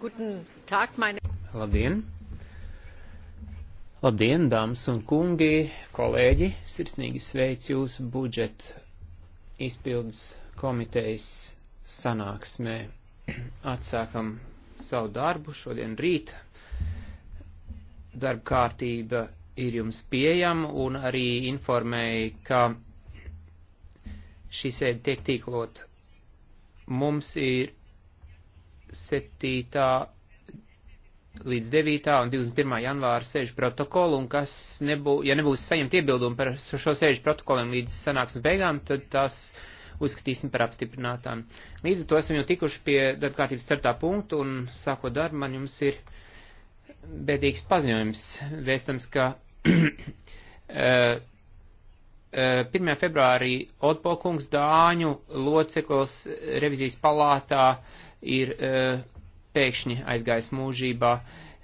Guten Tag, meine. Labdien! Labdien, dāmas un kungi, kolēģi! Sirsnīgi sveicu jūs budžeta izpildes komitejas sanāksmē. Atsākam savu darbu šodien rīt. Darba kārtība ir jums pieejama un arī informēja, ka šī sēde tiek tīklot. Mums ir 7. līdz 9. un 21. janvāra sēžu protokolu, un kas nebū, ja nebūs saņemt iebildumu par šo sēžu protokoliem līdz sanāksmes beigām, tad tas uzskatīsim par apstiprinātām. Līdz ar to esam jau tikuši pie darbkārtības startā punktu, un sākot darbu, man jums ir bēdīgs paziņojums, vēstams, ka 1. Eh, eh, februārī Otpokungs Dāņu loceklis revizijas palātā uh, ir e, pēkšņi aizgājis mūžībā.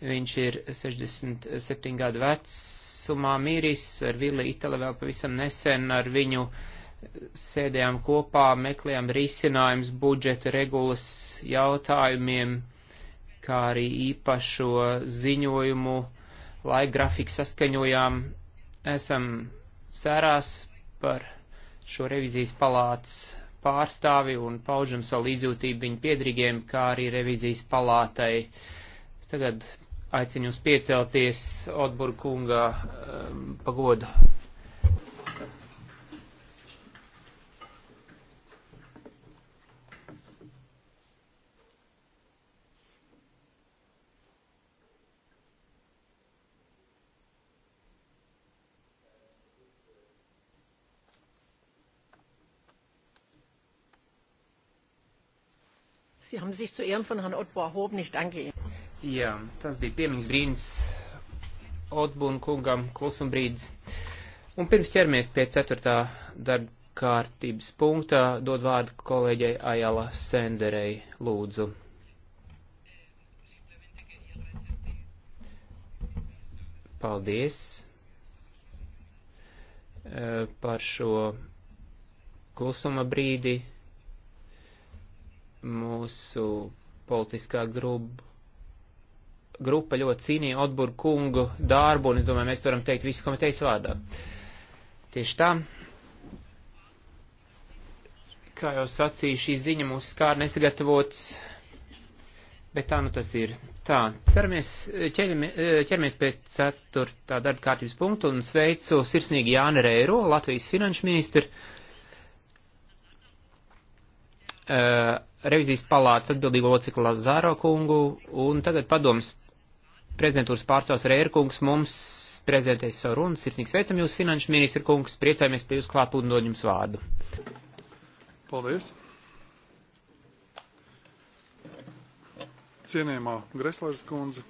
Viņš ir 67 gadu vecumā miris, ar Vili Itali vēl pavisam nesen ar viņu e, sēdējām kopā, meklējām risinājums budžeta regulas jautājumiem, kā arī īpašo ziņojumu, laika grafiku saskaņojām. Esam sērās par šo revizijas palāts pārstāvi un paužam savu līdzjūtību viņu piedrīgiem, kā arī revizijas palātai. Tagad aicinu jūs piecelties Otburg kunga um, pagodu. sich zu Ehren von Herrn Otto Hob nicht angehen. Jā, tas bija piemiņas brīdis Otbūna kungam klusumbrīdis. Un pirms ķermies pie ceturtā darba kārtības punktā, dod vārdu kolēģei Ajala Senderei, lūdzu. Paldies eh, par šo klusuma brīdi Mūsu politiskā grupa, grupa ļoti cīnīja Otburgu kungu darbu, un es domāju, mēs to varam teikt visu komitejas vārdā. Tieši tā, kā jau sacīju, šī ziņa mūs skār nesagatavots, bet tā nu tas ir. Tā, ceramies, ķeramies, ķeramies pie ceturtā darba kārtības punktu un sveicu sirsnīgi Jāni Reiro, Latvijas finanšu ministru. Uh, revizijas palātas atbildīgo locekli Lazaro kungu, un tagad padoms prezidentūras pārstāvs Rērkungs mums prezentēs savu runu. Sirsnīgi sveicam jūs, finanšu ministra kungs, priecājamies pie jūs klāt un dod jums vārdu. Paldies. Cienījumā Greslers kundze,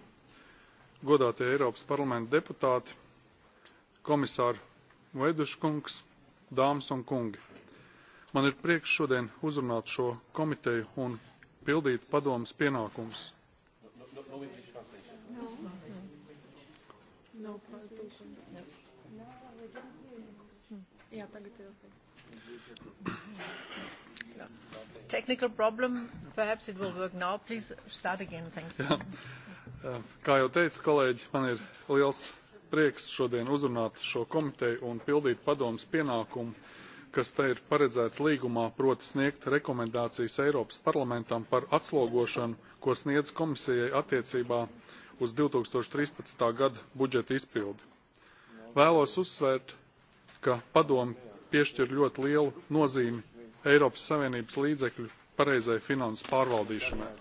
godātie Eiropas parlamenta deputāti, komisāri Veduškungs, dāmas un kungi Man ir prieks šodien uzrunāt šo komiteju un pildīt padomas pienākumus. Technical problem, perhaps it will work now. Please start again. Thanks. Jā. Kā jau teicu, kolēģi, man ir liels prieks šodien uzrunāt šo komiteju un pildīt padomas pienākumu kas te ir paredzēts līgumā, proti sniegt rekomendācijas Eiropas parlamentam par atslogošanu, ko sniedz komisijai attiecībā uz 2013. gada budžeta izpildi. Vēlos uzsvērt, ka padomu piešķir ļoti lielu nozīmi Eiropas Savienības līdzekļu pareizai finanses pārvaldīšanai.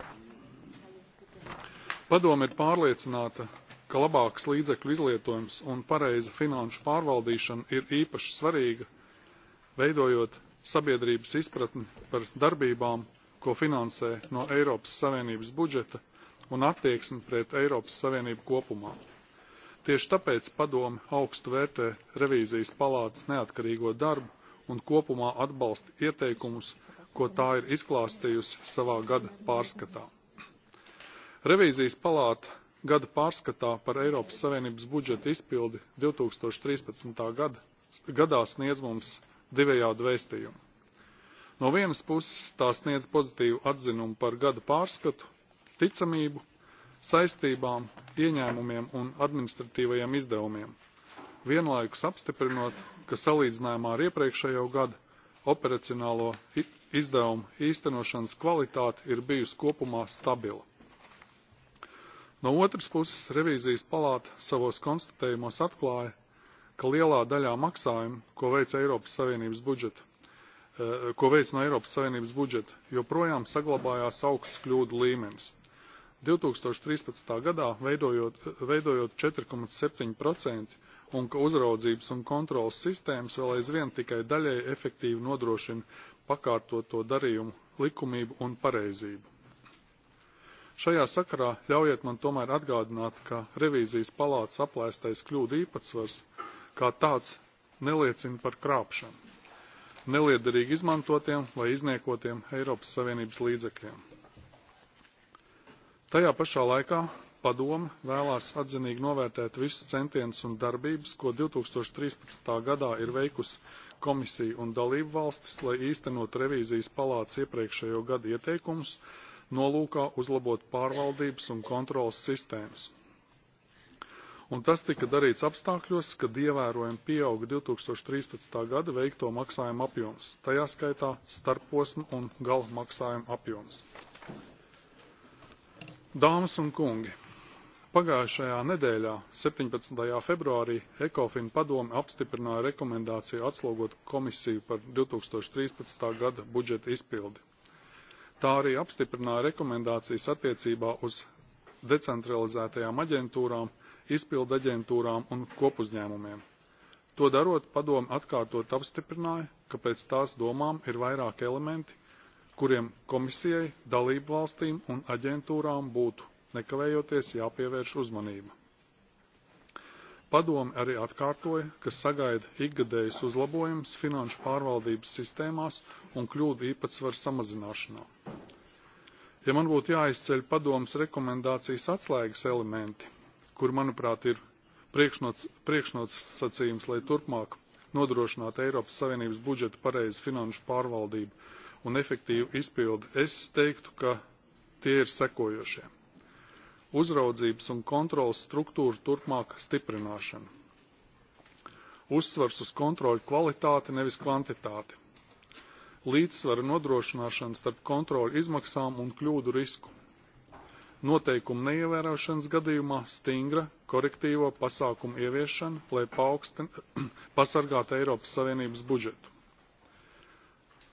Padoma ir pārliecināta, ka labāks līdzekļu izlietojums un pareiza finanšu pārvaldīšana ir īpaši svarīga veidojot sabiedrības izpratni par darbībām, ko finansē no Eiropas Savienības budžeta un attieksmi pret Eiropas Savienību kopumā. Tieši tāpēc padome augstu vērtē revīzijas palātas neatkarīgo darbu un kopumā atbalsta ieteikumus, ko tā ir izklāstījusi savā gada pārskatā. Revīzijas palāta gada pārskatā par Eiropas Savienības budžeta izpildi 2013. Gada, gadā sniedz mums divējādu vēstījumu. No vienas puses tā sniedz pozitīvu atzinumu par gada pārskatu, ticamību, saistībām, ieņēmumiem un administratīvajiem izdevumiem, vienlaikus apstiprinot, ka salīdzinājumā ar iepriekšējo gadu operacionālo izdevumu īstenošanas kvalitāte ir bijusi kopumā stabila. No otras puses, revīzijas palāta savos konstatējumos atklāja, ka lielā daļā maksājumu, ko veic, Eiropas Savienības budžeta, eh, ko veic no Eiropas Savienības budžeta, joprojām saglabājās augsts kļūdu līmenis. 2013. gadā veidojot, veidojot 4,7% un ka uzraudzības un kontrolas sistēmas vēl aizvien tikai daļēji efektīvi nodrošina pakārtoto darījumu likumību un pareizību. Šajā sakarā ļaujiet man tomēr atgādināt, ka revīzijas palātas aplēstais kļūdu īpatsvars kā tāds neliecina par krāpšanu, neliederīgi izmantotiem vai izniekotiem Eiropas Savienības līdzekļiem. Tajā pašā laikā padome vēlās atzinīgi novērtēt visus centienus un darbības, ko 2013. gadā ir veikusi komisija un dalību valstis, lai īstenot revīzijas palāca iepriekšējo gadu ieteikumus, nolūkā uzlabot pārvaldības un kontrolas sistēmas un tas tika darīts apstākļos, kad ievērojami pieauga 2013. gada veikto maksājumu apjoms, tajā skaitā starposmu un gala maksājumu apjoms. Dāmas un kungi, Pagājušajā nedēļā, 17. februārī, ECOFIN padome apstiprināja rekomendāciju atslogot komisiju par 2013. gada budžeta izpildi. Tā arī apstiprināja rekomendācijas attiecībā uz decentralizētajām aģentūrām, izpildu aģentūrām un kopuzņēmumiem. To darot, padome atkārtot apstiprināja, ka pēc tās domām ir vairāk elementi, kuriem komisijai, dalību valstīm un aģentūrām būtu nekavējoties jāpievērš uzmanība. Padome arī atkārtoja, ka sagaida ikgadējus uzlabojumus finanšu pārvaldības sistēmās un kļūdu īpatsvaru samazināšanā. Ja man būtu jāizceļ padomas rekomendācijas atslēgas elementi, kur manuprāt ir priekšnosacījums lai turpmāk nodrošinātu eiropas savienības budžeta pareizu finanšu pārvaldību un efektīvu izpildi es teiktu ka tie ir sekojošie uzraudzības un kontroles struktūru turpmāka stiprināšana uzsvars uz kontroļu kvalitāti nevis kvantitāti līdzsvara nodrošināšana starp kontroļu izmaksām un kļūdu risku noteikumu neievērošanas gadījumā stingra korektīvo pasākumu ieviešana, lai paaugstin, pasargātu Eiropas Savienības budžetu.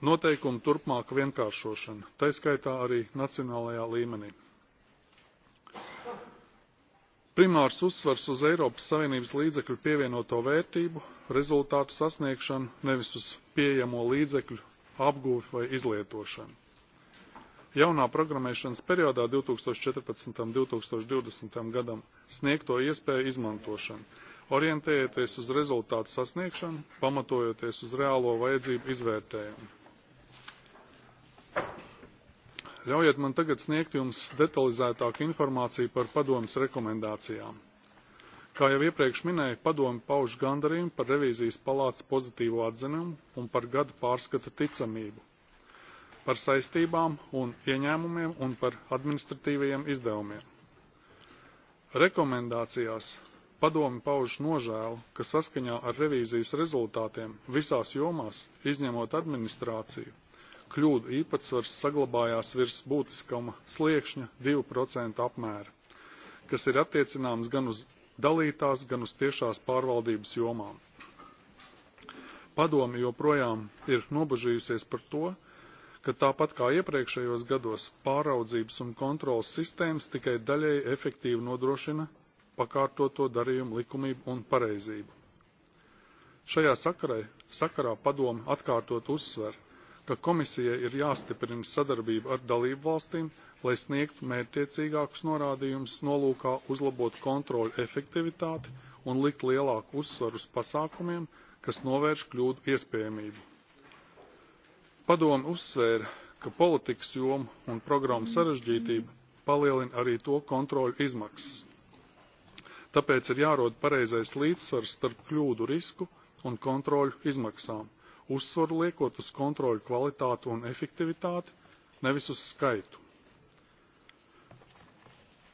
Noteikumu turpmāka vienkāršošana, taiskaitā arī nacionālajā līmenī. Primārs uzsvars uz Eiropas Savienības līdzekļu pievienoto vērtību, rezultātu sasniegšanu, nevis uz pieejamo līdzekļu apgūvi vai izlietošanu jaunā programmēšanas periodā 2014. un 2020. gadam sniegto iespēju izmantošanu, orientējoties uz rezultātu sasniegšanu, pamatojoties uz reālo vajadzību izvērtējumu. Ļaujiet man tagad sniegt jums detalizētāku informāciju par padomas rekomendācijām. Kā jau iepriekš minēju, padomi pauž gandarījumu par revīzijas palātas pozitīvo atzinumu un par gada pārskata ticamību, par saistībām un ieņēmumiem un par administratīvajiem izdevumiem. Rekomendācijās padomi pauž nožēlu, ka saskaņā ar revīzijas rezultātiem visās jomās, izņemot administrāciju, kļūdu īpatsvars saglabājās virs būtiskama sliekšņa 2% apmēra, kas ir attiecināms gan uz dalītās, gan uz tiešās pārvaldības jomām. Padomi joprojām ir nobažījusies par to, ka tāpat kā iepriekšējos gados pāraudzības un kontrolas sistēmas tikai daļēji efektīvi nodrošina pakārtoto darījumu likumību un pareizību. Šajā sakarē, sakarā padoma atkārtot uzsver, ka komisijai ir jāstiprina sadarbība ar dalību valstīm, lai sniegtu mērķtiecīgākus norādījumus nolūkā uzlabot kontroļu efektivitāti un likt lielāku uzsvaru uz pasākumiem, kas novērš kļūdu iespējamību padome uzsvēra ka politikas jomu un programmu sarežģītība palielina arī to kontroļu izmaksas. Tāpēc ir jārod pareizais līdzsvars starp kļūdu risku un kontroļu izmaksām, uzsvaru liekot uz kontroļu kvalitātu un efektivitāti, nevis uz skaitu.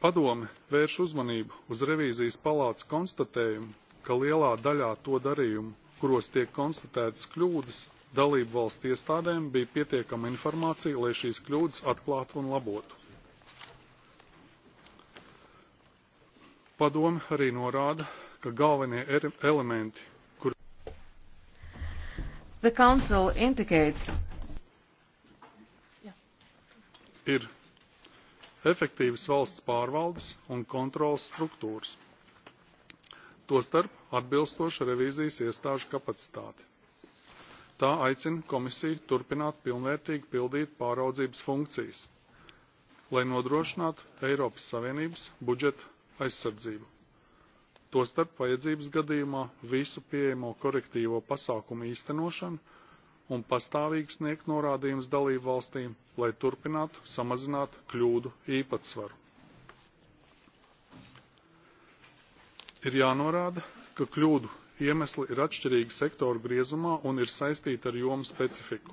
Padome vērš uzmanību uz revīzijas palātas konstatējumu, ka lielā daļā to darījumu, kuros tiek konstatētas kļūdas, dalību valstu iestādēm bija pietiekama informācija, lai šīs kļūdas atklātu un labotu. Padomi arī norāda, ka galvenie er-, elementi, kur. The Council indicates. ir efektīvas valsts pārvaldes un kontrolas struktūras, tostarp atbilstoša revīzijas iestāžu kapacitāte tā aicina komisiju turpināt pilnvērtīgi pildīt pāraudzības funkcijas lai nodrošinātu Eiropas Savienības budžeta aizsardzību. Tostarp vajadzības gadījumā visu pieejamo korektīvo pasākumu īstenošanu un pastāvīgi sniegt norādījumus dalību valstīm, lai turpinātu samazināt kļūdu īpatsvaru. Ir jānorāda, ka kļūdu iemesli ir atšķirīgi sektoru griezumā un ir saistīti ar jomu specifiku.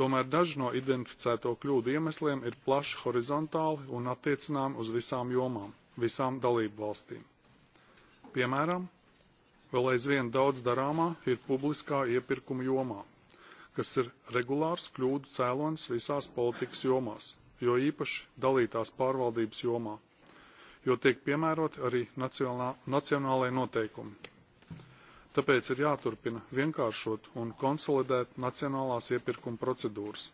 Tomēr daži no identificēto kļūdu iemesliem ir plaši horizontāli un attiecinām uz visām jomām, visām dalību valstīm. Piemēram, vēl aizvien daudz darāmā ir publiskā iepirkuma jomā, kas ir regulārs kļūdu cēlonis visās politikas jomās, jo īpaši dalītās pārvaldības jomā, jo tiek piemēroti arī nacionālajie noteikumi tāpēc ir jāturpina vienkāršot un konsolidēt nacionālās iepirkuma procedūras,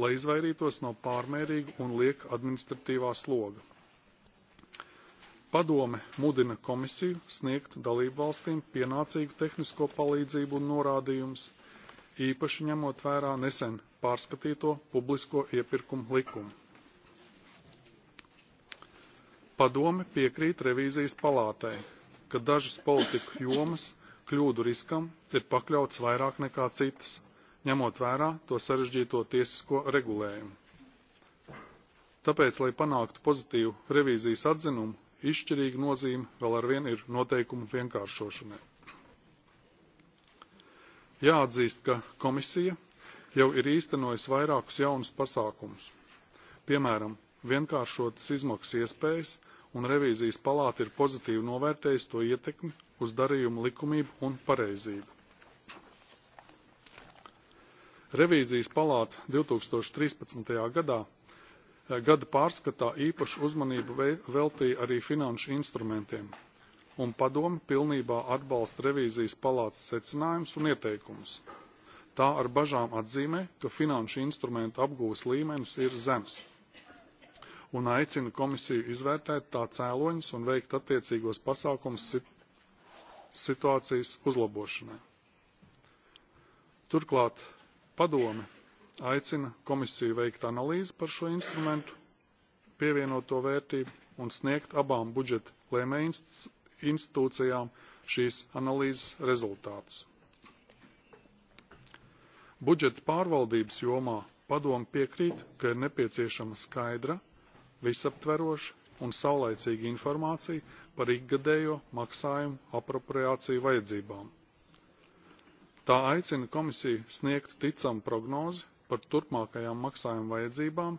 lai izvairītos no pārmērīga un lieka administratīvā sloga. Padome mudina komisiju sniegt dalību valstīm pienācīgu tehnisko palīdzību un norādījumus, īpaši ņemot vērā nesen pārskatīto publisko iepirkumu likumu. Padome piekrīt revīzijas palātei, ka dažas politiku jomas kļūdu riskam ir pakļauts vairāk nekā citas, ņemot vērā to sarežģīto tiesisko regulējumu. Tāpēc, lai panāktu pozitīvu revīzijas atzinumu, izšķirīga nozīme vēl arvien ir noteikumu vienkāršošanai. Jāatzīst, ka komisija jau ir īstenojusi vairākus jaunus pasākumus, piemēram, vienkāršotas izmaksas iespējas un revīzijas palāta ir pozitīvi novērtējusi to ietekmi uz darījumu likumību un pareizību. Revīzijas palāta 2013. gadā eh, gada pārskatā īpašu uzmanību veltīja arī finanšu instrumentiem, un padomi pilnībā atbalsta revīzijas palātas secinājumus un ieteikumus. Tā ar bažām atzīmē, ka finanšu instrumentu apgūves līmenis ir zems un aicina komisiju izvērtēt tā cēloņus un veikt attiecīgos pasākumus situācijas uzlabošanai. Turklāt padome aicina komisiju veikt analīzi par šo instrumentu pievienoto vērtību un sniegt abām budžeta lēmē institūcijām šīs analīzes rezultātus. Budžeta pārvaldības jomā padome piekrīt, ka ir nepieciešama skaidra visaptveroša un saulaicīga informācija par ikgadējo maksājumu apropriāciju vajadzībām. Tā aicina komisiju sniegt ticamu prognozi par turpmākajām maksājuma vajadzībām,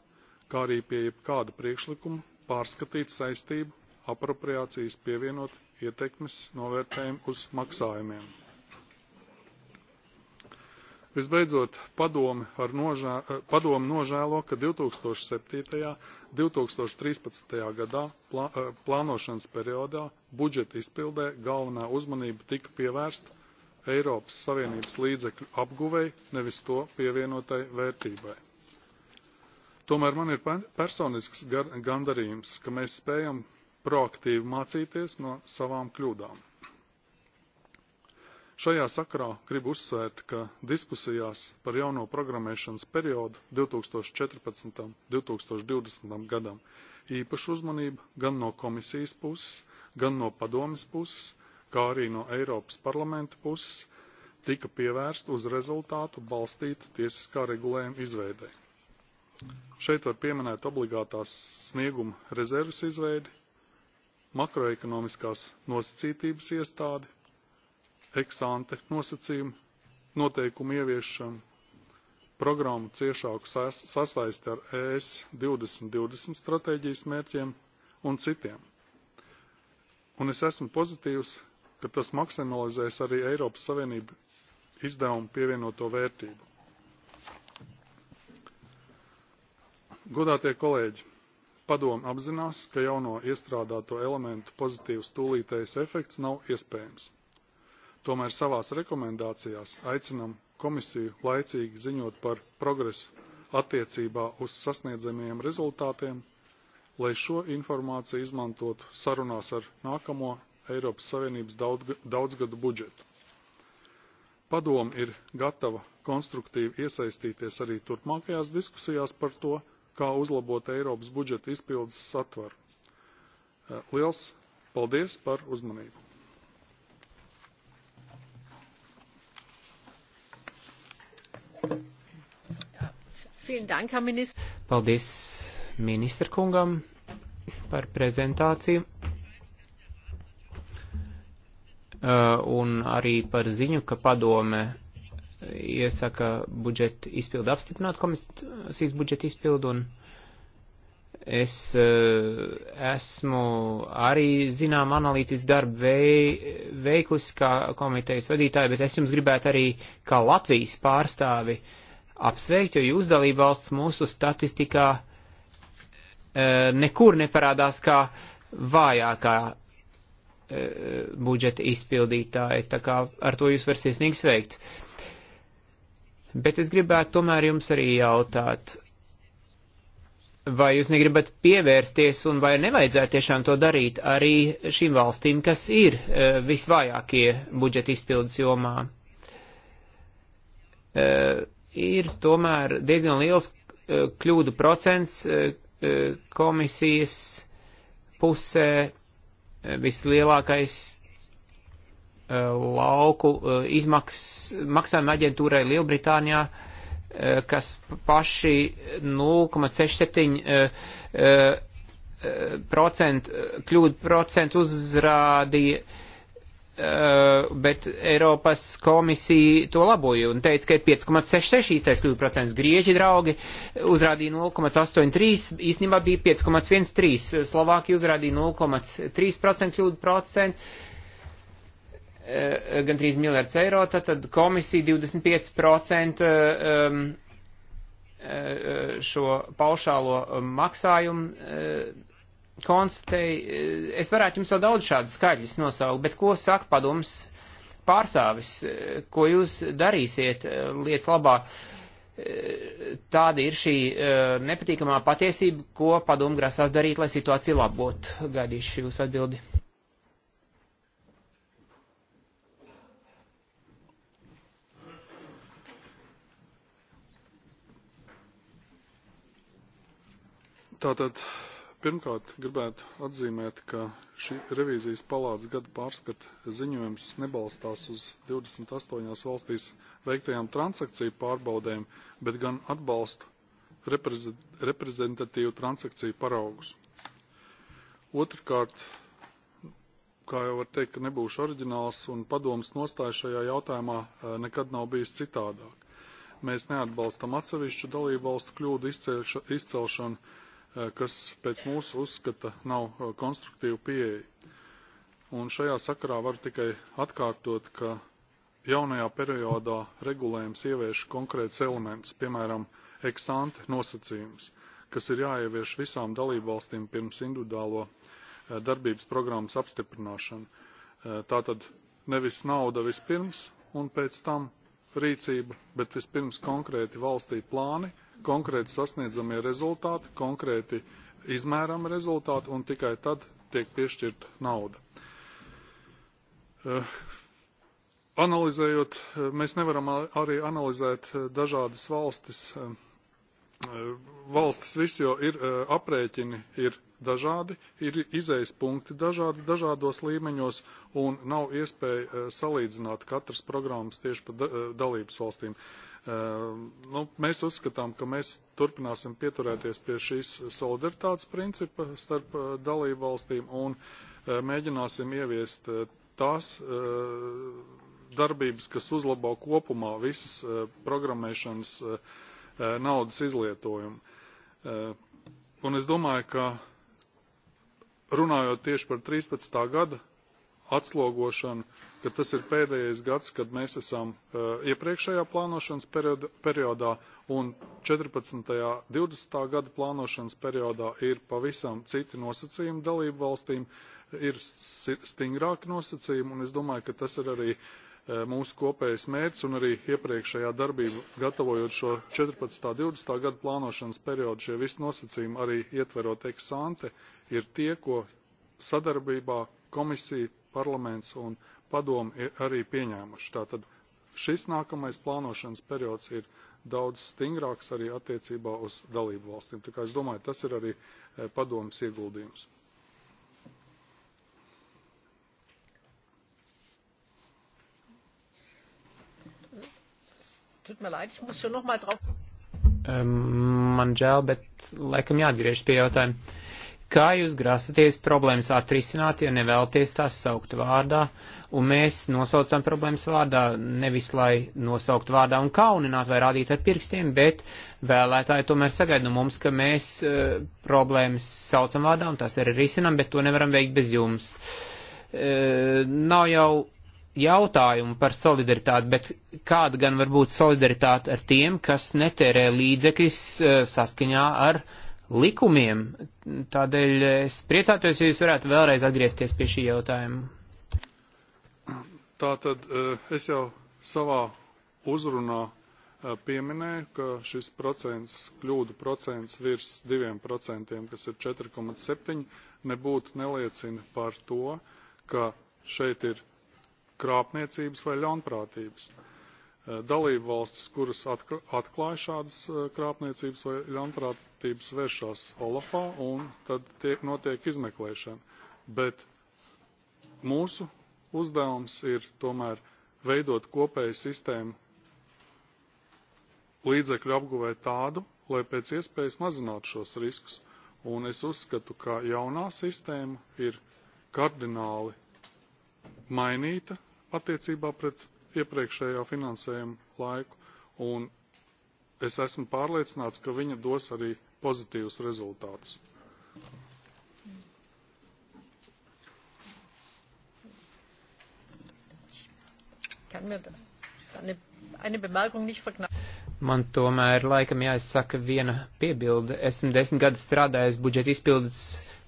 kā arī pie jebkāda priekšlikuma pārskatīt saistību apropriācijas pievienot ietekmes novērtējumu uz maksājumiem visbeidzot padome nožē, eh, nožēlo ka two thousand and seven two thousand and thirteen gadā plā, eh, plānošanas periodā budžeta izpildē galvenā uzmanība tika pievērsta eiropas savienības līdzekļu apguvei nevis to pievienotai vērtībai. tomēr man ir personisks gandarījums ka mēs spējam proaktīvi mācīties no savām kļūdām Šajā sakarā gribu uzsvērt, ka diskusijās par jauno programmēšanas periodu 2014. un 2020. gadam īpašu uzmanību gan no komisijas puses, gan no padomes puses, kā arī no Eiropas parlamenta puses tika pievērsta uz rezultātu balstīta tiesiskā regulējuma izveidē. Šeit var pieminēt obligātās snieguma rezerves izveidi, makroekonomiskās nosacītības iestādi eksante nosacījumu, noteikumu ieviešanu, programmu ciešāku sas sasaisti ar e ES 2020 stratēģijas mērķiem un citiem. Un es esmu pozitīvs, ka tas maksimalizēs arī Eiropas Savienību izdevumu pievienoto vērtību. Godātie kolēģi, padomu apzinās, ka jauno iestrādāto elementu pozitīvs tūlītējs efekts nav iespējams. Tomēr savās rekomendācijās aicinam komisiju laicīgi ziņot par progresu attiecībā uz sasniedzamiem rezultātiem, lai šo informāciju izmantotu sarunās ar nākamo Eiropas Savienības daudzgadu budžetu. Padoma ir gatava konstruktīvi iesaistīties arī turpmākajās diskusijās par to, kā uzlabot Eiropas budžeta izpildes satvaru. Liels paldies par uzmanību! Paldies ministra kungam par prezentāciju uh, un arī par ziņu, ka padome iesaka budžetu izpildu apstiprināt komisijas budžetu izpildu un es uh, esmu arī zinām analītisku darbu vei, veikusi kā komitejas vadītāja, bet es jums gribētu arī kā Latvijas pārstāvi uh, apsveikt, jo jūs dalība valsts mūsu statistikā e, nekur neparādās kā vājākā e, budžeta izpildītāji, tā kā ar to jūs var sirsnīgi sveikt. Bet es gribētu tomēr jums arī jautāt, vai jūs negribat pievērsties un vai nevajadzētu tiešām to darīt arī šīm valstīm, kas ir e, visvājākie budžeta izpildes jomā. Uh, ir tomēr diezgan liels eh, kļūdu procents eh, eh, komisijas pusē vislielākais lauku izmaksājuma aģentūrai Lielbritānijā, kas paši 0,67% kļūdu procentu uzrādīja Eh, bet Eiropas komisija to laboja un teica, ka ir 5,66 īstais kļūdu procents. Grieķi draugi uzrādīja 0,83, īstenībā bija 5,13, Slovākija uzrādīja 0,3% kļūdu procentu, eh, gan 3 miljardus eiro, tad komisija 25% ehm, eh, šo paušālo maksājumu konstatēju, eh, es varētu jums vēl daudz šādu skaļus nosaukt, bet ko saka padoms pārstāvis, eh, ko jūs darīsiet eh, lietas labā? Tāda ir šī nepatīkamā patiesība, ko padomu grasās darīt, lai situāciju labot. Gaidīšu jūs atbildi. Tātad Pirmkārt, gribētu atzīmēt, ka šī revīzijas palādes gada pārskata ziņojums nebalstās uz 28 valstīs veiktajām transakciju pārbaudēm, bet gan atbalsta reprezentatīvu transakciju paraugus. Otrkārt, kā jau var teikt, ka nebūšu oriģināls un padomas nostāja šajā jautājumā e, nekad nav bijis citādāk. Mēs neatbalstam atsevišķu dalību valstu kļūdu izcelšanu, Eh, kas pēc mūsu uzskata nav eh, konstruktīva pieeja. Un šajā sakarā var tikai atkārtot, ka jaunajā periodā regulējums ievieš konkrēts elements, piemēram, eksante nosacījums, kas ir jāievieš visām dalībvalstīm pirms individuālo eh, darbības programmas apstiprināšana. Tātad nevis nauda vispirms un pēc tam rīcība, bet vispirms konkrēti valstī plāni, konkrēti sasniedzamie rezultāti, konkrēti izmērama rezultāti, un tikai tad tiek piešķirta nauda. Eh, analizējot, eh, mēs nevaram arī analizēt eh, dažādas valstis Eh, valstis viss jau ir eh, aprēķini ir dažādi, ir izejas punkti dažādi, dažādos līmeņos, un nav iespēja eh, salīdzināt katras programmas tieši pa dalības valstīm. Nu, mēs uzskatām, ka mēs turpināsim pieturēties pie šīs solidaritātes principa starp dalību valstīm un mēģināsim ieviest tās darbības, kas uzlabo kopumā visas programmēšanas Eh, naudas izlietojumu. Eh, un es domāju, ka runājot tieši par 13. gada atslogošanu, ka tas ir pēdējais gads, kad mēs esam eh, iepriekšējā plānošanas periodā un 14. 20. gada plānošanas periodā ir pavisam citi nosacījumi dalību valstīm, ir stingrāki nosacījumi un es domāju, ka tas ir arī uh, Eh, mūsu kopējais mērķis un arī iepriekšējā darbība gatavojot šo 14. 20. gadu plānošanas periodu šie visi nosacījumi arī ietverot eksante ir tie, ko sadarbībā komisija, parlaments un padomu ir arī pieņēmuši. Tātad šis nākamais plānošanas periods ir daudz stingrāks arī attiecībā uz dalību valstīm. Tā kā es domāju, tas ir arī eh, padomas ieguldījums. Tut man leid, ich muss schon nochmal drauf. Um, man žēl, bet laikam jāatgriež pie jautājuma. Kā jūs grasaties problēmas atrisināt, ja nevēlaties tās saukt vārdā, un mēs nosaucam problēmas vārdā, nevis lai nosaukt vārdā un kauninātu vai rādītu ar pirkstiem, bet vēlētāji tomēr sagaida no mums, ka mēs uh, problēmas saucam vārdā un tās arī risinam, bet to nevaram veikt bez jums. Uh, nav jau jautājumu par solidaritāti, bet kāda gan var būt solidaritāte ar tiem, kas netērē līdzekļus eh, saskaņā ar likumiem? Tādēļ es priecātos, ja jūs varētu vēlreiz atgriezties pie šī jautājuma. Tātad eh, es jau savā uzrunā eh, pieminēju, ka šis procents, kļūdu procents virs 2%, kas ir 4,7, nebūtu neliecina par to, ka šeit ir krāpniecības vai ļaunprātības. Eh, dalību valstis, kuras atklāja šādas eh, krāpniecības vai ļaunprātības, vēršās Olafā un tad tiek, notiek izmeklēšana. Bet mūsu uzdevums ir tomēr veidot kopēju sistēmu līdzekļu apguvē tādu, lai pēc iespējas mazinātu šos riskus. Un es uzskatu, ka jaunā sistēma ir kardināli mainīta attiecībā pret iepriekšējo finansējumu laiku, un es esmu pārliecināts, ka viņa dos arī pozitīvus rezultātus. Man tomēr laikam jāizsaka viena piebilde. Esmu desmit gadus strādājis budžeta izpildes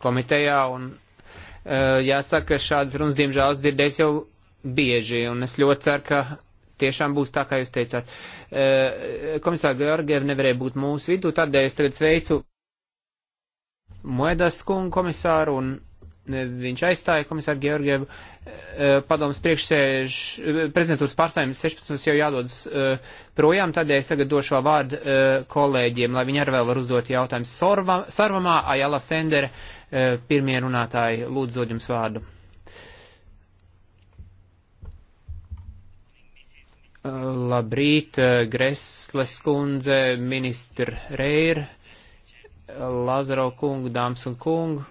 komitejā un uh, jāsaka, šādas runas diemžēl dzirdēs jau bieži, un es ļoti ceru, ka tiešām būs tā, kā jūs teicāt. E, Komisāra Georgieva nevarēja būt mūsu vidū, tādēļ es tagad sveicu Moedas kungu komisāru, un e, viņš aizstāja komisāru Georgievu. E, padoms priekšsēž, prezidentūras pārstāvjums 16 jau jādodas projām, tādēļ es tagad došu vēl vārdu kolēģiem, lai viņi arī vēl var uzdot jautājumus. Sarvamā, Ajala Sendere, pirmie runātāji, lūdzu dod jums vārdu. Labrīt, Gresles kundze, ministra Reir, Lazaro kungu, dāmas un kungu.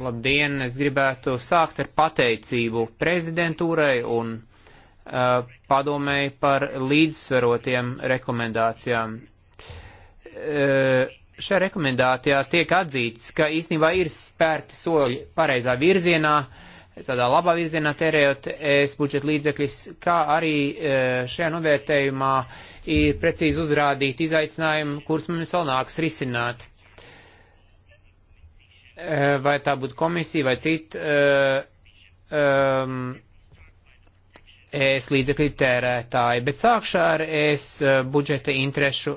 Labdien, es gribētu sākt ar pateicību prezidentūrai un uh, padomēji par līdzsvarotiem rekomendācijām. Uh, šajā rekomendācijā tiek atzīts, ka īstenībā ir spērti soļi pareizā virzienā, uh, tādā labā virzienā tērējot ES budžeta līdzekļus, kā arī e, šajā novērtējumā ir precīzi uzrādīti izaicinājumi, kurus mums vēl nāks risināt. E, vai tā būtu komisija vai cita um, e, ES līdzekļu tērētāji, bet sākšu ar ES budžeta interešu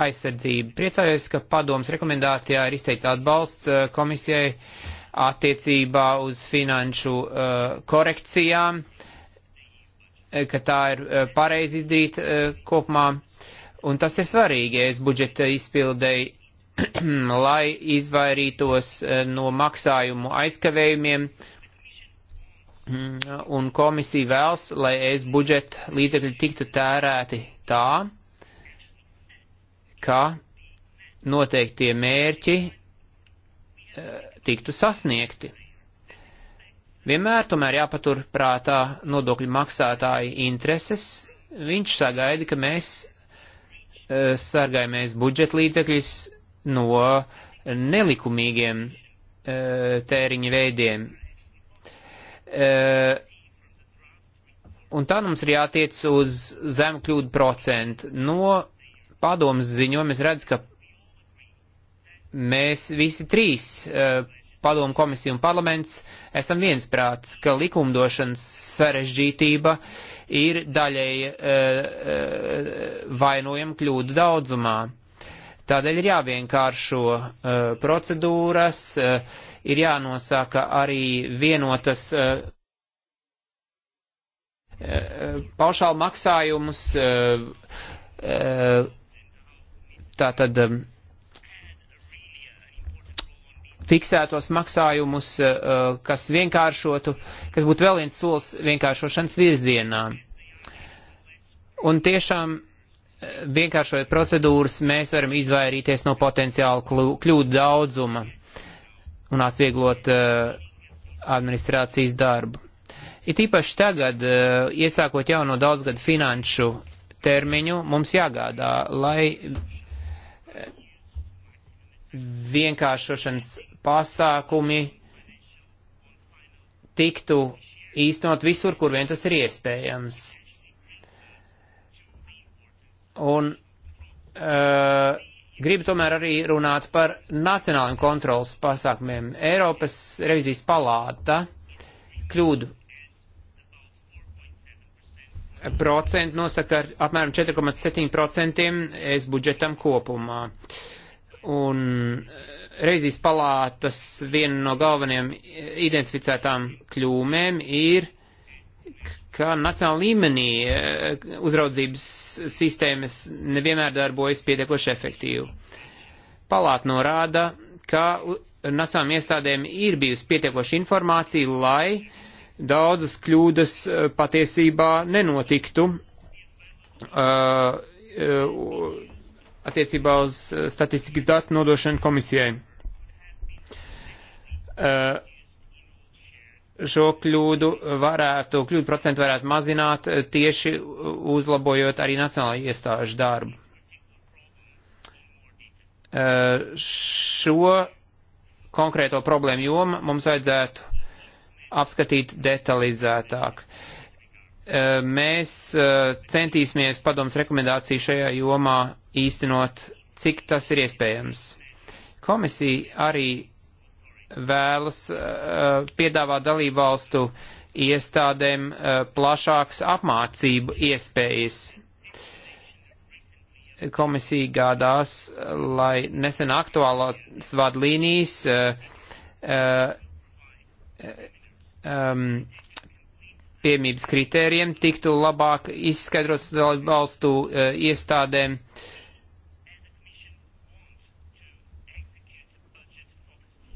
aizsardzību. Priecājos, ka padoms rekomendācijā ir izteicis atbalsts komisijai uh, attiecībā uz finanšu uh, korekcijām, eh, ka tā ir eh, pareizi izdarīt eh, kopumā. Un tas ir svarīgi, ja es budžeta izpildēju, lai izvairītos no maksājumu aizkavējumiem, mm, un komisija vēlas, lai es budžeta līdzekļi tiktu tērēti tā, ka noteiktie mērķi uh, tiktu sasniegti. Vienmēr tomēr jāpatur prātā nodokļu maksātāju intereses. Viņš sagaida, ka mēs e, sargājamies budžetlīdzekļus no nelikumīgiem e, tēriņa veidiem. E, un tā mums ir jātiec uz zemu kļūdu procentu. No padomas ziņojuma es redzu, ka mēs visi trīs, e, padomu komisija un parlaments, esam viensprāts, ka likumdošanas sarežģītība ir daļai e, e, vainojama kļūdu daudzumā. Tādēļ ir jāvienkāršo procedūras, ir jānosaka arī vienotas paušālu maksājumus, tātad fiksētos maksājumus, eh, eh, kas vienkāršotu, kas būtu vēl viens solis vienkāršošanas virzienā. Un tiešām eh, vienkāršojot procedūras, mēs varam izvairīties no potenciāla kļūdu daudzuma un atvieglot administrācijas darbu. It īpaši tagad, iesākot jauno daudzgadu finanšu termiņu, mums jāgādā, lai vienkāršošanas pasākumi tiktu īstenot visur, kur vien tas ir iespējams. Un Uh, gribu tomēr arī runāt par nacionāliem kontrolas pasākumiem. Eiropas revizijas palāta kļūdu procentu nosaka ar apmēram 4,7% es budžetam kopumā. Un uh, Reizijas palātas viena no galvenajām identificētām kļūmēm ir, ka nacionāla līmenī eh, uzraudzības sistēmas nevienmēr darbojas pietiekoši efektīvi. Palāta norāda, ka nacionālām iestādēm ir bijusi pietiekoši informācija, lai daudzas kļūdas eh, patiesībā nenotiktu. Uh, uh, attiecībā uz eh, statistikas datu nodošanu komisijai. Eh, šo kļūdu varētu, kļūdu procentu varētu mazināt eh, tieši uzlabojot arī nacionālajā iestāžu darbu. Šo konkrēto problēmu jomu mums vajadzētu apskatīt detalizētāk. Eh, mēs eh, centīsimies padoms rekomendāciju šajā jomā īstenot, cik tas ir iespējams. Komisija arī vēlas eh, piedāvāt dalību valstu iestādēm plašāks apmācību iespējas. Komisija gādās, lai nesen aktuālās vadlīnijas um, piemības kritērijiem tiktu labāk izskaidrots valstu e, iestādēm.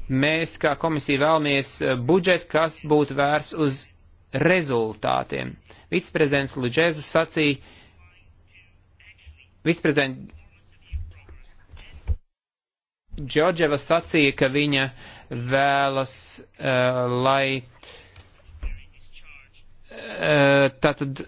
Mēs, kā komisija, vēlamies e, budžetu, kas būtu vērs uz rezultātiem. Viceprezidents Luģēza sacīja, viceprezidents Džodževa sacīja, ka viņa vēlas, uh, lai Eh, tātad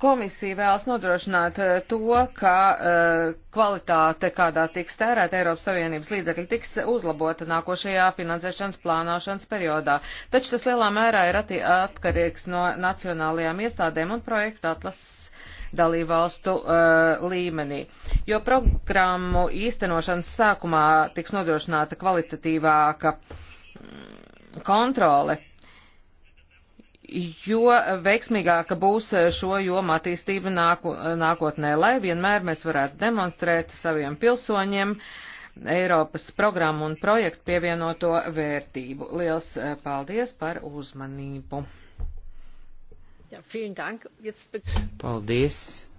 Komisija vēlas nodrošināt eh, to, ka uh, kvalitāte, kādā tiks tērēta Eiropas Savienības līdzekļi, tiks uzlabota nākošajā finansēšanas plānošanas periodā. Taču tas lielā mērā ir atkarīgs no nacionālajām iestādēm un projekta atlases dalībvalstu uh, līmenī. Jo programmu īstenošanas sākumā tiks nodrošināta kvalitatīvāka mm, kontrole, jo veiksmīgāka būs šo jomu attīstība nāku, nākotnē, lai vienmēr mēs varētu demonstrēt saviem pilsoņiem Eiropas programmu un projektu pievienoto vērtību. Liels eh, paldies par uzmanību! Jā, vielen dank. Jetzt... Paldies.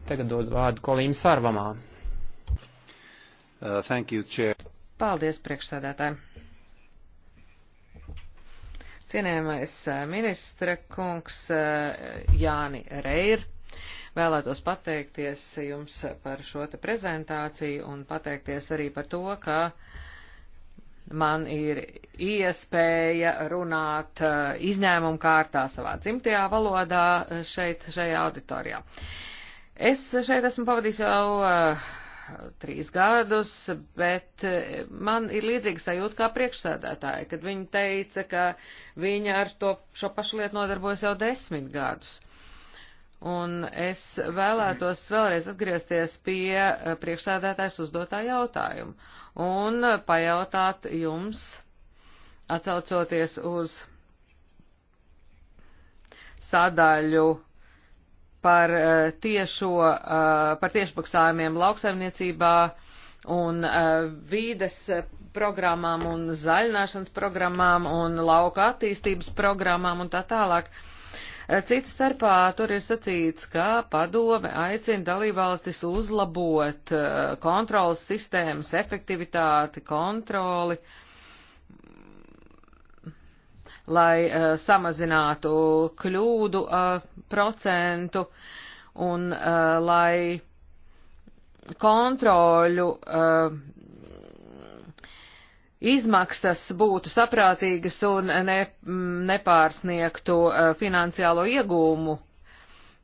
Tagad dod vārdu Kolīm Sarvamā. Uh, thank you, chair. Paldies, priekšsēdētāji. Cienējamais uh, ministra kungs uh, Jāni Reir vēlētos pateikties jums par šo te prezentāciju un pateikties arī par to, ka man ir iespēja runāt eh, izņēmumu kārtā savā dzimtajā valodā eh, šeit, šajā auditorijā. Es šeit esmu pavadījis jau uh, trīs gadus, bet man ir līdzīga sajūta kā priekšsēdētāja, kad viņa teica, ka viņa ar to šo pašu lietu nodarbojas jau desmit gadus. Un es vēlētos vēlreiz atgriezties pie eh, priekšsēdētājs uzdotā jautājuma un pajautāt jums, atsaucoties uz sadaļu par eh, tiešo, eh, par tiešmaksājumiem lauksaimniecībā un vīdes programmām un zaļināšanas programmām un lauka attīstības programmām un tā tālāk. Uh, Cita starpā tur ir sacīts, ka padome aicina dalībvalstis uzlabot uh, kontrolas sistēmas efektivitāti, kontroli lai uh, samazinātu kļūdu uh, procentu un uh, lai kontroļu uh, izmaksas būtu saprātīgas un ne, mm, nepārsniegtu eh, finansiālo iegūmu.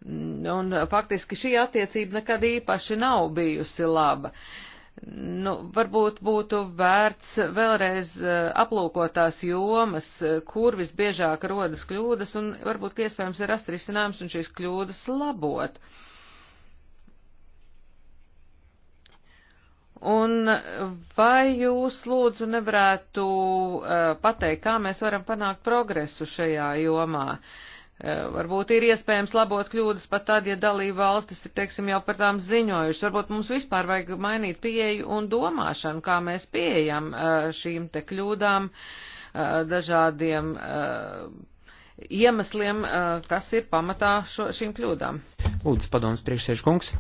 Mm, un faktiski šī attiecība nekad īpaši nav bijusi laba. Nu, varbūt būtu vērts vēlreiz eh, aplūkot tās jomas, eh, kur visbiežāk rodas kļūdas, un varbūt iespējams ir rast risinājums un šīs kļūdas labot. Uh, Un vai jūs lūdzu nevarētu uh, pateikt, kā mēs varam panākt progresu šajā jomā? Uh, varbūt ir iespējams labot kļūdas pat tad, ja dalība valstis ir, teiksim, jau par tām ziņojuši. Varbūt mums vispār vajag mainīt pieeju un domāšanu, kā mēs pieejam uh, šīm te kļūdām, uh, dažādiem uh, iemesliem, uh, kas ir pamatā šo, šīm kļūdām. Lūdzu, padoms priekšsēžkungs.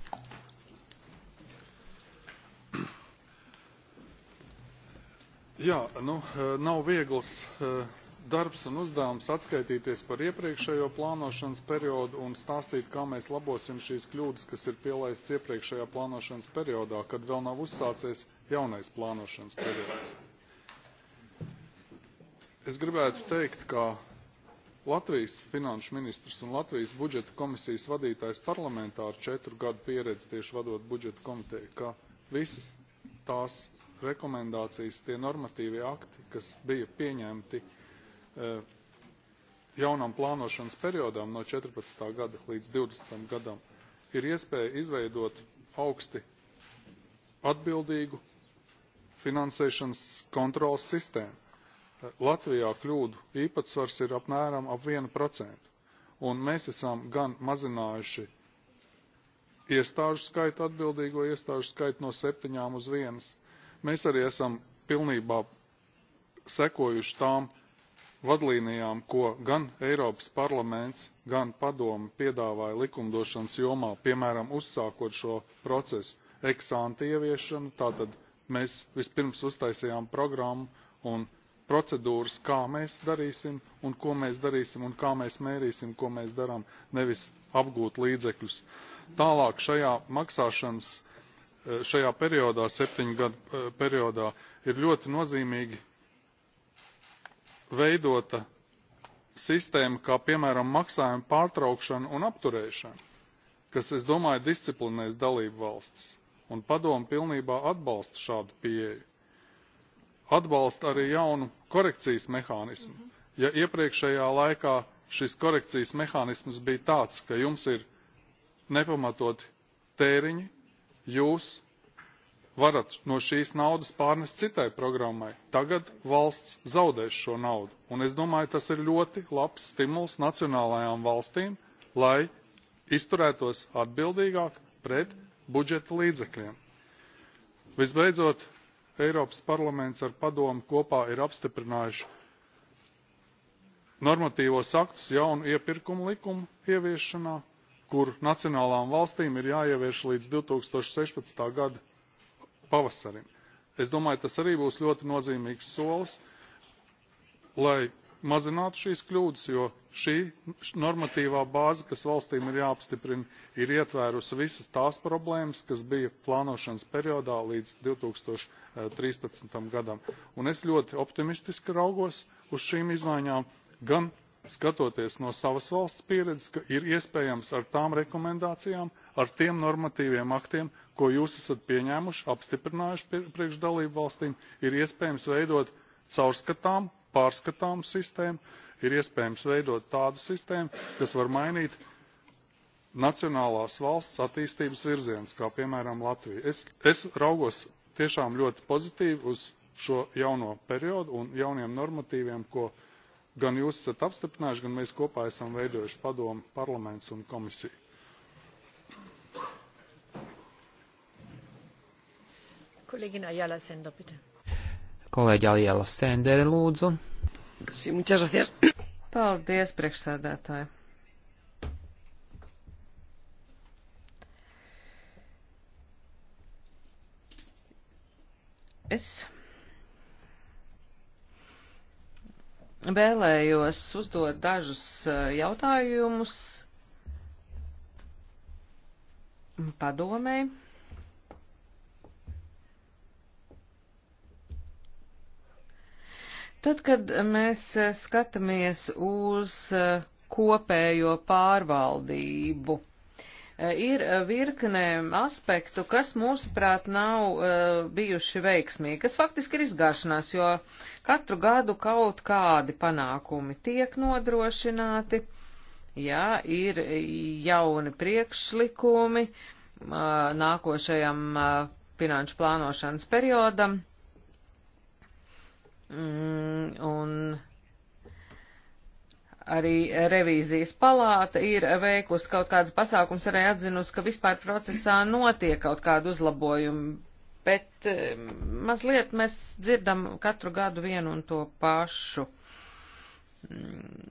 Jā, nu, e, nav viegls e, darbs un uzdevums atskaitīties par iepriekšējo plānošanas periodu un stāstīt, kā mēs labosim šīs kļūdas, kas ir pielaists iepriekšējā plānošanas periodā, kad vēl nav uzsācies jaunais plānošanas periods. Es gribētu teikt, ka Latvijas finanšu ministrs un Latvijas budžeta komisijas vadītājs parlamentā ar četru gadu pieredzi tieši vadot budžeta komiteju, ka visas tās rekomendācijas, tie normatīvie akti, kas bija pieņemti eh, jaunam plānošanas periodam no 14. gada līdz 20. gadam, ir iespēja izveidot augsti atbildīgu finansēšanas kontrolas sistēmu. Eh, Latvijā kļūdu īpatsvars ir apmēram ap 1%, un mēs esam gan mazinājuši iestāžu skaitu, atbildīgo iestāžu skaitu no septiņām uz vienas, Mēs arī esam pilnībā sekojuši tām vadlīnijām, ko gan Eiropas parlaments, gan padoma piedāvāja likumdošanas jomā, piemēram, uzsākot šo procesu eksāntu ieviešanu. Tātad mēs vispirms uztaisījām programmu un procedūras, kā mēs darīsim un ko mēs darīsim un kā mēs mērīsim, ko mēs darām, nevis apgūt līdzekļus. Tālāk šajā maksāšanas Eh, šajā periodā, septiņu gadu eh, periodā, ir ļoti nozīmīgi veidota sistēma, kā piemēram maksājuma pārtraukšana un apturēšana, kas, es domāju, disciplinēs dalību valstis. Un padomu pilnībā atbalsta šādu pieeju. Atbalsta arī jaunu korekcijas mehānismu. Mhm. Ja iepriekšējā laikā šis korekcijas mehānisms bija tāds, ka jums ir nepamatoti tēriņi, jūs varat no šīs naudas pārnest citai programmai. Tagad valsts zaudēs šo naudu. Un es domāju, tas ir ļoti labs stimuls nacionālajām valstīm, lai izturētos atbildīgāk pret budžeta līdzekļiem. Visbeidzot, Eiropas parlaments ar padomu kopā ir apstiprinājuši normatīvos aktus jaunu iepirkumu likumu ieviešanā, kur nacionālām valstīm ir jāievieš līdz 2016. gada pavasarim. Es domāju, tas arī būs ļoti nozīmīgs solis, lai mazinātu šīs kļūdas, jo šī normatīvā bāze, kas valstīm ir jāapstiprina, ir ietvērusi visas tās problēmas, kas bija plānošanas periodā līdz 2013. gadam. Un es ļoti optimistiski raugos uz šīm izmaiņām gan skatoties no savas valsts pieredzes ka ir iespējams ar tām rekomendācijām ar tiem normatīviem aktiem ko jūs esat pieņēmuši apstiprinājuši priekš dalību valstīm ir iespējams veidot caurskatāmu pārskatāmu sistēmu ir iespējams veidot tādu sistēmu kas var mainīt nacionālās valsts attīstības virziens kā piemēram Latvija. Es, es raugos tiešām ļoti pozitīvi uz šo jauno periodu un jauniem normatīviem, ko uh, gan jūs esat apstiprinājuši, gan mēs kopā esam veidojuši padomu, parlaments un komisiju. Kolēģina Jāla Sendo, bitte. Kolēģi Jāla Sendere, lūdzu. Sí, muchas gracias. Paldies, priekšsēdētāji. Es vēlējos uzdot dažus e, jautājumus padomēji. Tad, kad mēs e, skatāmies uz e, kopējo pārvaldību, Eh, ir eh, virknē aspektu, kas mūsuprāt nav eh, bijuši veiksmīgi, kas faktiski ir izgāšanās, jo katru gadu kaut kādi panākumi tiek nodrošināti, jā, ir jauni priekšlikumi nākošajam finanšu plānošanas periodam. Mm, un arī revīzijas palāta ir veikusi kaut kādas pasākums, arī atzinusi, ka vispār procesā notiek kaut kāda uzlabojuma, bet eh, mazliet mēs dzirdam katru gadu vienu un to pašu. Mm.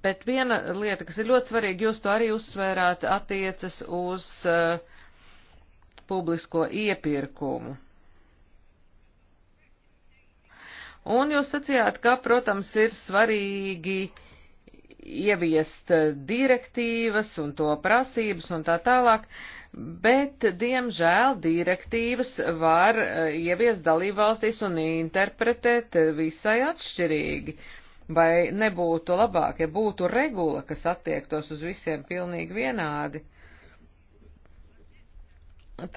Bet viena lieta, kas ir ļoti svarīga, jūs to arī uzsvērāt, attiecas uz uh, publisko iepirkumu. Un jūs sacījāt, ka, protams, ir svarīgi ieviest direktīvas un to prasības un tā tālāk, bet, diemžēl, direktīvas var eh, ieviest dalībvalstīs un interpretēt visai atšķirīgi. Vai nebūtu labāk, ja būtu regula, kas attiektos uz visiem pilnīgi vienādi?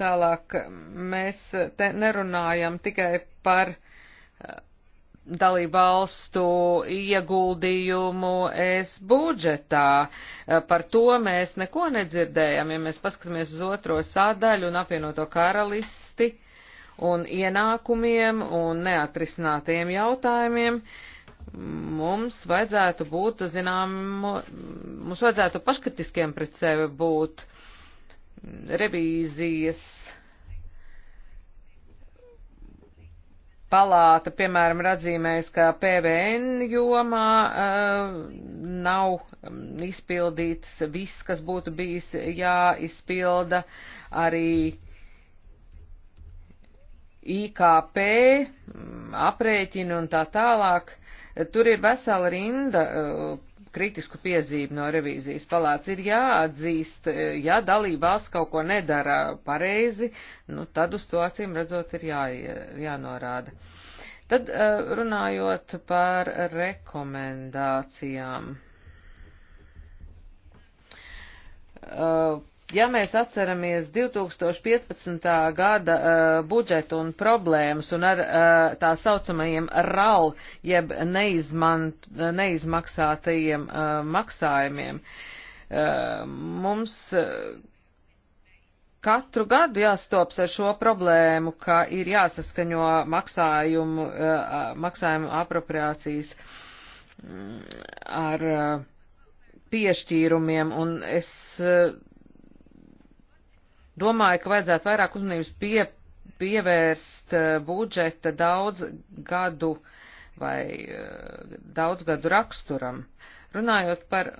Tālāk mm, mēs te nerunājam tikai par eh, dalībvalstu ieguldījumu es budžetā. Eh, par to mēs neko nedzirdējam, ja mēs paskatāmies uz otro sādaļu un apvienoto karalisti un ienākumiem un neatrisinātiem jautājumiem. Mums vajadzētu būt, zinām, mums vajadzētu paškatiskiem pret sevi būt revīzijas palāta, piemēram, ir atzīmējusi, ka PVN jomā uh, nav mm, izpildīts viss, kas būtu bijis jāizpilda arī IKP mm, aprēķini un tā tālāk. Tur ir vesela rinda uh, kritisku piezīmi no revīzijas palāca. Ir jāatzīst, e, ja dalība valsts kaut ko nedara pareizi, nu tad uz to acīm redzot ir jā, jānorāda. Tad e, runājot par rekomendācijām. Uh, Ja mēs atceramies 2015. gada uh, budžetu un problēmas un ar uh, tā saucamajiem RAL, jeb neizmant, neizmaksātajiem uh, maksājumiem, uh, mums uh, katru gadu jāstops ar šo problēmu, ka ir jāsaskaņo maksājumu, uh, uh maksājumu apropriācijas mm, ar uh, piešķīrumiem, un es uh, Domāju, ka vajadzētu vairāk uzmanības pie, pievērst eh, budžeta daudz gadu vai eh, daudz gadu raksturam. Runājot par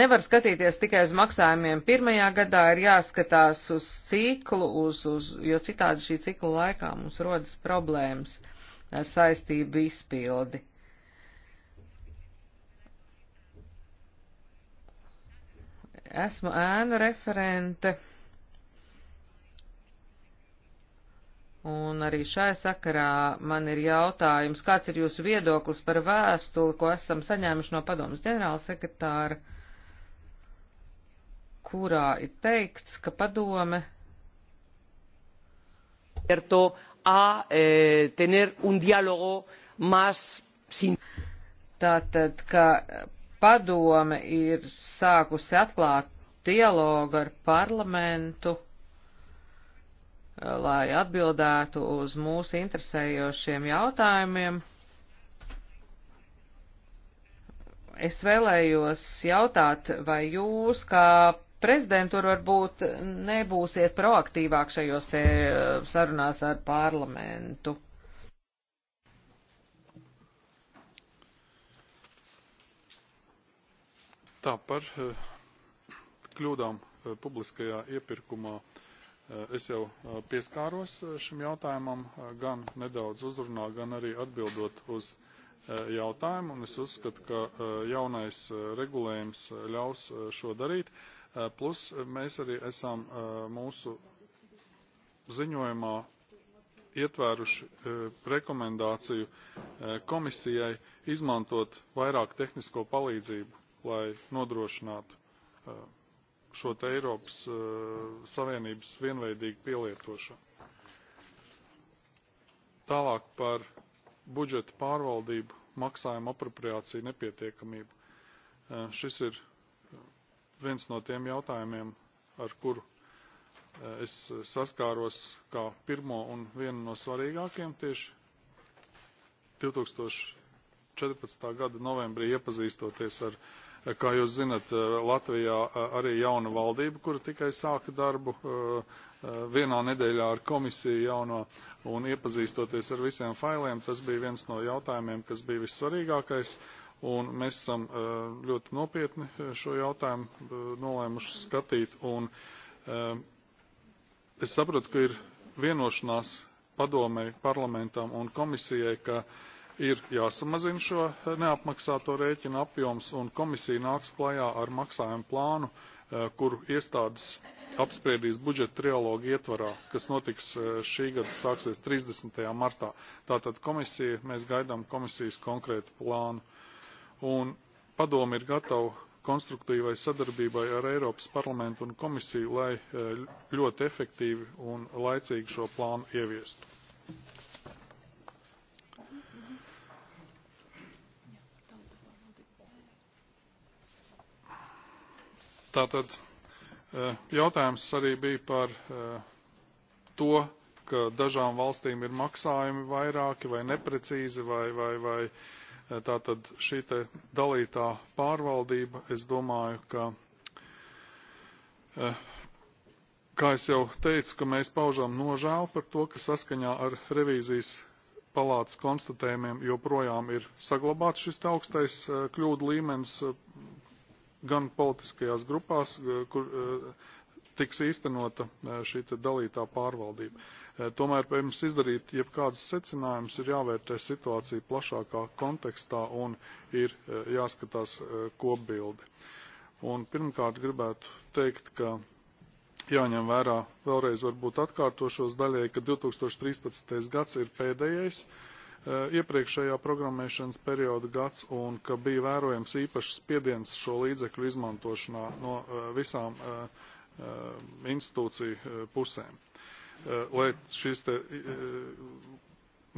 nevar skatīties tikai uz maksājumiem. Pirmajā gadā ir jāskatās uz ciklu, uz, uz, jo citādi šī cikla laikā mums rodas problēmas ar saistību izpildi. Esmu ēnu referente. Un arī šai sakarā man ir jautājums, kāds ir jūsu viedoklis par vēstuli, ko esam saņēmuši no padomas ģenerāla sekretāra, kurā ir teikts, ka padome. A, eh, tener un diálogo más sin... Tātad, ka padome ir sākusi atklāt dialogu ar parlamentu, lai atbildētu uz mūsu interesējošiem jautājumiem. Es vēlējos jautāt, vai jūs, kā prezidentūra, varbūt nebūsiet proaktīvāk šajos te sarunās ar parlamentu? Tā par eh, kļūdām eh, publiskajā iepirkumā eh, es jau pieskāros šim jautājumam, gan nedaudz uzrunā, gan arī atbildot uz jautājumu, un es uzskatu, ka jaunais regulējums ļaus šo darīt. Plus mēs arī esam mūsu ziņojumā ietvēruši rekomendāciju komisijai izmantot vairāk tehnisko palīdzību lai nodrošinātu uh, šo te Eiropas uh, Savienības vienveidīgu pielietošanu. Tālāk par budžeta pārvaldību, maksājumu apropriāciju nepietiekamību. Uh, šis ir viens no tiem jautājumiem, ar kuru es saskāros kā pirmo un vienu no svarīgākiem tieši 2014. gada novembrī iepazīstoties ar uh, Kā jūs zinat, eh, Latvijā eh, arī jauna valdība, kura tikai sāka darbu eh, vienā nedēļā ar komisiju jauno un iepazīstoties ar visiem failiem, tas bija viens no jautājumiem, kas bija vissvarīgākais. Un mēs esam ļoti nopietni šo jautājumu nolēmuši skatīt. Un es saprotu, ka ir vienošanās padomei, parlamentam un komisijai, ka uh, ir jāsamazina šo neapmaksāto rēķinu apjoms, un komisija nāks klajā ar maksājumu plānu, eh, kuru iestādes apspriedīs budžeta trialogu ietvarā, kas notiks eh, šī gada sāksies 30. martā. Tātad komisija, mēs gaidām komisijas konkrētu plānu. Un padomi ir gatava konstruktīvai sadarbībai ar Eiropas parlamentu un komisiju, lai eh, ļoti efektīvi un laicīgi šo plānu ieviestu. Tātad eh, jautājums arī bija par eh, to, ka dažām valstīm ir maksājumi vairāki vai neprecīzi vai, vai, vai eh, tātad šī te dalītā pārvaldība, es domāju, ka kā es jau teicu, ka mēs paužām nožēlu par to, ka saskaņā ar revīzijas palātas konstatējumiem joprojām ir saglabāts šis augstais kļūdu līmenis gan politiskajās grupās, eh, kur eh, tiks īstenota eh, šī dalītā pārvaldība. Tomēr pirms izdarīt jebkādas secinājumus ir jāvērtē situācija plašākā kontekstā un ir jāskatās kopbildi. Un pirmkārt gribētu teikt, ka jāņem vērā vēlreiz varbūt atkārtošos daļai, ka 2013. gads ir pēdējais, uh, iepriekšējā programmēšanas perioda gads un ka bija vērojams īpašs spiediens šo līdzekļu izmantošanā no visām institūciju pusēm. Lai šis te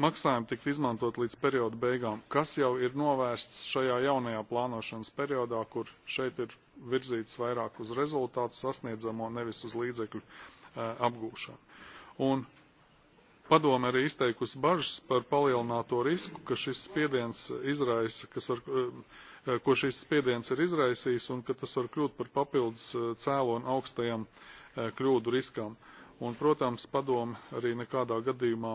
maksājumi tika izmantot līdz perioda beigām, kas jau ir novērsts šajā jaunajā plānošanas periodā, kur šeit ir virzīts vairāk uz rezultātu sasniedzamo, nevis uz līdzekļu apgūšanu. Un Padome arī izteikusi bažas par palielināto risku, ka šis spiediens izraisa, kas var, eh, ko šis spiediens ir izraisījis un ka tas var kļūt par papildus eh, cēloni augstajam eh, kļūdu riskam. Un, protams, padomi arī nekādā gadījumā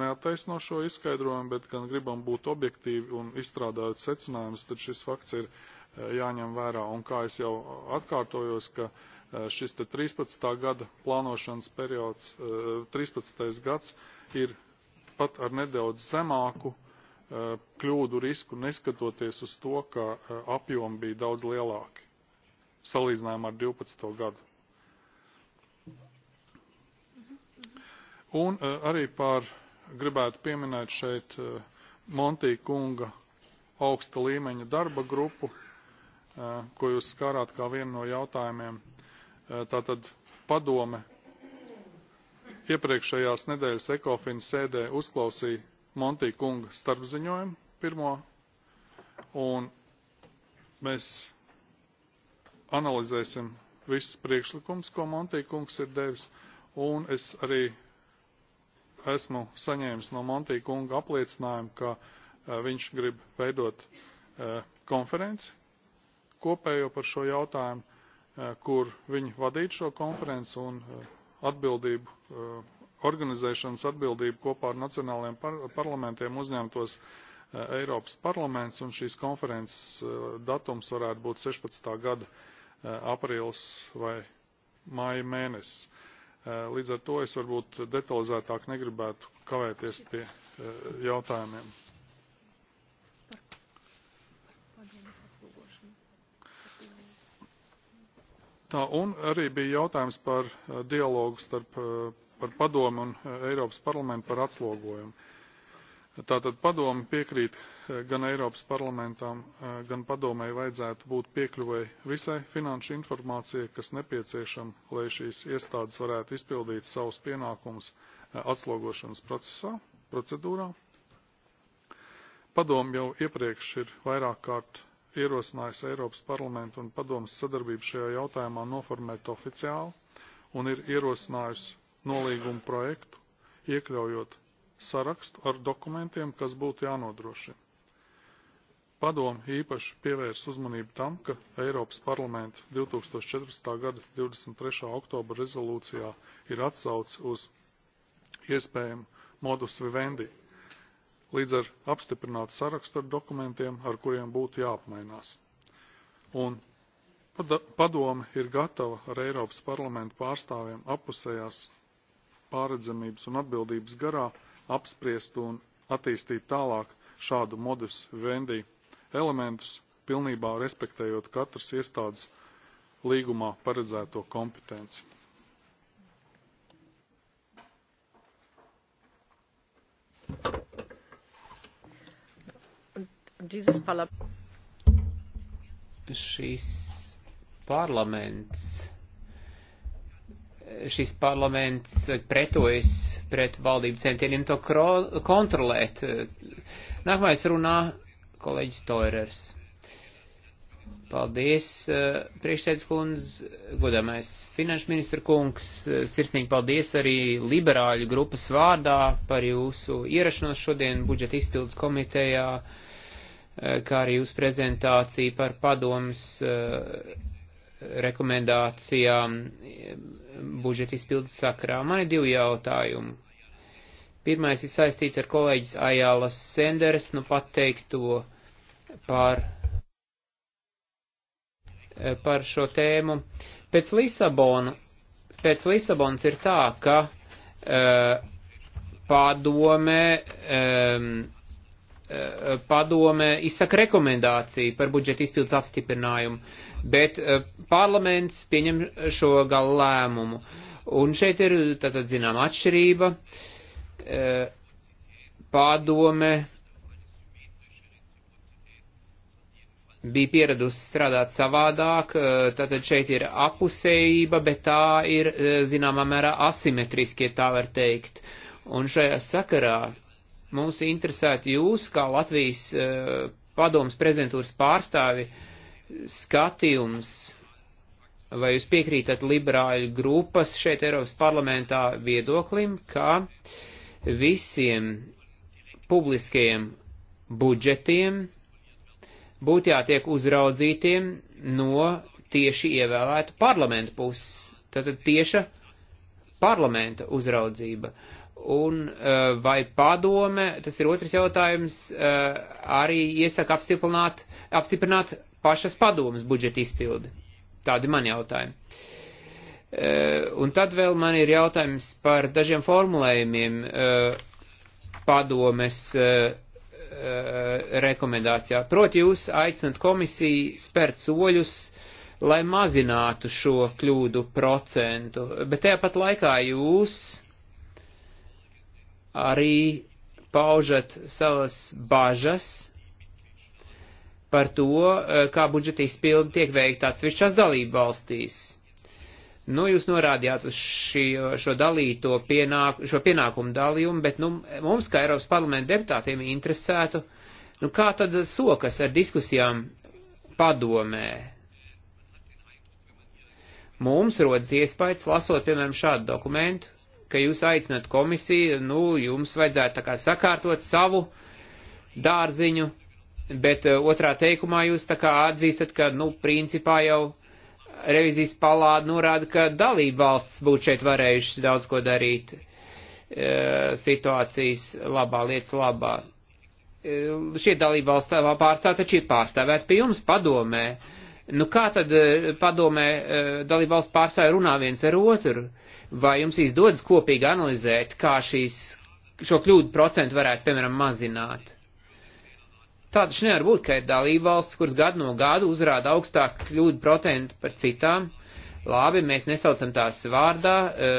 neattaisno šo izskaidrojumu, bet gan gribam būt objektīvi un izstrādājot secinājumus, tad šis fakts ir jāņem vērā. Un kā es jau atkārtojos, ka Eh, šis 13. gada plānošanas periods, 13. Eh, gads, ir pat ar nedaudz zemāku eh, kļūdu risku, neskatoties uz to, ka apjomi bija daudz lielāki salīdzinājumā ar 12. gadu. Un arī par gribētu pieminēt šeit Montī kunga augsta līmeņa darba grupu, ko jūs skārāt kā vienu no jautājumiem – Eh, tātad padome iepriekšējās nedēļas ECOFIN sēdē uzklausīja Montī kunga starpziņojumu pirmo, un mēs analizēsim visus priekšlikumus, ko Montī kungs ir devis, un es arī esmu saņēmis no Montī kunga apliecinājumu, ka eh, viņš grib veidot eh, konferenci kopējo par šo jautājumu, Eh, kur viņi vadītu šo konferenci un eh, atbildību, eh, organizēšanas atbildību kopā ar nacionālajiem par parlamentiem uzņemtos Eiropas parlaments, un šīs konferences datums varētu būt 16. gada aprīlis vai māja mēnesis. Līdz ar to es varbūt detalizētāk negribētu kavēties pie jautājumiem. Tā un arī bija jautājums par eh, dialogu starp eh, par padomu un eh, Eiropas parlamentu par atslogojumu. Tātad padomu piekrīt gan Eiropas parlamentam, gan padomai vajadzētu būt piekļuvēji visai finanšu informācijai, kas nepieciešama, lai šīs iestādes varētu izpildīt savus pienākumus atslogošanas procesā, procedūrā. Padomu jau iepriekš ir vairāk kārt ierosinājusi Eiropas parlamentu un padomas sadarbību šajā jautājumā noformēt oficiāli un ir ierosinājusi nolīgumu projektu, iekļaujot sarakstu ar dokumentiem, kas būtu jānodrošina. Padomu īpaši pievērs uzmanību tam, ka Eiropas parlamenta 2014. gada 23. oktobra rezolūcijā ir atsauce uz iespējamu modus vivendi līdz ar apstiprinātu sarakstu ar dokumentiem, ar kuriem būtu jāapmainās. Un padome ir gatava ar Eiropas parlamentu pārstāvjiem apusējās pāredzamības un atbildības garā apspriest un attīstīt tālāk šādu modus vendi elementus, pilnībā respektējot katras iestādes līgumā paredzēto kompetenci dieses Parlaments. Šis parlaments, šis parlaments pretojas pret valdību centieniem to kontrolēt. Nākamais runā kolēģis Toirers. Paldies, priekšsēdz kundz, godamais finanšu ministra kungs, sirsnīgi paldies arī liberāļu grupas vārdā par jūsu ierašanos šodien budžeta izpildes komitejā. Eh, kā arī uz prezentāciju par padomas eh, rekomendācijām eh, budžeta izpildes sakrā. Man ir divi jautājumi. Pirmais ir saistīts ar kolēģis Ajālas Senderes, nu pateikto par, par šo tēmu. Pēc, Lisabonu, pēc Lisabonas ir tā, ka uh, padome um, Eh, padome izsaka rekomendāciju par budžeta izpildes apstiprinājumu, bet eh, parlaments pieņem šo galu lēmumu. Un šeit ir, tātad, zinām, atšķirība. Eh, padome bija pieradusi strādāt savādāk, tātad šeit ir apusējība, bet tā ir, zināmā mērā, asimetriski, ja tā var teikt. Un šajā sakarā Mums interesētu jūs, kā Latvijas eh, padomas prezidentūras pārstāvi, skatījums, vai jūs piekrītat liberāļu grupas šeit Eiropas parlamentā viedoklim, ka visiem publiskajiem budžetiem būtu jātiek uzraudzītiem no tieši ievēlētu parlamentu puses. Tātad tieša parlamenta uzraudzība. Un eh, vai padome, tas ir otrs jautājums, eh, arī iesaka apstiprināt, apstiprināt pašas padomas budžeta izpildi? Tādi man jautājumi. Eh, un tad vēl man ir jautājums par dažiem formulējumiem padomes rekomendācijā. Proti jūs aicinat komisiju spērt soļus uh, lai mazinātu šo kļūdu procentu, bet tāpat laikā jūs arī paužat savas bažas par to, eh, kā budžeta izpildi tiek veikta atsevišķās dalību valstīs. Nu, jūs norādījāt uz šī, šo dalīto pienāk, šo pienākumu dalījumu, bet nu, mums, kā Eiropas parlamenta deputātiem, interesētu, nu, kā tad sokas ar diskusijām padomē, Mums rodas iespējas, lasot, piemēram, šādu dokumentu, ka jūs aicinat komisiju, nu, jums vajadzētu tā kā sakārtot savu dārziņu, bet eh, otrā teikumā jūs tā kā atzīstat, ka, nu, principā jau revizijas palāda norāda, ka dalība valsts būtu šeit varējušas daudz ko darīt e, situācijas labā, lietas labā. E, šie dalība valsts pārstāv taču ir pārstāvēt pie jums padomē. E, Nu kā tad e, padomē e, dalībvalsts pārstāvja runā viens ar otru? Vai jums izdodas kopīgi analizēt, kā šīs, šo kļūdu procentu varētu, piemēram, mazināt? Tā taču nevar būt, ka ir dalībvalsts, kuras gadu no gadu uzrāda augstāku kļūdu procentu par citām. Labi, mēs nesaucam tās vārdā, e,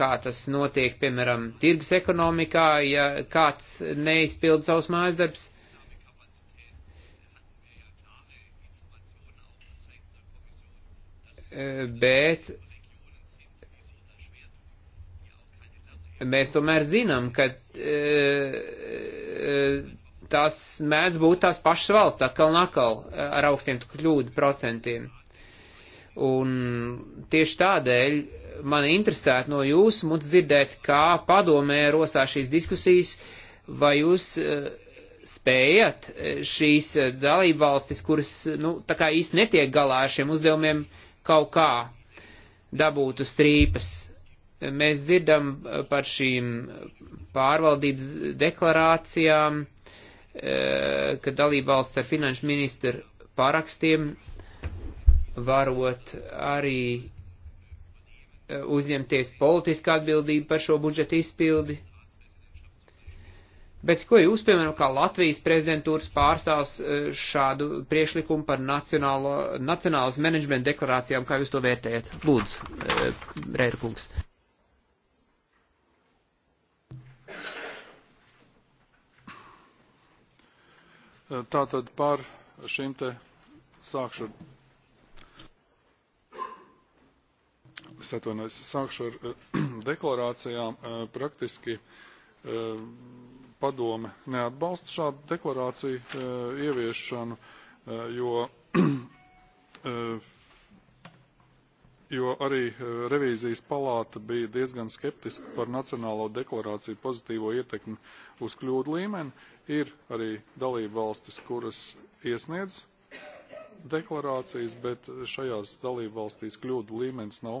kā tas notiek, piemēram, tirgus ekonomikā, ja kāds neizpild savus mājasdarbs. darbs bet mēs tomēr zinām, ka e, e, tās mēdz būt tās pašas valsts atkal un atkal e, ar augstiem kļūdu procentiem. Un tieši tādēļ man interesētu no jūs mums dzirdēt, kā padomē rosā šīs diskusijas, vai jūs spējat šīs dalībvalstis, kuras, nu, tā kā īsti netiek galā ar šiem uzdevumiem, uh, kaut kā dabūtu strīpas. Mēs dzirdam par šīm pārvaldības deklarācijām, eh, ka dalībvalsts ar finanšu ministru parakstiem varot arī eh, uzņemties politisku atbildību par šo budžeta izpildi. Bet ko jūs, piemēram, kā Latvijas prezidentūras pārstāvs eh, šādu priekšlikumu par nacionālo, nacionālas menedžmenta deklarācijām, kā jūs to vērtējat? Lūdzu, eh, Reirkungs. Tātad par šim te sākšu. Es atvainojos, sākšu ar eh, deklarācijām praktiski padome neatbalsta šādu deklarāciju e, ieviešanu, e, jo, e, jo arī revīzijas palāta bija diezgan skeptiska par nacionālo deklarāciju pozitīvo ietekmi uz kļūdu līmeni. Ir arī dalība valstis, kuras iesniedz deklarācijas, bet šajās dalība valstīs kļūdu līmenis nav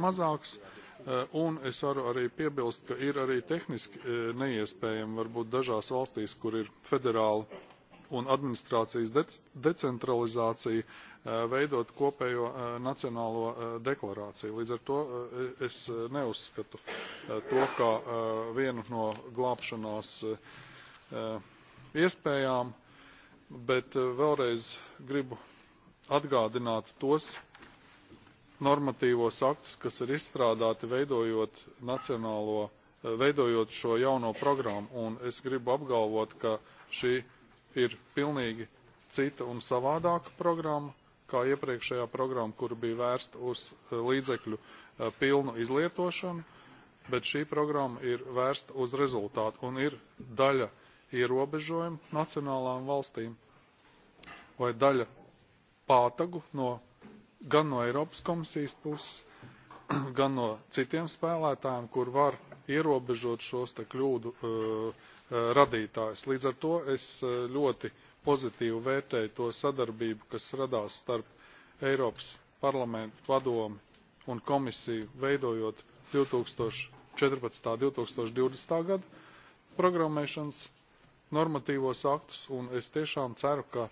mazāks. Uh, Eh, un es varu arī piebilst, ka ir arī tehniski eh, neiespējami varbūt dažās valstīs, kur ir federāla un administrācijas dec decentralizācija, eh, veidot kopējo nacionālo deklarāciju. Līdz ar to es neuzskatu to kā vienu no glābšanās iespējām, bet vēlreiz gribu atgādināt tos normatīvos aktus, kas ir izstrādāti veidojot, nacionālo, eh, veidojot šo jauno programmu. Un es gribu apgalvot, ka šī ir pilnīgi cita un savādāka programma kā iepriekšējā programma, kur bija vērsta uz eh, līdzekļu eh, pilnu izlietošanu, bet šī programma ir vērsta uz rezultātu un ir daļa ierobežojumu nacionālām valstīm vai daļa pātagu no gan no Eiropas komisijas puses, gan no citiem spēlētājiem, kur var ierobežot šos te kļūdu uh, uh radītājus. Līdz ar to es uh, ļoti pozitīvi vērtēju to sadarbību, kas radās starp Eiropas parlamentu padomi un komisiju veidojot 2014. 2020. gadu programmēšanas normatīvos aktus, un es tiešām ceru, ka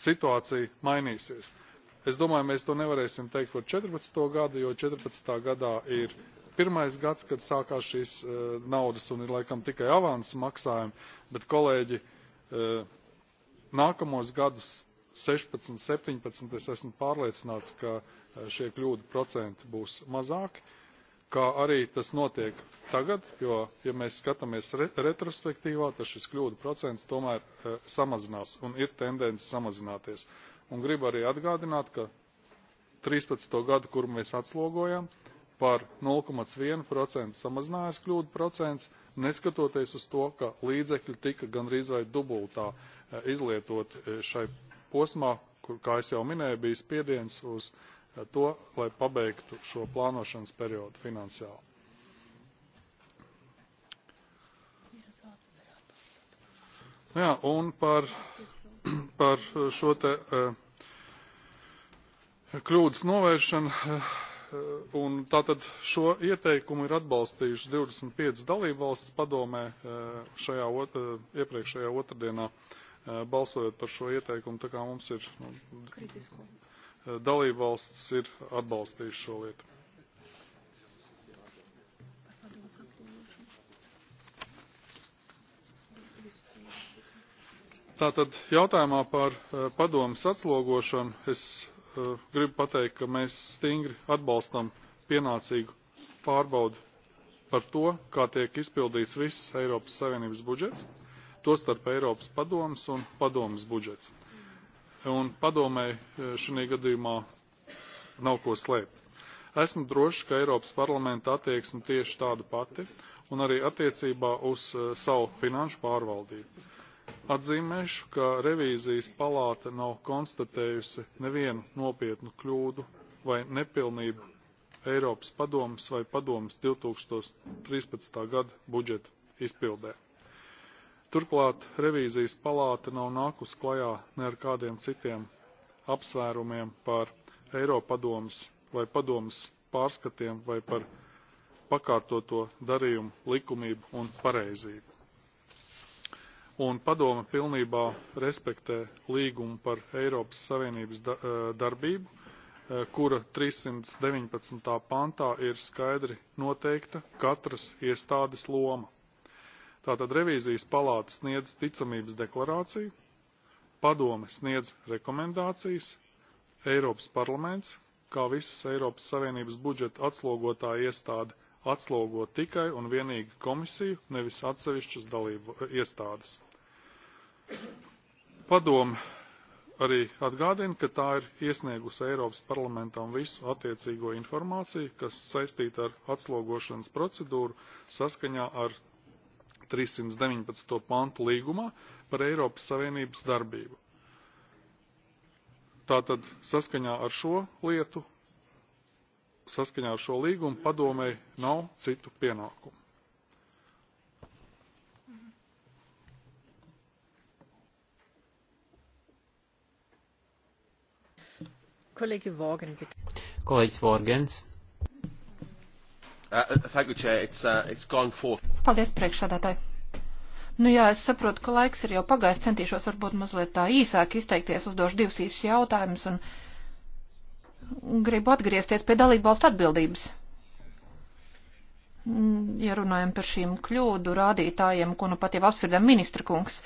situācija mainīsies. Es domāju, mēs to nevarēsim teikt par 14. gadu, jo 14. gadā ir pirmais gads, kad sākās šīs uh, naudas un ir laikam tikai avansu maksājumi, bet kolēģi uh, nākamos gadus 16, 17 es esmu pārliecināts, ka uh, šie kļūdu procenti būs mazāki. Uh, kā arī tas notiek tagad, jo, ja mēs skatāmies re retrospektīvā, tad šis kļūdu procents tomēr e, samazinās un ir tendence samazināties. Un gribu arī atgādināt, ka 13. gadu, kur mēs atslogojam, par 0,1% samazinājās kļūdu procents, neskatoties uz to, ka līdzekļi tika gandrīz vai dubultā e, izlietot e, šai posmā, kur, kā es jau minēju, bija spiediens uz uh, Eh, to, lai pabeigtu šo plānošanas periodu finansiāli. Jā, un par, par šo te eh, kļūdas novēršanu eh, un tātad šo ieteikumu ir atbalstījuši 25 dalībvalstis padomē šajā ot, iepriekšējā otrdienā balsojot par šo ieteikumu, tā kā mums ir nu, kritisko dalībvalstis ir atbalstījušas šo lietu. Tātad jautājumā par e, padomas atslogošanu es uh, gribu pateikt, ka mēs stingri atbalstam pienācīgu pārbaudu par to, kā tiek izpildīts viss Eiropas Savienības budžets, tostarp Eiropas padomas un padomas budžets un padomē e, šajā gadījumā nav ko slēpt. Esmu drošs, ka Eiropas parlamenta attieksme tieši tāda pati un arī attiecībā uz e, savu finanšu pārvaldību. Atzīmēšu, ka revīzijas palāta nav konstatējusi nevienu nopietnu kļūdu vai nepilnību Eiropas padomas vai padomas 2013. gada budžeta izpildē. Turklāt revīzijas palāta nav nākus klajā ne ar kādiem citiem apsvērumiem par Eiropadomas vai padomas pārskatiem vai par pakārtoto darījumu likumību un pareizību. Un padoma pilnībā respektē līgumu par Eiropas Savienības eh, darbību, eh, kura 319. pantā ir skaidri noteikta katras iestādes loma. Tātad revīzijas palāta sniedz ticamības deklarāciju, padome sniedz rekomendācijas, Eiropas parlaments, kā visas Eiropas Savienības budžeta atslogotā iestāde, atslogo tikai un vienīgi komisiju, nevis atsevišķas dalību eh, iestādes. Padome arī atgādina, ka tā ir iesniegusi Eiropas parlamentam visu attiecīgo informāciju, kas saistīta ar atslogošanas procedūru saskaņā ar 319. pantu līgumā par Eiropas Savienības darbību. Tātad saskaņā ar šo lietu, saskaņā ar šo līgumu padomēji nav citu pienākumu. Kolēģi Vāgen, bitte. Kolēģis Vāgens. Uh, uh, Paldies, priekšsādātāji. Nu jā, es saprotu, ka laiks ir jau pagājis, centīšos varbūt mazliet tā īsāk izteikties, uzdošu divus īsus jautājumus un gribu atgriezties pie dalībvalstu atbildības. Mm, ja runājam par šīm kļūdu rādītājiem, ko nu pat jau apspriedām ministra kungs,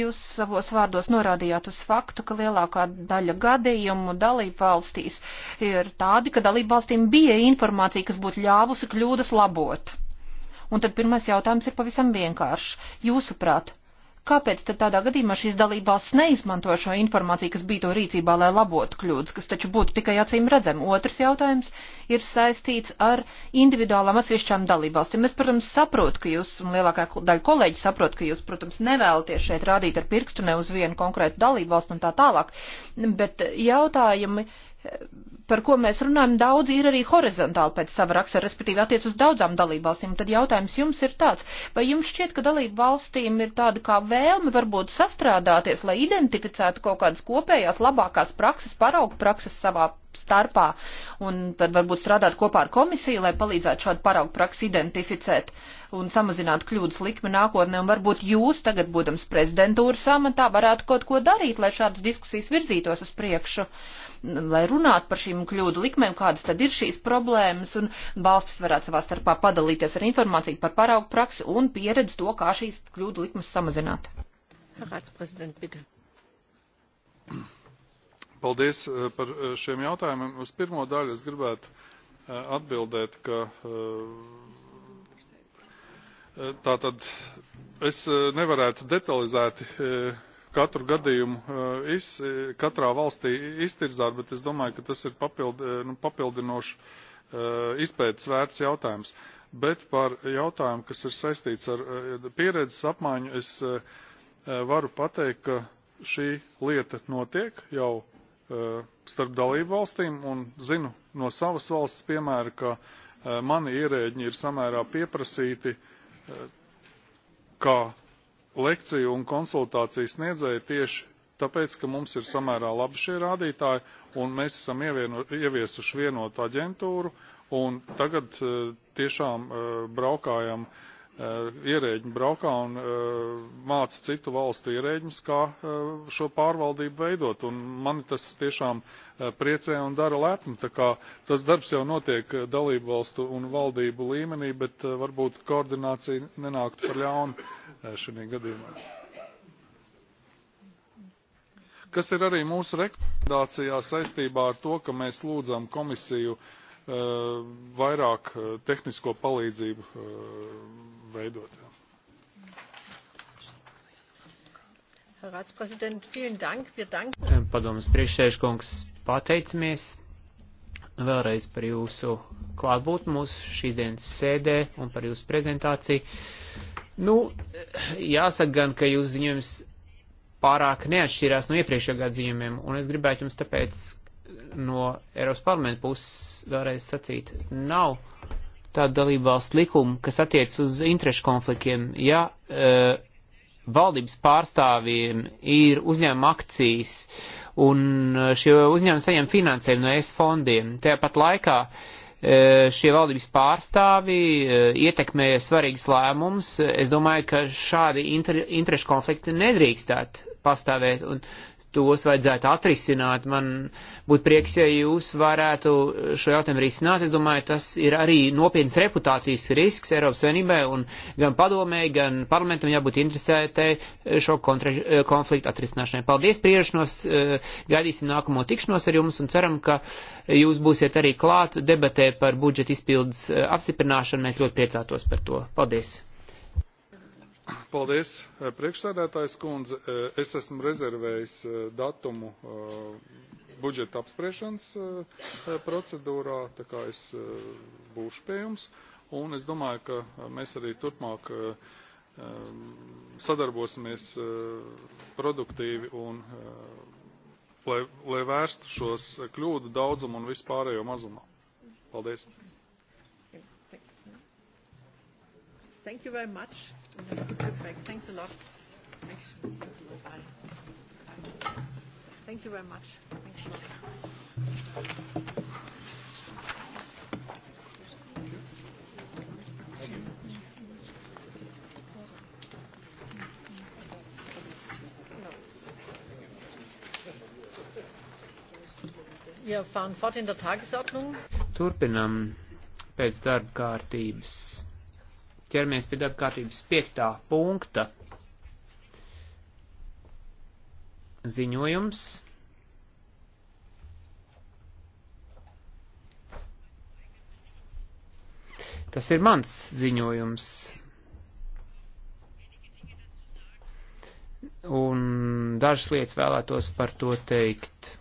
jūs savos vārdos norādījāt uz faktu, ka lielākā daļa gadījumu dalību valstīs ir tādi, ka dalību valstīm bija informācija, kas būtu ļāvusi kļūdas labot. Un tad pirmais jautājums ir pavisam vienkāršs. Jūsuprāt, Kāpēc tad tādā gadījumā šīs dalībvalsts neizmanto šo informāciju, kas bija to rīcībā, lai labotu kļūdas, kas taču būtu tikai acīm redzam? Otrs jautājums ir saistīts ar individuālām atsevišķām dalībvalstīm. Es, protams, saprotu, ka jūs, un lielākā daļa kolēģi saprot, ka jūs, protams, nevēlaties šeit rādīt ar pirkstu ne uz vienu konkrētu dalībvalstu un tā tālāk, bet jautājumi par ko mēs runājam, daudzi ir arī horizontāli pēc sava rakstura, respektīvi attiec uz daudzām dalībvalstīm. Tad jautājums jums ir tāds, vai jums šķiet, ka dalībvalstīm ir tāda kā vēlme varbūt sastrādāties, lai identificētu kaut kādas kopējās labākās prakses, paraugu prakses savā starpā, un tad varbūt strādāt kopā ar komisiju, lai palīdzētu šādu paraugu praksi identificēt un samazināt kļūdas likmi nākotnē, un varbūt jūs tagad, būdams prezidentūras amatā, varētu kaut ko darīt, lai šādas diskusijas virzītos uz priekšu. Uh, lai runātu par šīm kļūdu likmēm, kādas tad ir šīs problēmas, un valstis varētu savā starpā padalīties ar informāciju par paraugu praksi un pieredzi to, kā šīs kļūdu likmes samazināt. Ratsprezident, bitte. Paldies eh, par eh, šiem jautājumiem. Uz pirmo daļu es gribētu eh, atbildēt, ka tātad es nevarētu detalizēti katru gadījumu uh, iz, e, katrā valstī iztirzāt, bet es domāju, ka tas ir papild, e, nu, papildinošs e, izpētes vērts jautājums. Bet par jautājumu, kas ir saistīts ar pieredzes apmaiņu, es varu pateikt, ka šī lieta notiek jau starp dalību valstīm un zinu no savas valsts piemēra, ka mani ierēģi ir samērā pieprasīti kā lekciju un konsultāciju sniedzēji tieši tāpēc, ka mums ir samērā labi šie rādītāji, un mēs esam ievieno, ieviesuši vienotu aģentūru, un tagad eh, tiešām eh, braukājam uh, Eh, ierēģi braukā un uh, māca citu valstu ierēģus, kā uh, šo pārvaldību veidot. Un mani tas tiešām uh, priecē un dara lepni. Tā kā tas darbs jau notiek dalību valstu un valdību līmenī, bet varbūt koordinācija nenāktu par ļaunu šajā gadījumā. Kas ir arī mūsu rekomendācijā saistībā ar to, ka mēs lūdzam komisiju uh, Eh, vairāk eh, tehnisko palīdzību eh, veidot. Herr Ratspräsident, vielen Dank. Wir danken. Padomas priekšsēžkungs, pateicamies vēlreiz par jūsu klātbūtni mūsu šīs dienas sēdē un par jūsu prezentāciju. Nu, jāsaka gan, ka jūs ziņojums pārāk neatšķirās no iepriekšējā gada ziņojumiem, un es gribētu jums tāpēc no Eiropas parlamenta puses vēlreiz sacīt, nav tāda dalībvalsts likuma, kas attiec uz interešu konfliktiem. Ja uh, valdības pārstāvjiem ir uzņēmuma akcijas un eh, šie uzņēmumi saņem finansējumu no ES fondiem, tajāpat laikā eh, šie valdības pārstāvi ietekmē svarīgas lēmumus. Es domāju, ka šādi inter, interešu konflikti nedrīkstētu pastāvēt, un tos vajadzētu atrisināt. Man būtu prieks, ja jūs varētu šo jautājumu risināt. Es domāju, tas ir arī nopietns reputācijas risks Eiropas Savienībai un gan padomēji, gan parlamentam jābūt interesētai šo kontra, eh, konfliktu atrisināšanai. Paldies priežnos, eh, gaidīsim nākamo tikšanos ar jums un ceram, ka jūs būsiet arī klāt debatē par budžeta izpildes eh, apstiprināšanu. Mēs ļoti priecātos par to. Paldies! Paldies, eh, priekšsēdētājs kundze. Eh, es esmu rezervējis eh, datumu budžeta apspriešanas procedūrā, tā kā es būšu pie jums. Un es domāju, ka mēs arī turpmāk sadarbosimies produktīvi un lai, lai vērstu šos kļūdu daudzumu un vispārējo mazumā. Paldies! Thank you very much. And have a good trip back. Thanks a lot. Actually, thanks a lot. Bye. Bye. Thank you very much. Thanks a lot. Wir fahren fort in der Tagesordnung. Turpinam pēc darba kārtības ķermies pie darba kārtības piektā punkta. Ziņojums. Tas ir mans ziņojums. Un dažas lietas vēlētos par to teikt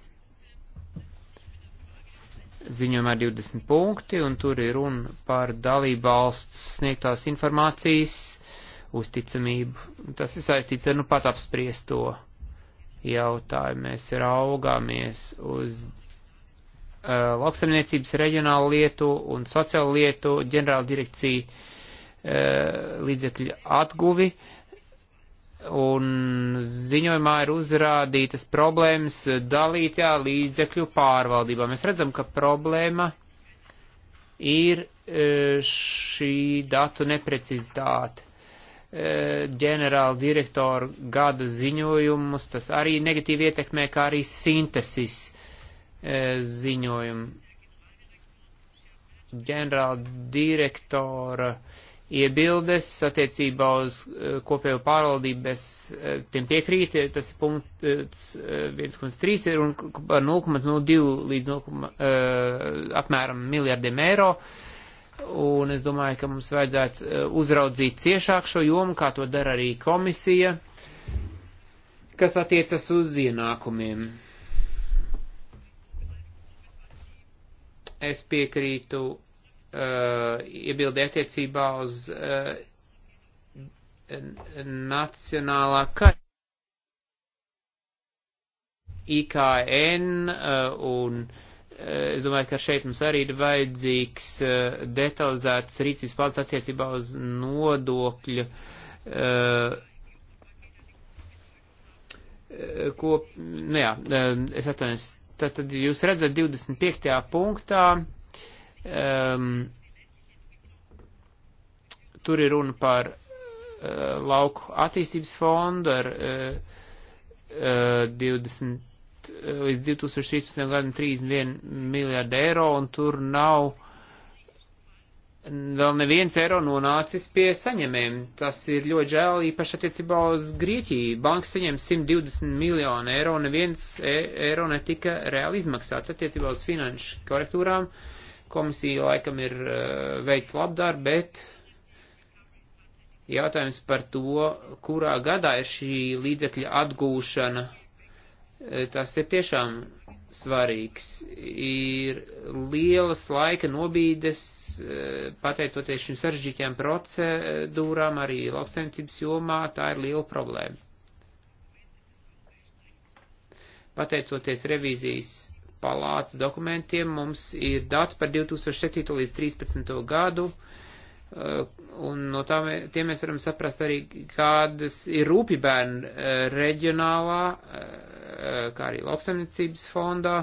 ziņojumā 20 punkti, un tur ir runa par dalību valsts sniegtās informācijas uzticamību. Tas ir saistīts ar nu pat apspriesto jautājumu. Mēs raugāmies uz uh, lauksaimniecības reģionālu lietu un sociālu lietu ģenerāla direkcija uh, līdzekļu atguvi, un ziņojumā ir uzrādītas problēmas dalītajā līdzekļu pārvaldībā. Mēs redzam, ka problēma ir e, šī datu neprecizitāte. E, ģenerāla direktora gada ziņojumus tas arī negatīvi ietekmē, kā arī sintesis e, ziņojumu. Ģenerāla direktora uh, iebildes attiecībā uz eh, kopējo pārvaldību mēs eh, tiem piekrīt, tas ir punkts 1,3 eh, ir un par 0,02 līdz 0, apmēram miljardiem eiro. Un es domāju, ka mums vajadzētu uzraudzīt ciešāk šo jomu, kā to dara arī komisija, kas attiecas uz ienākumiem. Es piekrītu Uh, iebildi attiecībā uz uh, nacionālā kara. IKN uh, un uh, es domāju, ka šeit mums arī ir vajadzīgs uh, detalizēts rīcības plāns attiecībā uz nodokļu uh, uh ko, nu jā, es atvainojos, tad, tad jūs redzat 25. punktā, uh, Um, tur ir runa par uh, lauku attīstības fondu ar uh, uh, 20 uh, līdz 2013. gadam 31 miljārdu eiro, un tur nav vēl neviens eiro nonācis pie saņemiem. Tas ir ļoti žēl, īpaši attiecībā uz Grieķiju. Banka saņem 120 miljonu eiro, un neviens e eiro netika reāli izmaksāts attiecībā uz finanšu korektūrām. Uh, Komisija laikam ir eh, veids labdār, bet jautājums par to, kurā gadā ir šī līdzekļa atgūšana, eh, tas ir tiešām svarīgs. Ir lielas laika nobīdes, eh, pateicoties šīm sarežģītajām procedūrām, arī lauksaimniecības jomā, tā ir liela problēma. Pateicoties revīzijas palāts dokumentiem mums ir dati par 2007. līdz 2013. gadu, eh, un no tā, tiem mēs varam saprast arī, kādas ir rūpibērnu eh, reģionālā, eh, kā arī lauksaimniecības fondā,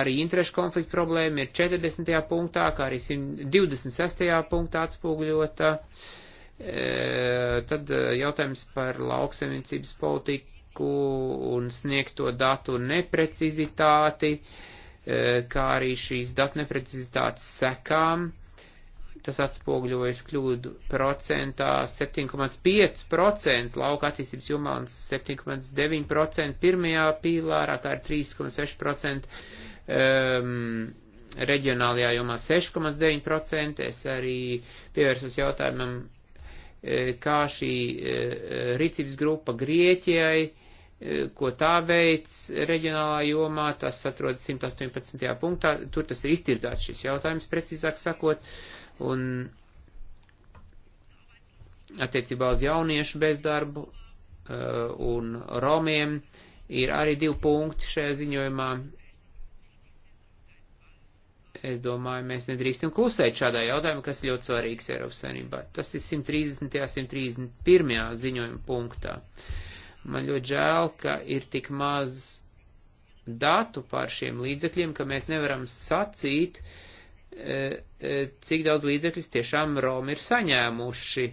arī interešu konflikta problēma ir 40. punktā, kā arī 126. punktā atspoguļota. Tad jautājums par lauksaimniecības politiku risku un sniegto datu neprecizitāti, e, kā arī šīs datu neprecizitātes sekām. Tas atspoguļojas kļūdu procentā 7,5% lauka attīstības jomā un 7,9% pirmajā pīlārā, kā ir 3,6% um, ehm, reģionālajā jomā 6,9%. Es arī pievērsos jautājumam e, kā šī e, rīcības grupa Grieķijai ko tā veic reģionālā jomā, tas atrodas 118. punktā, tur tas ir iztirdzēts šis jautājums, precīzāk sakot, un attiecībā uz jauniešu bezdarbu uh, un romiem ir arī divi punkti šajā ziņojumā. Es domāju, mēs nedrīkstam klusēt šādā jautājumā, kas ļoti svarīgs Eiropas saimnībā. Tas ir 130. un 131. ziņojuma punktā. Uh, Man ļoti žēl, ka ir tik maz datu par šiem līdzekļiem, ka mēs nevaram sacīt, e, e, cik daudz līdzekļus tiešām Romi ir saņēmuši e,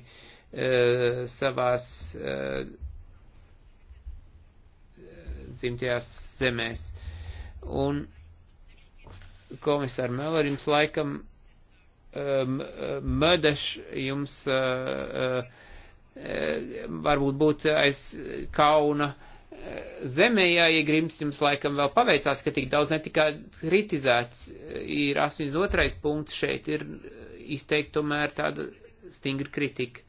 savās dzimtajās zemēs. Un komisāra Meller jums laikam Mödeš jums uh, uh, varbūt būt aiz kauna eh, zemē jāiegrims, jums laikam vēl paveicās, ka tik daudz netika kritizēts. Ir 82. punkts šeit, ir eh, izteikti tomēr tāda stingra kritika.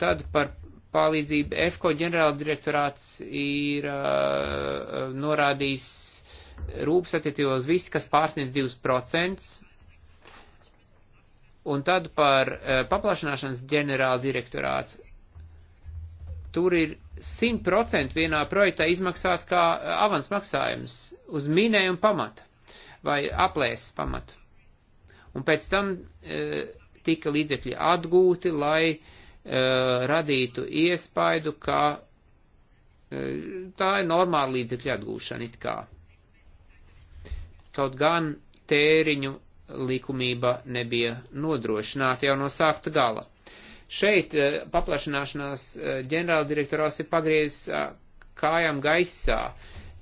Tad par palīdzību EFKO ģenerāla direktorāts ir uh, norādījis rūpes attiecībā uz visu, kas pārsniedz 2%. Un tad par eh, paplašanāšanas ģenerāla direktorātu. Tur ir 100% vienā projektā izmaksāt kā eh, avans maksājums uz minējumu pamata vai aplēses pamata. Un pēc tam e, tika līdzekļi atgūti, lai e, radītu iespaidu, ka e, tā ir normāla līdzekļa atgūšana it kā. Kaut gan tēriņu likumība nebija nodrošināta jau no sākta gala. Šeit eh, paplašanāšanās eh, ģenerāldirektorās ir pagriezis eh, kājām gaisā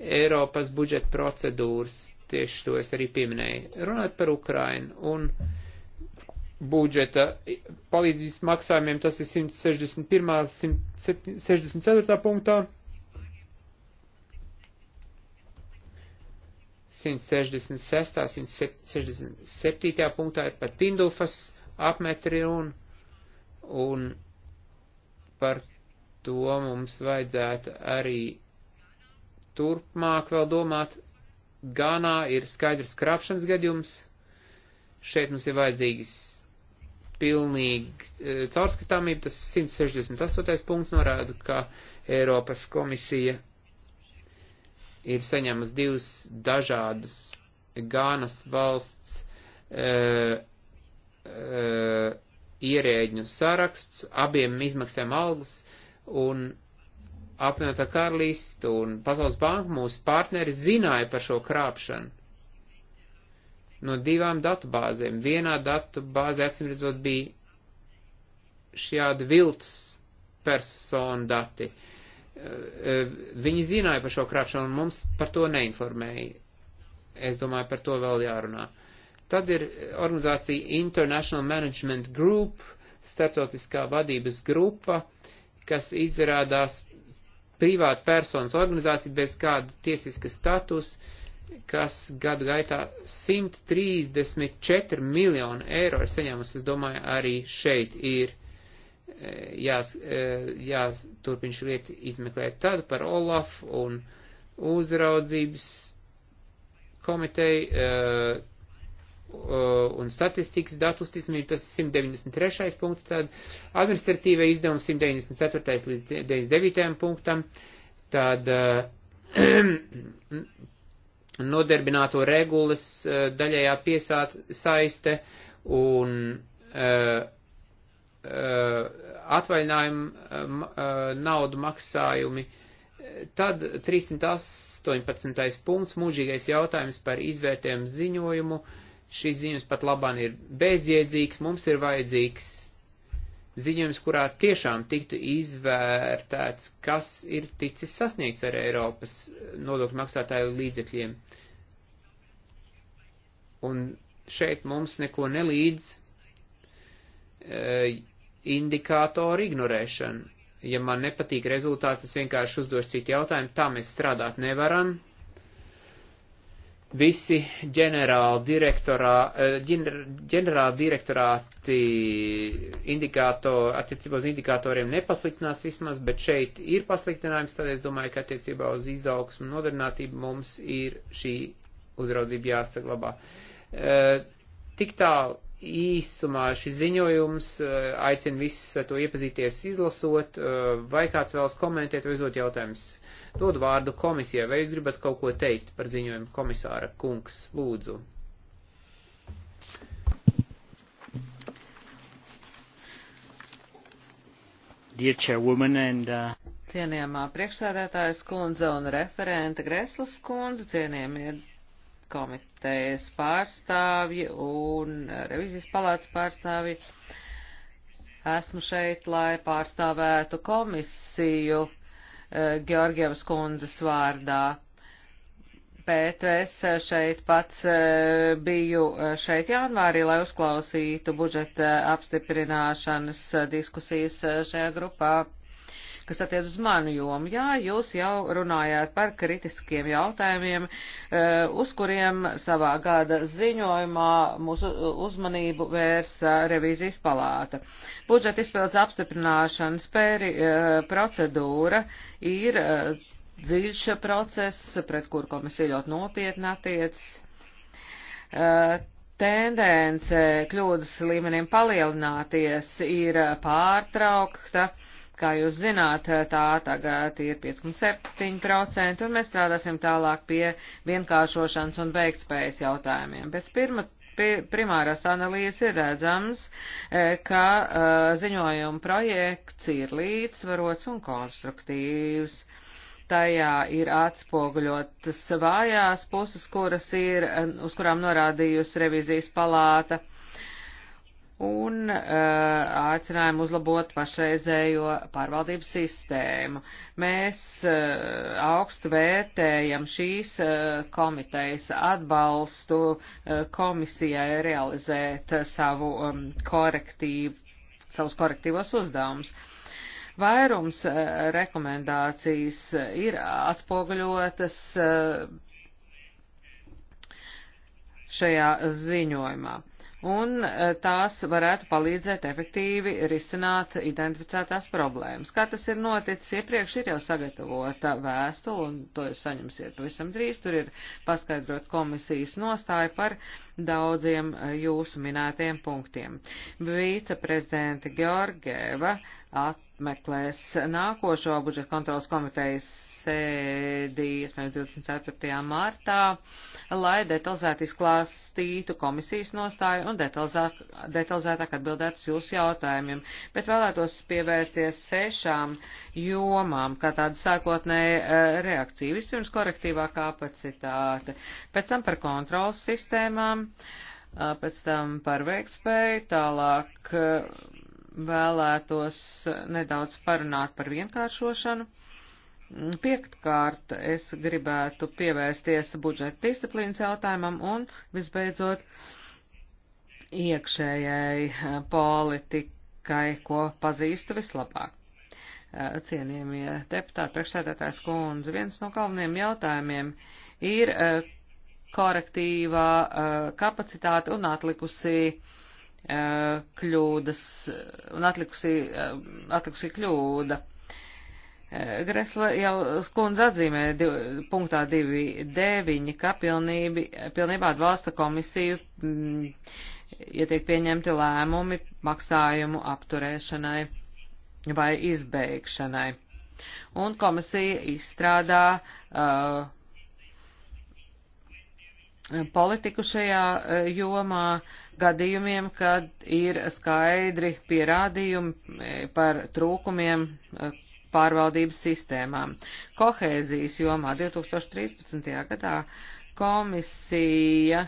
Eiropas budžeta procedūras, tieši to es arī pieminēju, runāt par Ukrainu un budžeta palīdzības maksājumiem, tas ir 161. 164. punktā 166. 167. punktā ir par Tindufas apmetri un, un par to mums vajadzētu arī turpmāk vēl domāt. Ganā ir skaidrs krāpšanas gadījums. Šeit mums ir vajadzīgs pilnīgi e, caurskatāmība. Tas 168. punkts norāda, ka Eiropas komisija ir saņēmusi divas dažādas Gānas valsts e, e, ierēģņu saraksts, abiem izmaksām algas, un apvienotā karalista un Pasaules banka mūsu partneri zināja par šo krāpšanu. No divām datubāzēm. Vienā datubāzē, acīm redzot, bija šādi viltus personu dati. Uh, Eh, eh, viņi zināja par šo krāpšanu un mums par to neinformēja. Es domāju, par to vēl jārunā. Tad ir organizācija International Management Group, starptautiskā vadības grupa, kas izrādās privāta personas organizācija bez kāda tiesiska status, kas gadu gaitā 134 miljonu eiro ir saņēmusi. Es domāju, arī šeit ir jās, e, jāturpina šī lieta izmeklēt tad par Olaf un uzraudzības komiteju e, un statistikas datu uzticamību, tas ir 193. punkts, tad administratīvai izdevumi 194. līdz 99. punktam, tad e, nodarbināto regulas daļējā piesaiste un uh, Uh, atvaļinājumu uh, uh, naudu maksājumi. Tad 318. punkts, mūžīgais jautājums par izvērtējumu ziņojumu. Šīs ziņas pat labāk ir bezjēdzīgs, mums ir vajadzīgs ziņojums, kurā tiešām tiktu izvērtēts, kas ir ticis sasniegts ar Eiropas nodokļu maksātāju līdzekļiem. Un šeit mums neko nelīdz. E, indikātoru ignorēšanu. Ja man nepatīk rezultāts, es vienkārši uzdošu citu jautājumu, tā mēs strādāt nevaram. Visi ģenerāli direktorā, eh, ģenerāli direktorāti indikātori, attiecībā uz indikātoriem nepasliktinās vismaz, bet šeit ir pasliktinājums, tad es domāju, ka attiecībā uz izaugsmu nodarbinātību mums ir šī uzraudzība jāsaglabā. Eh, tik tālu īsumā šis ziņojums, eh, aicinu visus to iepazīties, izlasot, eh, vai kāds vēlas komentēt vai uzdot jautājumus. Dod vārdu komisijai, vai jūs gribat kaut ko teikt par ziņojumu komisāra kungs, lūdzu. Dear Chairwoman and uh, cienījamā priekšsēdētājas kundze un referenta Greslas kundze, cienījamie komitejas pārstāvji un revizijas palātas pārstāvji. Esmu šeit, lai pārstāvētu komisiju eh, Georgievas kundzes vārdā. Bet es šeit pats eh, biju eh, šeit janvārī, lai uzklausītu budžeta apstiprināšanas diskusijas šajā grupā kas attiec uz manu jomu. Jā, jūs jau runājāt par kritiskiem jautājumiem, eh, uz kuriem savā gada ziņojumā mūsu uzmanību vērsa revīzijas palāta. Budžeta izpildes apstiprināšanas pēri, eh, procedūra ir eh, dziļš process, pret kuru komisija ļoti nopietni attiec. Tendence kļūdas līmenim palielināties ir pārtraukta. Kā jūs zināt, tā tagad ir 5,7%, un mēs strādāsim tālāk pie vienkāršošanas un veiktspējas jautājumiem. Pēc pirma primārās analīzes ir redzams, e, ka e, ziņojuma projekts ir līdzsvarots un konstruktīvs. Tajā ir atspoguļotas vājās puses, kuras ir, e, uz kurām norādījusi revizijas palāta un uh, aicinājumu uzlabot pašreizējo pārvaldības sistēmu. Mēs uh, augstu vērtējam šīs uh, komitejas atbalstu uh, komisijai realizēt uh, savu um, korektīvu, savus korektīvos uzdevumus. Vairums uh, rekomendācijas ir atspoguļotas uh, šajā ziņojumā un eh, tās varētu palīdzēt efektīvi risināt identificētās problēmas. Kā tas ir noticis iepriekš, ir jau sagatavota vēstule, un to jūs saņemsiet pavisam drīz. Tur ir paskaidrot komisijas nostāju par daudziem eh, jūsu minētiem punktiem. Viceprezidenta Georgieva at apmeklēs nākošo budžeta kontrolas komitejas sēdī, iespējams, 24. martā, lai detalizēti izklāstītu komisijas nostāju un detalizāk, detalizētāk atbildētu uz jūsu jautājumiem, bet vēlētos pievērsties sešām jomām, kā tāda sākotnēja eh, reakcija. Vispirms korektīvā kapacitāte, pēc tam par kontrolas sistēmām, eh, pēc tam par veikspēju, tālāk eh, vēlētos nedaudz parunāt par vienkāršošanu. Piektkārt, es gribētu pievērsties budžeta disciplīnas jautājumam un, visbeidzot, iekšējai eh, politikai, ko pazīstu vislabāk. Eh, cienījamie deputāti, priekšsēdētājs kundze, viens no galvenajiem jautājumiem ir eh, korektīvā kapacitāte un atlikusī uh, Eh, kļūdas eh, un atlikusī, eh, atlikusī kļūda. Gresla jau skundze atzīmē div, punktā 2.9, ka pilnībi, pilnībā atbalsta komisiju, mm, ja tiek pieņemti lēmumi maksājumu apturēšanai vai izbeigšanai. Un komisija izstrādā uh, politiku šajā e, jomā gadījumiem, kad ir skaidri pierādījumi e, par trūkumiem e, pārvaldības sistēmām. Kohēzijas jomā 2013. gadā komisija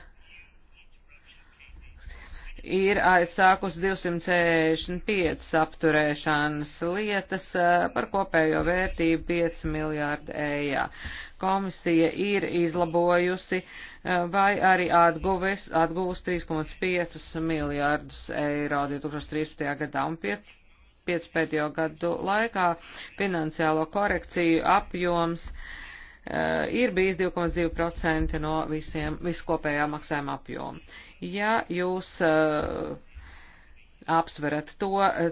ir aizsākusi 265 apturēšanas lietas par kopējo vērtību 5 miljārdu ējā. Komisija ir izlabojusi uh, vai arī atguvis, atguvis 3,5 miljārdus eiro 2013. gadā un 5, 5 pēdējo gadu laikā finansiālo korekciju apjoms uh, ir bijis 2,2% no visiem viskopējā maksājuma apjoma. Ja jūs uh, apsverat to,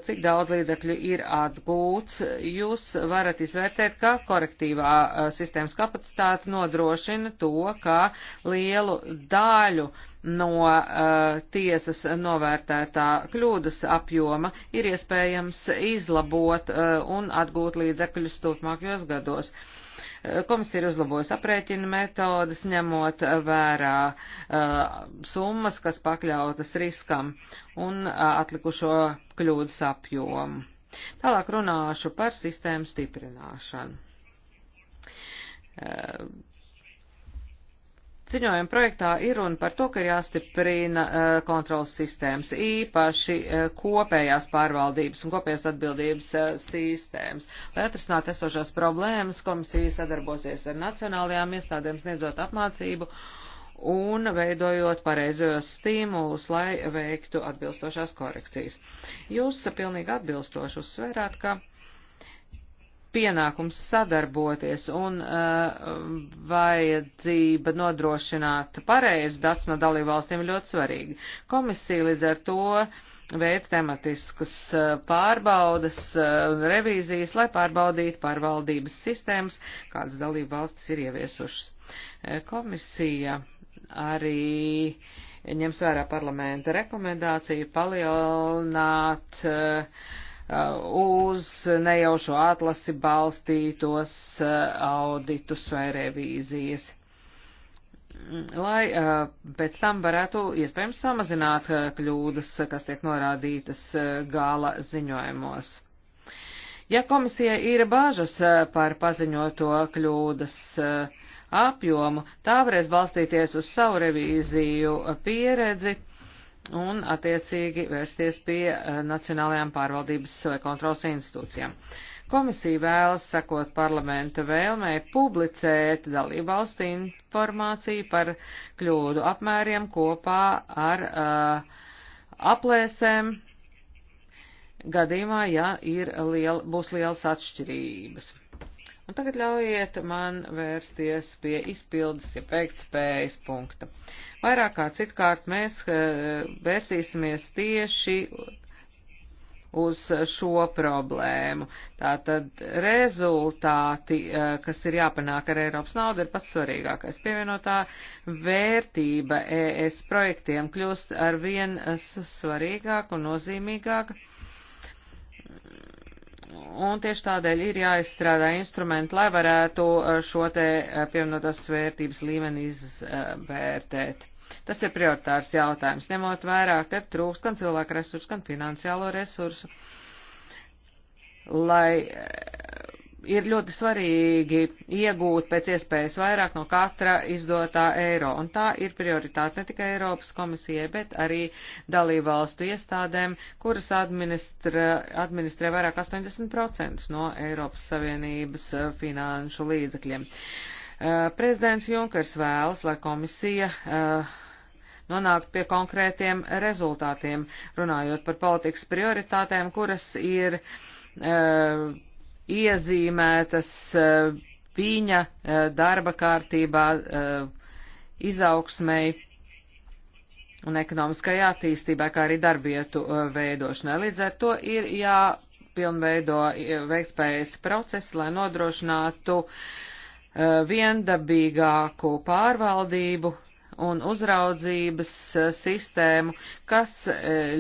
cik daudz līdzekļu ir atgūts, jūs varat izvērtēt, ka korektīvā sistēmas kapacitāte nodrošina to, ka lielu daļu no uh, tiesas novērtētā kļūdas apjoma ir iespējams izlabot uh, un atgūt līdzekļus turpmākajos gados. Uh, Komisija ir uzlabojusi aprēķina metodas, ņemot vērā uh, summas, kas pakļautas riskam un uh, atlikušo kļūdas apjomu. Tālāk runāšu par sistēmu stiprināšanu. Uh, Ziņojuma projektā ir runa par to, ka ir jāstiprina uh, kontrolas sistēmas, īpaši uh, kopējās pārvaldības un kopējās atbildības uh, sistēmas. Lai atrisinātu esošās problēmas, komisija sadarbosies ar nacionālajām iestādēm, sniedzot apmācību un veidojot pareizojos stimulus, lai veiktu atbilstošās korekcijas. Jūs pilnīgi atbilstoši uzsvērāt, ka pienākums sadarboties un uh, vajadzība nodrošināt pareizu datus no dalībvalstīm ļoti svarīgi. Komisija līdz ar to veic tematiskas eh, pārbaudas un eh, revīzijas, lai pārbaudītu pārvaldības sistēmas, kādas dalībvalstis ir ieviesušas. Komisija arī ņems vērā parlamenta rekomendāciju palielināt uh, Uh, uz nejaušo atlasi balstītos uh, auditus vai revīzijas lai uh, pēc tam varētu iespējams samazināt kļūdas, kas tiek norādītas gala ziņojumos. Ja komisija ir bāžas par paziņoto kļūdas apjomu, tā varēs balstīties uz savu revīziju pieredzi un attiecīgi vērsties pie eh, nacionālajām pārvaldības vai eh, kontrols institūcijām. Komisija vēlas sekot parlamenta vēlmei publicēt dalībvalstu informāciju par kļūdu apmēriem kopā ar uh, aplēsēm gadījumā, ja ir liel, būs lielas atšķirības. Un tagad ļaujiet man vērsties pie izpildes, ja veiktspējas punkta. Vairāk kā citkārt mēs eh, vērsīsimies tieši uz šo problēmu. Tātad rezultāti, eh, kas ir jāpanāk ar Eiropas naudu, ir pats svarīgākais. Pievienotā vērtība ES projektiem kļūst ar vien svarīgāk un nozīmīgāk Un tieši tādēļ ir jāizstrādā instrumenti, lai varētu eh, šo te eh, pievienotās vērtības līmeni izvērtēt. Tas ir prioritārs jautājums, ņemot vērā, ka trūkst gan cilvēku resursu, gan finansiālo resursu, lai eh, ir ļoti svarīgi iegūt pēc iespējas vairāk no katra izdotā eiro, un tā ir prioritāte ne tikai Eiropas komisijai, bet arī dalībvalstu iestādēm, kuras administrē, administrē vairāk 80% no Eiropas Savienības eh, finanšu līdzekļiem. Eh, prezidents Junkers vēlas, lai komisija eh, nonākt pie konkrētiem rezultātiem, runājot par politikas prioritātēm, kuras ir uh, iezīmētas eh, viņa eh, darba kārtībā eh, izaugsmēji un ekonomiskajā attīstībā, kā arī darbietu veidošanai. Līdz ar to ir jāpilnveido veiktspējas procesi, lai nodrošinātu viendabīgāku pārvaldību un uzraudzības sistēmu, kas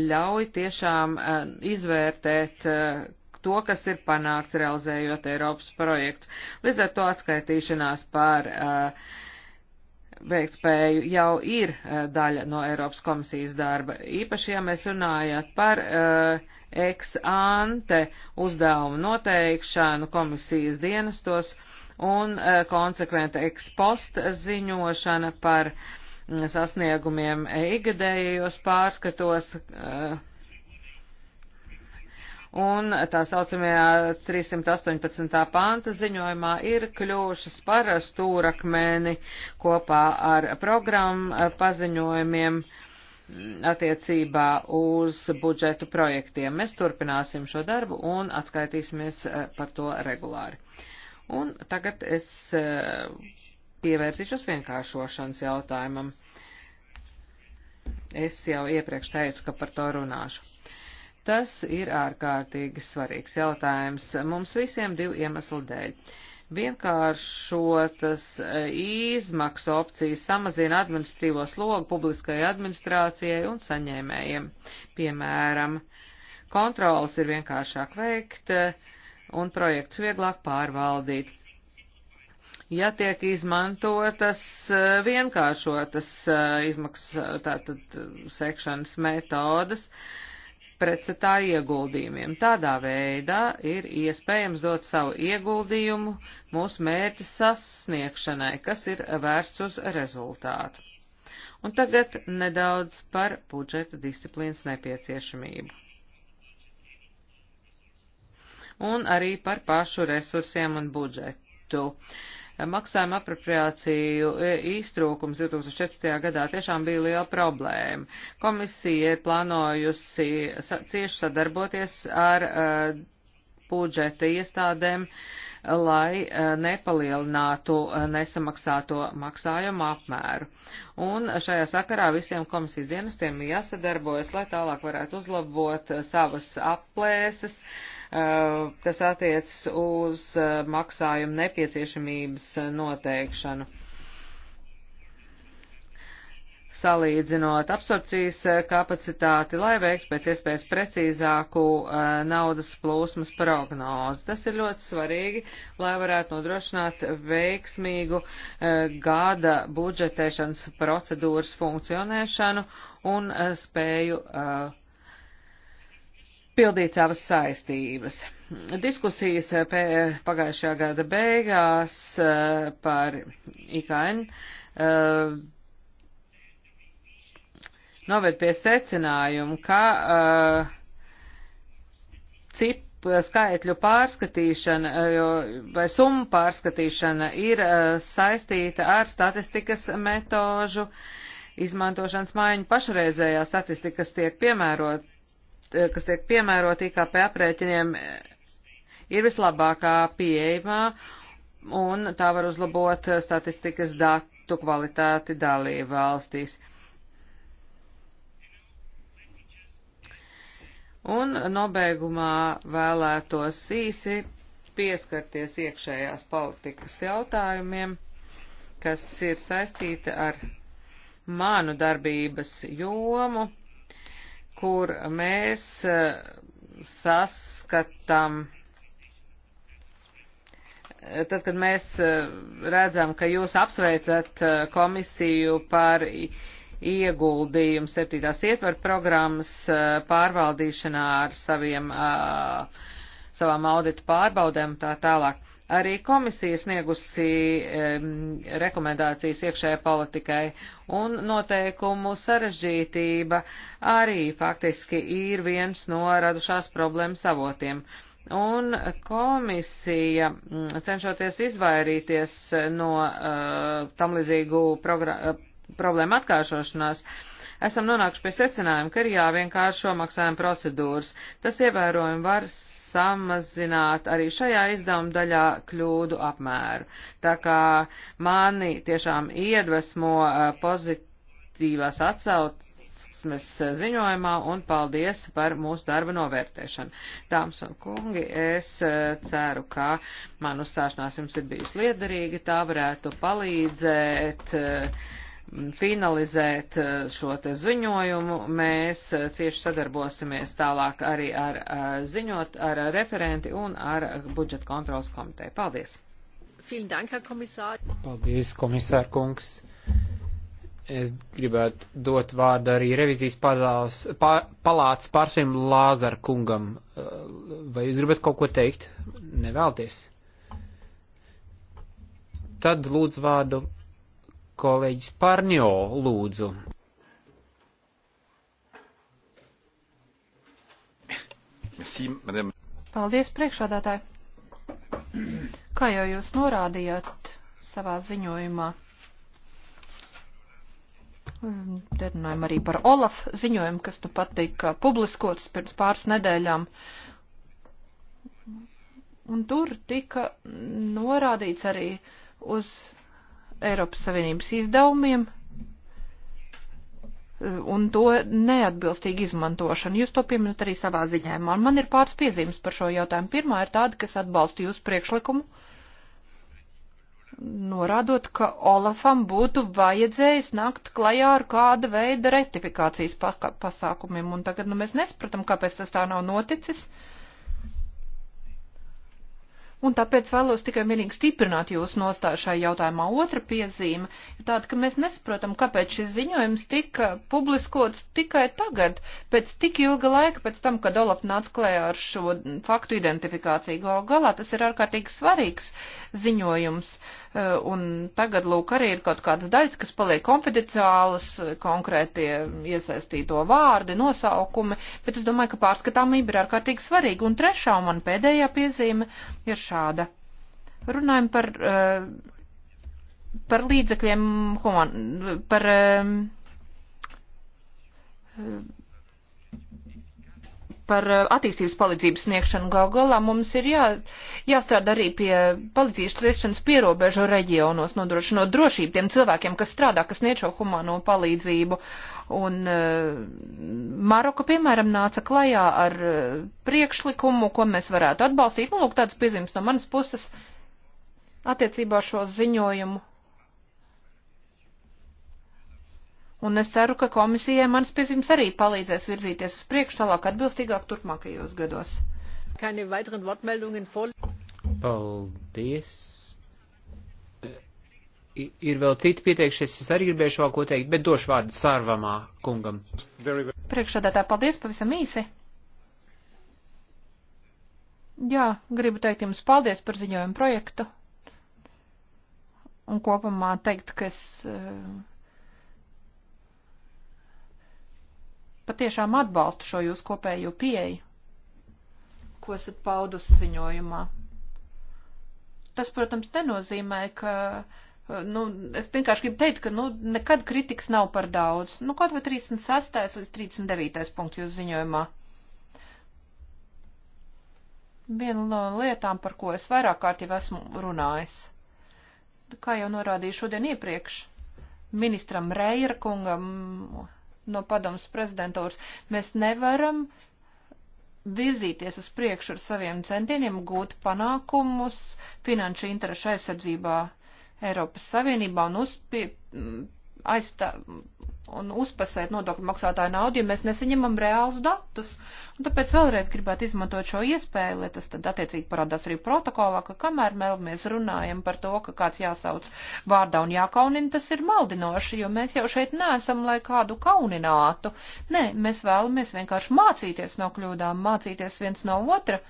ļauj tiešām izvērtēt to, kas ir panākts realizējot Eiropas projektu. Līdz ar to atskaitīšanās par uh, veiktspēju jau ir uh, daļa no Eiropas komisijas darba. Īpaši, ja mēs runājat par uh, eh, ex ante uzdevumu noteikšanu komisijas dienestos un konsekventa ex post ziņošana par mm, sasniegumiem eigadējos pārskatos, un tā saucamajā 318. panta ziņojumā ir kļuvušas par stūrakmeni kopā ar programmu eh, paziņojumiem mm, attiecībā uz budžetu projektiem. Mēs turpināsim šo darbu un atskaitīsimies eh, par to regulāri. Un tagad es eh, pievērsīšos vienkāršošanas jautājumam. Es jau iepriekš teicu, ka par to runāšu. Tas ir ārkārtīgi svarīgs jautājums mums visiem divu iemeslu dēļ. Vienkāršotas eh, izmaksu opcijas samazina administrīvo slogu publiskajai administrācijai un saņēmējiem. Piemēram, kontrolas ir vienkāršāk veikt eh, un projekts vieglāk pārvaldīt. Ja tiek izmantotas eh, vienkāršotas izmaksu tātad sekšanas metodas, uh, pretstatā ieguldījumiem. Tādā veidā ir iespējams dot savu ieguldījumu mūsu mērķa sasniegšanai, kas ir vērsts uz rezultātu. Un tagad nedaudz par budžeta disciplīnas nepieciešamību un arī par pašu resursiem un budžetu. Maksājuma apropriāciju e, iztrūkums 2014. gadā tiešām bija liela problēma. Komisija ir plānojusi cieši sadarboties ar uh, budžeta iestādēm, lai uh, nepalielinātu uh, nesamaksāto maksājumu apmēru. Un šajā sakarā visiem komisijas dienestiem jāsadarbojas, lai tālāk varētu uzlabot savas aplēses, uh, Uh, tas attiec uz uh, maksājumu nepieciešamības uh, noteikšanu. Salīdzinot absorpcijas kapacitāti, lai veiktu pēc iespējas precīzāku naudas plūsmas prognozi. Tas ir ļoti svarīgi, lai varētu nodrošināt veiksmīgu gada budžetēšanas procedūras funkcionēšanu un spēju pildīt savas saistības. Diskusijas eh, pagājušajā gada beigās eh, par IKN eh, noved pie secinājumu, ka cip skaitļu pārskatīšana vai summu pārskatīšana ir saistīta ar statistikas metožu izmantošanas maiņu. Pašreizējā statistikas tiek piemērot Eh, kas tiek piemēroti IKP aprēķiniem, eh, ir vislabākā pieejamā un tā var uzlabot eh, statistikas datu kvalitāti dalību valstīs. Un nobeigumā vēlētos īsi pieskarties iekšējās politikas jautājumiem, kas ir saistīti ar manu darbības jomu kur mēs eh, saskatām eh, tad, kad mēs eh, redzam, ka jūs apsveicat komisiju par ieguldījumu septītās ietvaru programmas pārvaldīšanā ar saviem, savām auditu pārbaudēm tā tālāk. Arī komisija sniegusi um, rekomendācijas iekšējai politikai un noteikumu sarežģītība arī faktiski ir viens no radušās problēmas avotiem. Un komisija, mm, cenšoties izvairīties no uh, eh, tamlīdzīgu eh, problēmu atkāršošanās, uh, esam nonākuši pie secinājuma, ka ir jāvienkāršo maksājuma procedūras. Tas ievērojami var samazināt arī šajā izdevuma daļā kļūdu apmēru. Tā kā mani tiešām iedvesmo eh, pozitīvās atsaucmes eh, ziņojumā un paldies par mūsu darba novērtēšanu. Dāmas un kungi, es eh, ceru, ka man uzstāšanās jums ir bijusi liederīga, tā varētu palīdzēt uh, finalizēt eh, šo te ziņojumu. Mēs eh, cieši sadarbosimies tālāk arī ar eh, ziņot, ar referenti un ar budžeta kontrolas komiteju. Paldies! Dank, Paldies, komisār kungs! Es gribētu dot vārdu arī revizijas padās, pā, palāts pārsvim Lāzar kungam. Vai jūs gribat kaut ko teikt? Nevēlties. Tad lūdzu vārdu kolēģis Parņo lūdzu. Paldies, priekšādātāji. Kā jau jūs norādījāt savā ziņojumā, Te runājam arī par Olaf ziņojumu, kas nu pat tika publiskots pirms pāris nedēļām. Un tur tika norādīts arī uz Eiropas Savienības izdevumiem eh, un to neatbilstīgu izmantošanu. Jūs to pieminat arī savā ziņājumā. Man ir pāris piezīmes par šo jautājumu. Pirmā ir tāda, kas atbalsta jūsu priekšlikumu, norādot, ka Olafam būtu vajadzējis nākt klajā ar kāda veida retifikācijas pasākumiem. Un tagad nu, mēs nespratam, kāpēc tas tā nav noticis. Uh, Un tāpēc vēlos tikai vienīgi stiprināt jūsu nostāju šai jautājumā. Otra piezīme ir tāda, ka mēs nesaprotam, kāpēc šis ziņojums tika publiskots tikai tagad, pēc tik ilga laika, pēc tam, kad Olaf nāca klējā ar šo faktu identifikāciju. Galu galā tas ir ārkārtīgi svarīgs ziņojums. Uh, Eh, un tagad, lūk, arī ir kaut kādas daļas, kas paliek konfidenciālas, eh, konkrētie iesaistīto vārdi, nosaukumi, bet es domāju, ka pārskatāmība ir ārkārtīgi svarīga. Un trešā un man pēdējā piezīme ir šāda. Runājam par, eh, par līdzekļiem, par par eh, attīstības palīdzības sniegšanu. Gal galā mums ir jā, jāstrādā arī pie palīdzības sniegšanas pierobežu reģionos, nodrošinot drošību tiem cilvēkiem, kas strādā, kas sniedz šo humano palīdzību. Un uh, Maroka, piemēram, nāca klajā ar uh, priekšlikumu, ko mēs varētu atbalstīt. Nu, lūk, tāds piezīmes no manas puses attiecībā šo ziņojumu Un es ceru, ka komisijai mans piezīmes arī palīdzēs virzīties uz priekšu tālāk atbilstīgāk turpmākajos gados. Paldies. Ir vēl citi pieteikšies, es arī gribēšu vēl ko teikt, bet došu vārdu sārvamā kungam. Priekšādātā paldies pavisam īsi. Jā, gribu teikt jums paldies par ziņojumu projektu. Un kopumā teikt, ka es. Uh, patiešām atbalstu šo jūsu kopējo pieeju, ko esat paudusi ziņojumā. Tas, protams, nenozīmē, ka nu, es vienkārši gribu teikt, ka nu, nekad kritikas nav par daudz. Nu, kaut vai 36. līdz 39. punkts jūs ziņojumā. Viena no lietām, par ko es vairāk kārt jau esmu runājis, kā jau norādīju šodien iepriekš, ministram Reira kungam no padomas prezidentūras. Mēs nevaram virzīties uz priekšu ar saviem centieniem, gūt panākumus finanšu interešu aizsardzībā Eiropas Savienībā un uzpie, aizstā un uzpasēt nodokļu maksātāju naudu, ja mēs nesaņemam reālus datus. Un tāpēc vēlreiz gribētu izmantot šo iespēju, lai tas tad attiecīgi parādās arī protokolā, ka kamēr mēs runājam par to, ka kāds jāsauc vārdā un jākaunina, tas ir maldinoši, jo mēs jau šeit neesam, lai kādu kauninātu. Nē, mēs vēlamies vienkārši mācīties no kļūdām, mācīties viens no otra.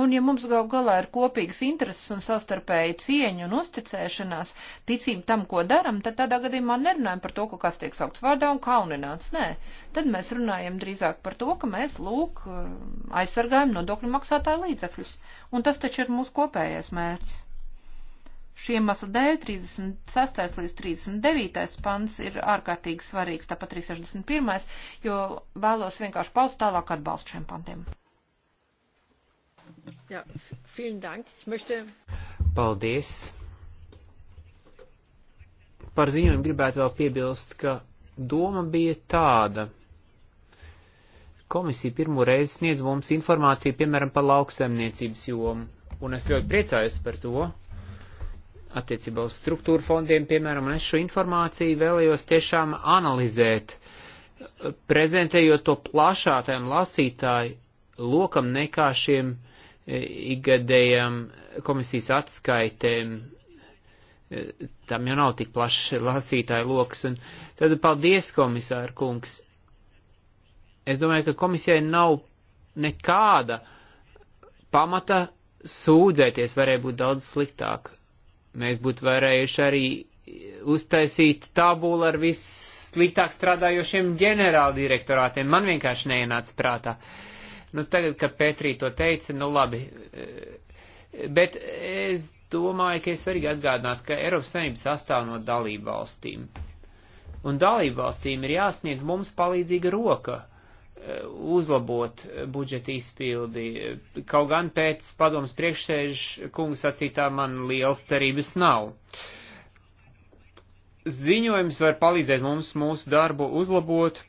Un ja mums gal galā ir kopīgas intereses un savstarpēja cieņa un uzticēšanās, ticība tam, ko daram, tad tādā gadījumā nerunājam par to, ka kas tiek saukts vārdā un kaunināts. Nē, tad mēs runājam drīzāk par to, ka mēs, lūk, aizsargājam nodokļu maksātāju līdzekļus. Un tas taču ir mūsu kopējais mērķis. Šī iemesla dēļ 36. līdz 39. pants ir ārkārtīgi svarīgs, tāpat arī 61. jo vēlos vienkārši paust tālāk atbalstu šiem pantiem. Jā, vielen dank. Es möchte... Paldies. Par ziņojumu gribētu vēl piebilst, ka doma bija tāda. Komisija pirmo reizi sniedz mums informāciju, piemēram, par lauksaimniecības jomu, un es ļoti priecājos par to, attiecībā uz struktūra fondiem, piemēram, un es šo informāciju vēlējos tiešām analizēt, prezentējot to plašākajam lasītāju lokam nekā šiem uh, E, ikgadējām komisijas atskaitēm. E, tam jau nav tik plašs lasītāju lokus. Un tad paldies, komisāra kungs. Es domāju, ka komisijai nav nekāda pamata sūdzēties, varēja būt daudz sliktāk. Mēs būtu varējuši arī uztaisīt tabulu ar vissliktāk strādājošiem ģenerāldirektorātiem. Man vienkārši neienāca prātā. Uh, Nu, tagad, kad Pētrī to teica, nu labi, e, bet es domāju, ka ir svarīgi atgādināt, ka Eiropas Savienība sastāv no dalību valstīm. Un dalību valstīm ir jāsniedz mums palīdzīga roka e, uzlabot budžeta izpildi. Kaut gan pēc padomas priekšsēž kungas sacītā man liels cerības nav. Ziņojums var palīdzēt mums mūsu darbu uzlabot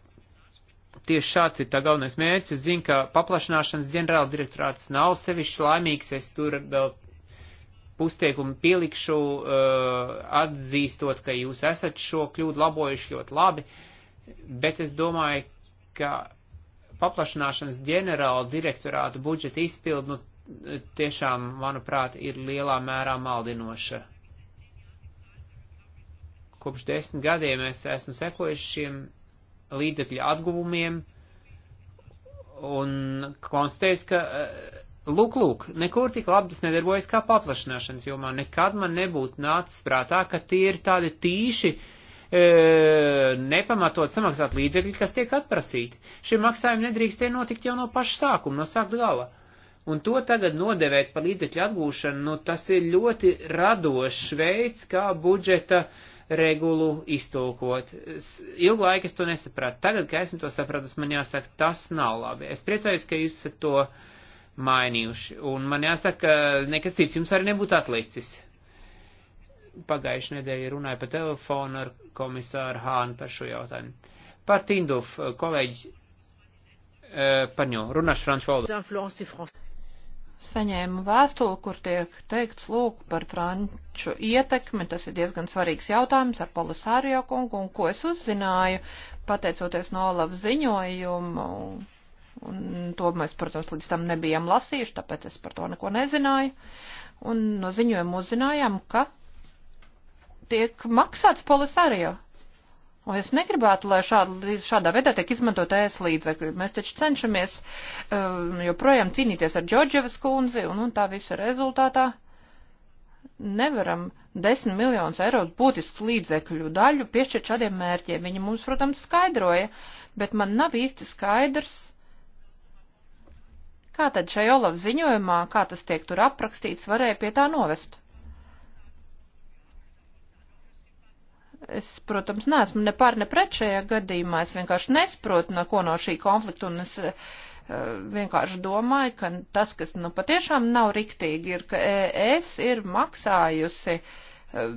tieši šāds ir tā galvenais mērķis. Es zinu, ka paplašināšanas ģenerāla direktorāts nav sevišķi laimīgs, es tur vēl pusteikumu pielikšu, uh, atzīstot, ka jūs esat šo kļūdu labojuši ļoti labi, bet es domāju, ka paplašināšanas ģenerāla direktorāta budžeta izpildu nu, tiešām, manuprāt, ir lielā mērā maldinoša. Kopš desmit gadiem es esmu sekojuši šiem līdzekļu atguvumiem un konstatējis, ka eh, lūk, lūk, nekur tik labi tas nedarbojas kā paplašināšanas jomā. Nekad man nebūtu nācis prātā, ka tie ir tādi tīši e, nepamatot samaksāt līdzekļi, kas tiek atprasīti. Šie maksājumi nedrīkstēja notikt jau no paša sākuma, no sākuma gala. Un to tagad nodevēt par līdzekļu atgūšanu, nu tas ir ļoti radošs veids, kā budžeta uh, regulu iztulkot. Ilgu laiku es to nesapratu. Tagad, kad esmu to sapratis, man jāsaka, tas nav labi. Es priecājos, ka jūs esat to mainījuši. Un man jāsaka, nekas cits jums arī nebūtu atlicis. Pagājušajā nedēļā runāju pa telefonu ar komisāru Hānu par šo jautājumu. Par Tinduf, kolēģi, eh, par ņo, runāšu franču valodu saņēmu vēstuli, kur tiek teikts lūk par franču ietekmi. Tas ir diezgan svarīgs jautājums ar Polisārio kungu, un ko es uzzināju, pateicoties no Olava ziņojumu. Un to mēs, protams, līdz tam nebijām lasījuši, tāpēc es par to neko nezināju. Un no ziņojuma uzzinājām, ka tiek maksāts Polisārio Un es negribētu, lai šāda, šādā veidā tiek izmantot ēs līdzekļi. Mēs taču cenšamies um, joprojām cīnīties ar Džordževas kundzi, un, un tā visa rezultātā nevaram 10 miljonus eiro būtisku līdzekļu daļu piešķirt šādiem mērķiem. Viņi mums, protams, skaidroja, bet man nav īsti skaidrs, kā tad šai Olav ziņojumā, kā tas tiek tur aprakstīts, varēja pie tā novest. Es, protams, neesmu ne par, ne pret šajā gadījumā. Es vienkārši nesaprotu, no ko no šī konflikta, un es uh, vienkārši domāju, ka tas, kas nu patiešām nav riktīgi, ir, ka es ir maksājusi uh,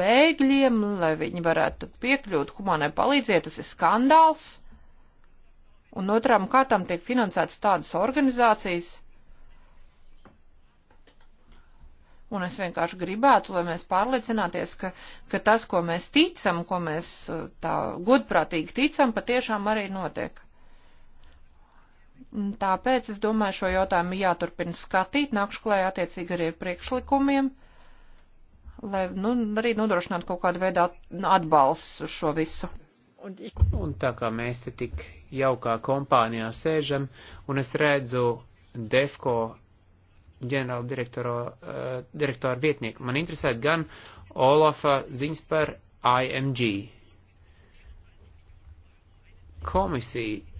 bēgļiem, lai viņi varētu piekļūt humanai palīdzībai. Tas ir skandāls. Un otrām kārtām tiek finansētas tādas organizācijas, Un es vienkārši gribētu, lai mēs pārliecināties, ka, ka tas, ko mēs ticam, ko mēs uh, tā godprātīgi ticam, patiešām arī notiek. Tāpēc es domāju, šo jautājumu jāturpina skatīt, nākšu klājā attiecīgi arī ar priekšlikumiem, lai nu, arī nodrošinātu kaut kādu veidu atbalsts uz šo visu. Un tā kā mēs te tik jaukā kompānijā sēžam, un es redzu Defko ģenerāla uh, direktora vietnieku. Man interesē gan Olafa ziņas par IMG. Komisija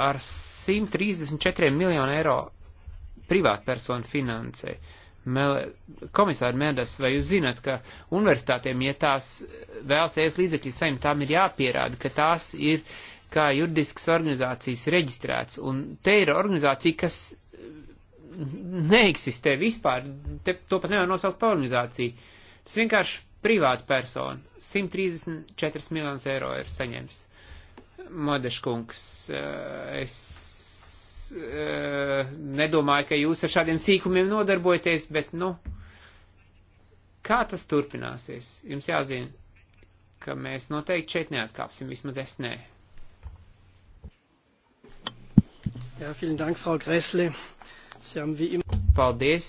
ar 134 miljonu eiro privātpersonu finansē. Komisāri Mendes, vai jūs zinat, ka universitātēm, ja tās vēlas ēst līdzekļus saņemt, tām ir jāpierāda, ka tās ir kā juridiskas organizācijas reģistrēts. Un te ir organizācija, kas neeksistē vispār, te, to pat nevar nosaukt par organizāciju. Tas vienkārši privāta persona. 134 miljonus eiro ir saņēmis. Madeškungs, eh, es eh, nedomāju, ka jūs ar šādiem sīkumiem nodarbojaties, bet, nu, kā tas turpināsies? Jums jāzina, ka mēs noteikti šeit neatkāpsim, vismaz es nē. Jā, vielen Dank, Frau Gressle. Paldies,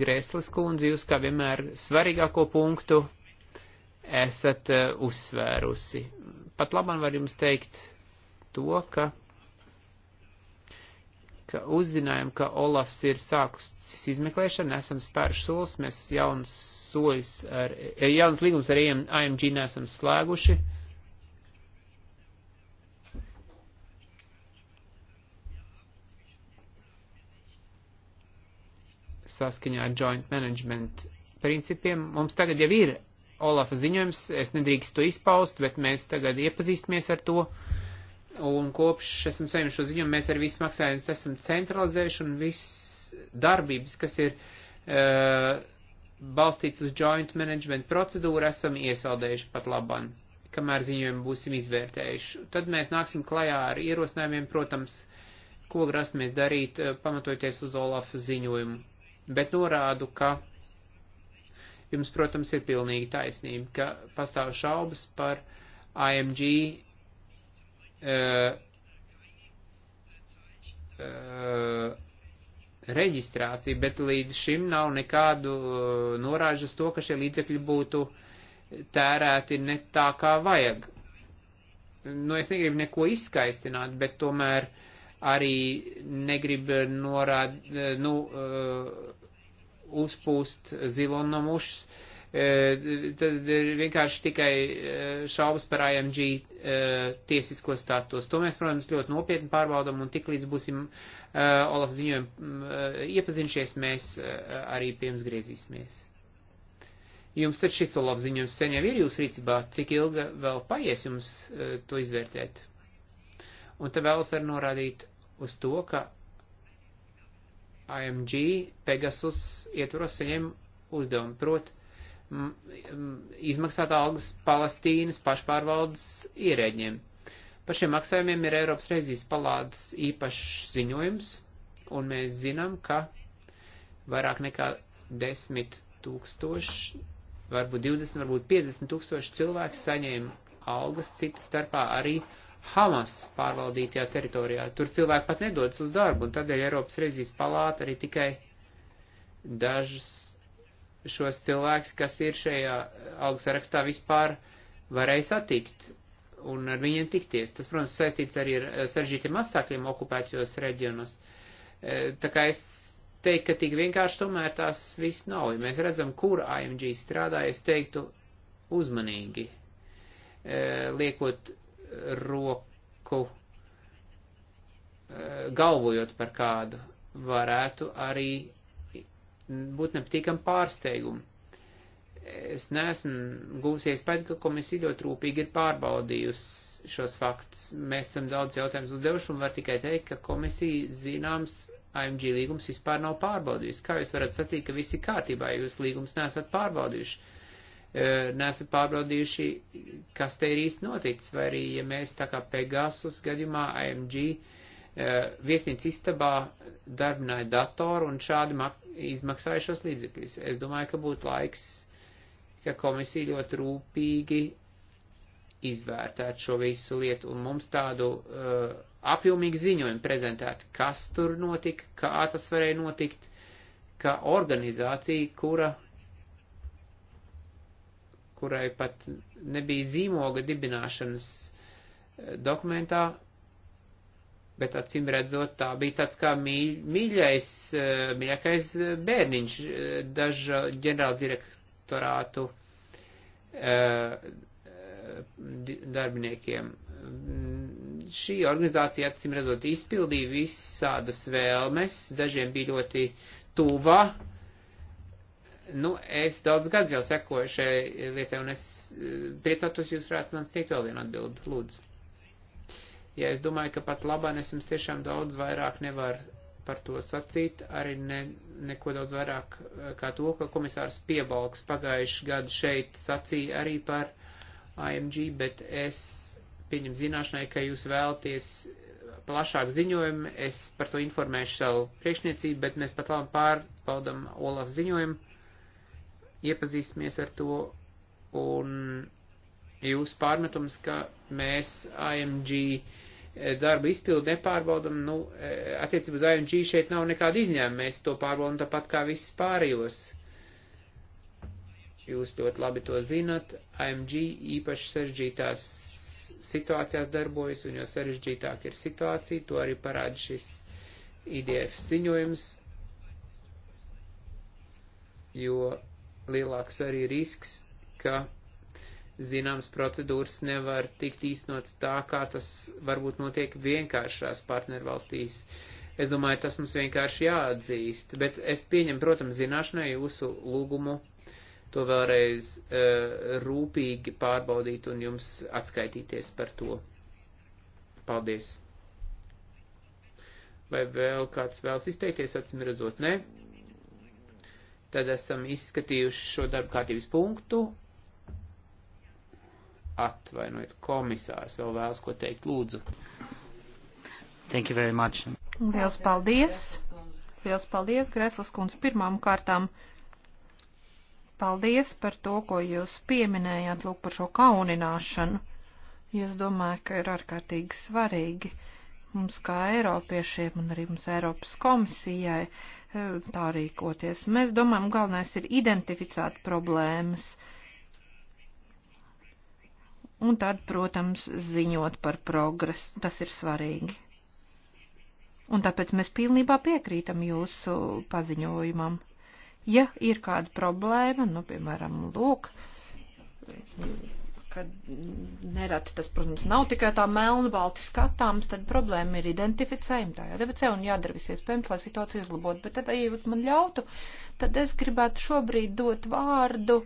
Grēslis kundze, jūs kā vienmēr svarīgāko punktu esat uh, uzsvērusi. Pat labam var jums teikt to, ka, ka uzzinājām, ka Olafs ir sākusis izmeklēšanu, esam spērši solis, mēs jauns, soļus ar, eh, jauns līgums ar AMG nesam slēguši. Uh, saskaņā ar joint management principiem. Mums tagad jau ir Olafa ziņojums, es nedrīkstu to izpaust, bet mēs tagad iepazīstamies ar to. Un kopš esam saņēmuši šo ziņojumu, mēs ar visu maksājumus esam centralizējuši un viss darbības, kas ir uh, balstīts uz joint management procedūru, esam iesaldējuši pat labam, kamēr ziņojumu būsim izvērtējuši. Tad mēs nāksim klajā ar ierosinājumiem, protams, ko grasamies darīt, uh, pamatojoties uz Olafa ziņojumu bet norādu, ka jums, protams, ir pilnīgi taisnība, ka pastāv šaubas par AMG uh, eh, uh, eh, reģistrāciju, bet līdz šim nav nekādu uh, eh, norāžu uz to, ka šie līdzekļi būtu tērēti ne tā, kā vajag. Nu, es negribu neko izskaistināt, bet tomēr uh, arī negrib eh, norād, eh, nu, eh, uzpūst ziloņu no mušas. Tad ir vienkārši tikai šaubas par IMG tiesisko status. To mēs, protams, ļoti nopietni pārbaudam un tik līdz būsim Olaf ziņojumu mm, iepazinšies, mēs arī pie jums griezīsimies. Jums taču šis Olaf ziņojums sen jau ir jūs rīcībā, cik ilga vēl paies jums to izvērtēt? Un te vēlas arī norādīt uz to, ka AMG Pegasus ietvaros saņem uzdevumu, prot izmaksāt algas Palestīnas pašpārvaldes ierēģiem. Par šiem maksājumiem ir Eiropas reizijas palādes īpašs ziņojums, un mēs zinām, ka vairāk nekā 10 tūkstoši, varbūt 20, varbūt 50 tūkstoši cilvēki saņēma algas, citas starpā arī uh, Hamas pārvaldītajā teritorijā. Tur cilvēki pat nedodas uz darbu, un tādēļ Eiropas reizijas palāta arī tikai dažus šos cilvēkus, kas ir šajā augstsarakstā vispār varēja satikt un ar viņiem tikties. Tas, protams, saistīts arī ar eh, saržītiem apstākļiem okupētajos reģionos. Eh, tā kā es teikt, ka tik vienkārši tomēr tās viss nav. Ja mēs redzam, kur AMG strādā, es teiktu uzmanīgi, eh, liekot roku eh, galvojot par kādu, varētu arī būt nepatīkam pārsteigumu. Es neesmu gūsi iespēju, ka komisija ļoti rūpīgi ir pārbaudījusi šos faktus. Mēs esam daudz jautājumus uzdevuši un var tikai teikt, ka komisija zināms AMG līgums vispār nav pārbaudījusi. Kā jūs varat sacīt, ka visi kārtībā, ja jūs līgums nesat pārbaudījuši? E, nesat pārbaudījuši, kas te ir īsti noticis, vai arī, ja mēs tā kā Pegasus gadījumā AMG e, viesnīca istabā darbināja datoru un šādi izmaksāja šos līdzekļus. Es domāju, ka būtu laiks, ka komisija ļoti rūpīgi izvērtēt šo visu lietu un mums tādu uh, apjomīgu ziņojumu prezentēt, kas tur notika, kā tas varēja notikt, ka organizācija, kura kurai pat nebija zīmoga dibināšanas eh, dokumentā, bet acīm redzot, tā bija tāds kā mīļais, eh, mīļākais bērniņš eh, dažu ģenerāldirektorātu darbiniekiem. Mm, šī organizācija, acīm redzot, izpildīja visādas vēlmes, dažiem bija ļoti tuva, uh, Nu, es daudz gadus jau sekoju šai lietai, un es eh, priecātos jūs rāds man sniegt vēl vienu atbildu, lūdzu. Ja es domāju, ka pat labāk es jums tiešām daudz vairāk nevaru par to sacīt, arī ne, neko daudz vairāk eh, kā to, ka komisārs Piebalgs pagājuši gadu šeit sacīja arī par AMG, bet es pieņem zināšanai, ka jūs vēlties plašāk ziņojumu, es par to informēšu savu priekšniecību, bet mēs pat labi pārbaudam Olaf ziņojumu iepazīsimies ar to un jūs pārmetums, ka mēs AMG darbu izpildu nepārbaudam, nu, e, attiecībā uz AMG šeit nav nekāda izņēmuma, mēs to pārbaudam tāpat kā viss pārējos. Jūs ļoti labi to zinat, AMG īpaši sarežģītās situācijās darbojas, un jo sarežģītāk ir situācija, to arī parāda šis IDF ziņojums, jo lielāks arī risks, ka zināmas procedūras nevar tikt īstenotas tā, kā tas varbūt notiek vienkāršās partnervalstīs. Es domāju, tas mums vienkārši jāatzīst, bet es pieņemu, protams, zināšanai jūsu lūgumu to vēlreiz e, rūpīgi pārbaudīt un jums atskaitīties par to. Paldies! Vai vēl kāds vēlas izteikties, acim redzot, ne? Tad esam izskatījuši šo darba kārtības punktu. Atvainojiet, komisārs vēl vēlas ko teikt, lūdzu. Thank you very much. Liels paldies. Liels paldies, Greslas kundz, pirmām kārtām. Paldies par to, ko jūs pieminējāt, lūk, par šo kaunināšanu. Es domāju, ka ir ārkārtīgi svarīgi mums kā Eiropiešiem un arī mums Eiropas komisijai Eh, tā rīkoties. Mēs domājam, galvenais ir identificēt problēmas un tad, protams, ziņot par progresu. Tas ir svarīgi. Un tāpēc mēs pilnībā piekrītam jūsu paziņojumam. Ja ir kāda problēma, nu, piemēram, lūk, ka nerad tas, protams, nav tikai tā melnbalti skatāms, tad problēma ir identificējuma tā jādeficē un jādara viss iespējams, lai situāciju izlabotu. Bet tad, ja man ļautu, tad es gribētu šobrīd dot vārdu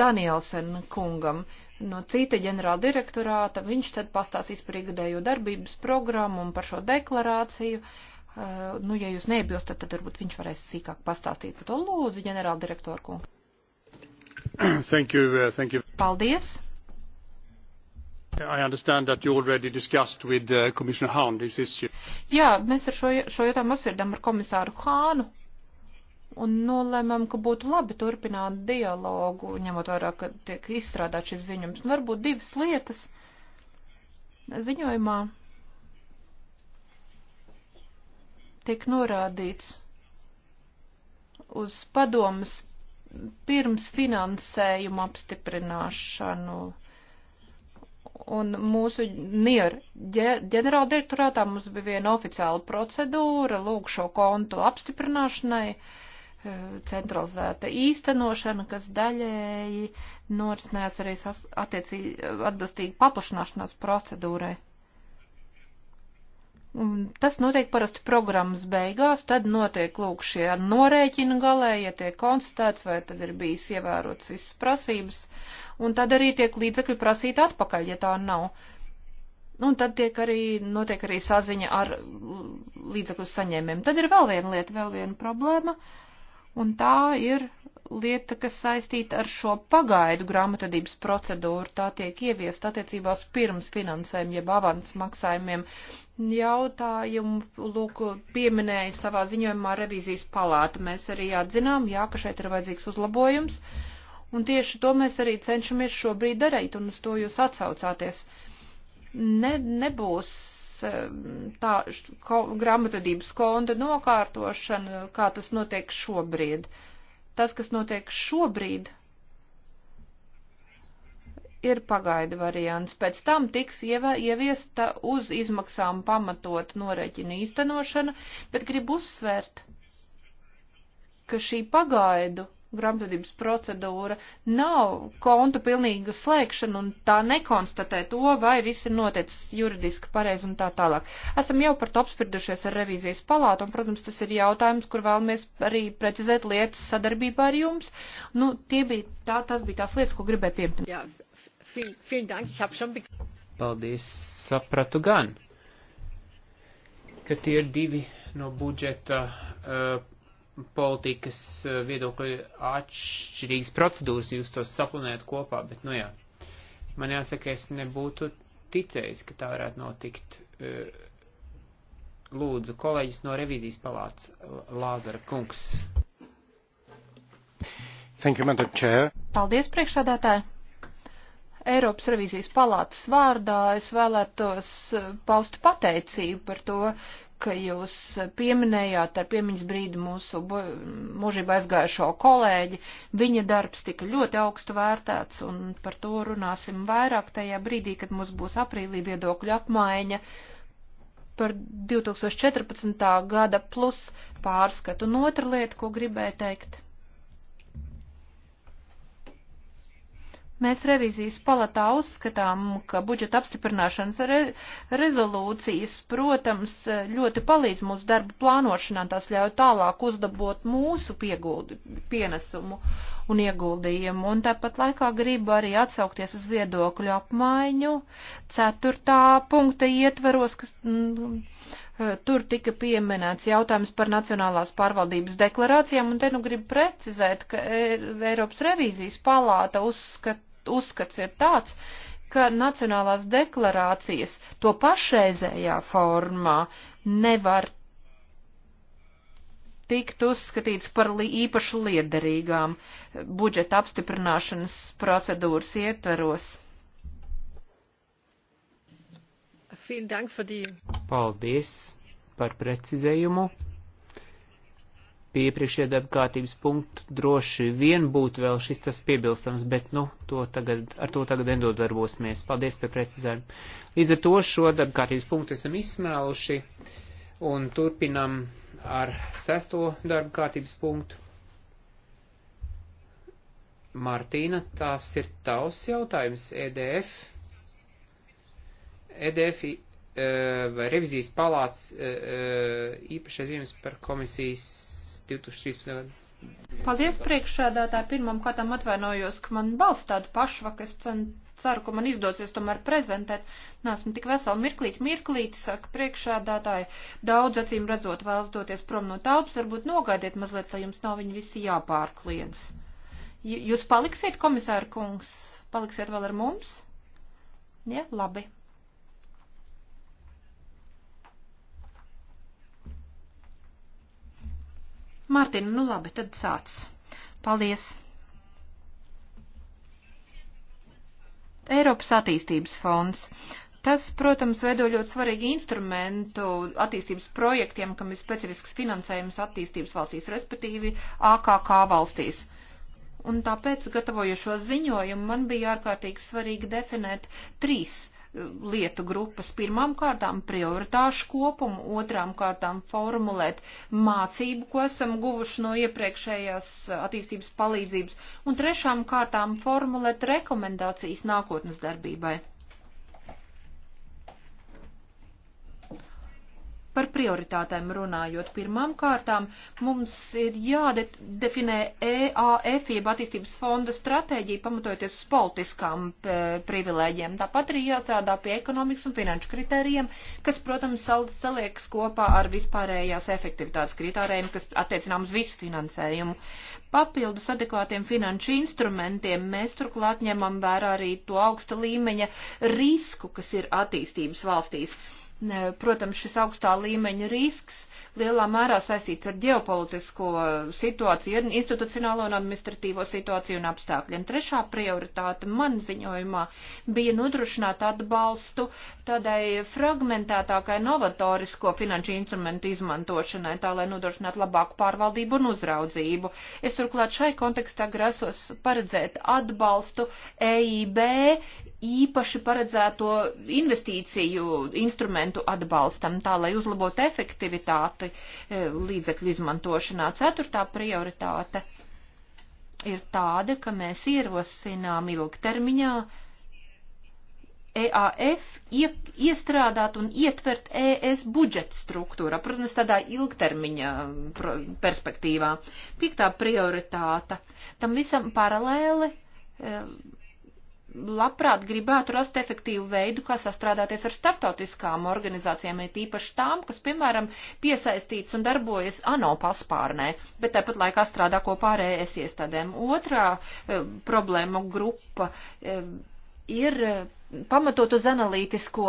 Danielsen kungam no cita ģenerāla direktorāta. Viņš tad pastāstīs par ikgadējo darbības programmu un par šo deklarāciju. Uh, nu, ja jūs neiebilstat, tad varbūt viņš varēs sīkāk pastāstīt par to lūdzu ģenerāla direktoru kungu. Thank you, uh, thank you. Paldies. I understand that you already discussed with uh, Commissioner Hahn this issue. Jā, mēs ar šo, šo jautājumu apsvērdām ar komisāru Hānu un nolēmām, ka būtu labi turpināt dialogu, ņemot vērā, ka tiek izstrādāt šis ziņojums. Un varbūt divas lietas ziņojumā tiek norādīts uz padomas pirms finansējuma apstiprināšanu. Un mūsu NIR ģenerāldirektorātā mums bija viena oficiāla procedūra, lūk, šo kontu apstiprināšanai, eh, centralizēta īstenošana, kas daļēji norisinājās arī attiecīgi atbilstīgi paplašanāšanās procedūrai. Tas notiek parasti programmas beigās, tad notiek lūk šie norēķina galē, ja tiek konstatēts, vai tad ir bijis ievērots visas prasības, un tad arī tiek līdzekļi prasīti atpakaļ, ja tā nav. Un tad tiek arī, notiek arī saziņa ar līdzekļu saņēmiem. Tad ir vēl viena lieta, vēl viena problēma, un tā ir lieta, kas saistīta ar šo pagaidu grāmatvedības procedūru, tā tiek ieviest attiecībās pirms finansēm, jeb avans maksājumiem. Jautājumu, lūk, pieminēja savā ziņojumā revīzijas palāta. Mēs arī atzinām, jā, ka šeit ir vajadzīgs uzlabojums, un tieši to mēs arī cenšamies šobrīd darīt, un uz to jūs atsaucāties. Ne, nebūs tā ko, grāmatvedības konta nokārtošana, kā tas notiek šobrīd. Uh, Tas, kas notiek šobrīd, ir pagaida variants. Pēc tam tiks ieviesta uz izmaksām pamatot norēķina īstenošana, bet gribu uzsvērt, ka šī pagaidu grāmatvedības procedūra nav kontu pilnīga slēgšana un tā nekonstatē to, vai viss ir noticis juridiski pareizi un tā tālāk. Esam jau par to apspriedušies ar revīzijas palātu un, protams, tas ir jautājums, kur vēlamies arī precizēt lietas sadarbībā ar jums. Nu, tie bija, tā, tas bija tās lietas, ko gribēju pieminēt. Jā, vielen, vielen dank, ich hab schon begonnen. Paldies, sapratu gan, ka tie ir divi no budžeta uh, politikas eh, viedokļu atšķirīgas procedūras, jūs tos saplunējat kopā, bet, nu jā, man jāsaka, es nebūtu ticējis, ka tā varētu notikt. Eh, lūdzu, kolēģis no revīzijas palāts Lāzara kungs. Thank you, Madam Chair. Paldies, priekšsādātāji. Eiropas revīzijas palātas vārdā es vēlētos eh, paust pateicību par to, ka jūs pieminējāt ar piemiņas brīdi mūsu mūžībā aizgājušo kolēģi. Viņa darbs tika ļoti augstu vērtēts, un par to runāsim vairāk tajā brīdī, kad mums būs aprīlī viedokļu apmaiņa par 2014. gada plus pārskatu. Un otra lieta, ko gribēju teikt. Mēs revizijas palatā uzskatām, ka budžeta apstiprināšanas re rezolūcijas, protams, ļoti palīdz mūsu darbu plānošanā, tās ļauj tālāk uzdabot mūsu pieguldi, pienesumu un ieguldījumu. Un tāpat laikā gribu arī atsaukties uz viedokļu apmaiņu ceturtā punkta ietveros, kas. Mm, Tur tika pieminēts jautājums par nacionālās pārvaldības deklarācijām, un te nu gribu precizēt, ka Eiropas revīzijas palāta uzskata, uzskats ir tāds, ka nacionālās deklarācijas to pašreizējā formā nevar tikt uzskatīts par li īpaši liederīgām budžeta apstiprināšanas procedūras ietveros. Paldies par precizējumu pie iepriekšējā darba kārtības punktu droši vien būtu vēl šis tas piebilstams, bet, nu, to tagad, ar to tagad endodarbosimies. Paldies par precizējumu. Līdz ar to šo darba kārtības punktu esam izsmēluši un turpinam ar sesto darba kārtības punktu. Martīna, tās ir tavs jautājums, EDF. EDF e, vai revizijas palāts e, e, īpašais zīmes par komisijas 2013. gadu. Paldies priekšsēdētāji. Pirmam kārtām atvainojos, ka man balsts tādu pašvaku. Es ceru, ka man izdosies tomēr prezentēt. Nāsmu tik veseli mirklīt, mirklīt, saka priekšsēdētāji. Daudz acīm redzot vēlas doties prom no telpas, varbūt nogaidiet mazliet, lai jums nav viņi visi jāpārkliedz. J jūs paliksiet, komisāra kungs? Paliksiet vēl ar mums? Ja, labi. Mārtiņa, nu labi, tad sāc. Paldies. Eiropas attīstības fonds. Tas, protams, veido ļoti svarīgu instrumentu attīstības projektiem, kam ir specifisks finansējums attīstības valstīs, respektīvi AKK valstīs un tāpēc, gatavoju šo ziņojumu, man bija ārkārtīgi svarīgi definēt trīs lietu grupas. Pirmām kārtām prioritāšu kopumu, otrām kārtām formulēt mācību, ko esam guvuši no iepriekšējās attīstības palīdzības, un trešām kārtām formulēt rekomendācijas nākotnes darbībai. Par prioritātēm runājot, pirmām kārtām mums ir jādefinē EAF, jeb attīstības fonda stratēģija, pamatojoties uz politiskām e, privilēģiem. Tāpat arī jāsādā pie ekonomikas un finanšu kritērijiem, kas, protams, sal saliekas kopā ar vispārējās efektivitātes kritēriem, kas attiecinām uz visu finansējumu. Papildus adekvātiem finanšu instrumentiem mēs turklāt ņemam vērā arī to augsta līmeņa risku, kas ir attīstības valstīs. Protams, šis augstā līmeņa risks lielā mērā saistīts ar ģeopolitisko situāciju, institucionālo un administratīvo situāciju un apstākļiem. Trešā prioritāte man ziņojumā bija nodrošināt atbalstu tādai fragmentētākai novatorisko finanšu instrumentu izmantošanai, tā lai nodrošinātu labāku pārvaldību un uzraudzību. Es turklāt šai kontekstā grasos paredzēt atbalstu EIB īpaši paredzēto investīciju instrumentu atbalstam, tā lai uzlabotu efektivitāti e, līdzekļu izmantošanā. Ceturtā prioritāte ir tāda, ka mēs ierosinām ilgtermiņā EAF ie, iestrādāt un ietvert ES budžeta struktūrā, protams, tādā ilgtermiņa perspektīvā. Piektā prioritāte. Tam visam paralēli e, labprāt gribētu rast efektīvu veidu, kā sastrādāties ar starptautiskām organizācijām, ir īpaši tām, kas, piemēram, piesaistīts un darbojas ANO paspārnē, bet tāpat laikā strādā kopā ar ES iestādēm. Otrā e, problēma grupa e, ir eh, pamatot uz analītisko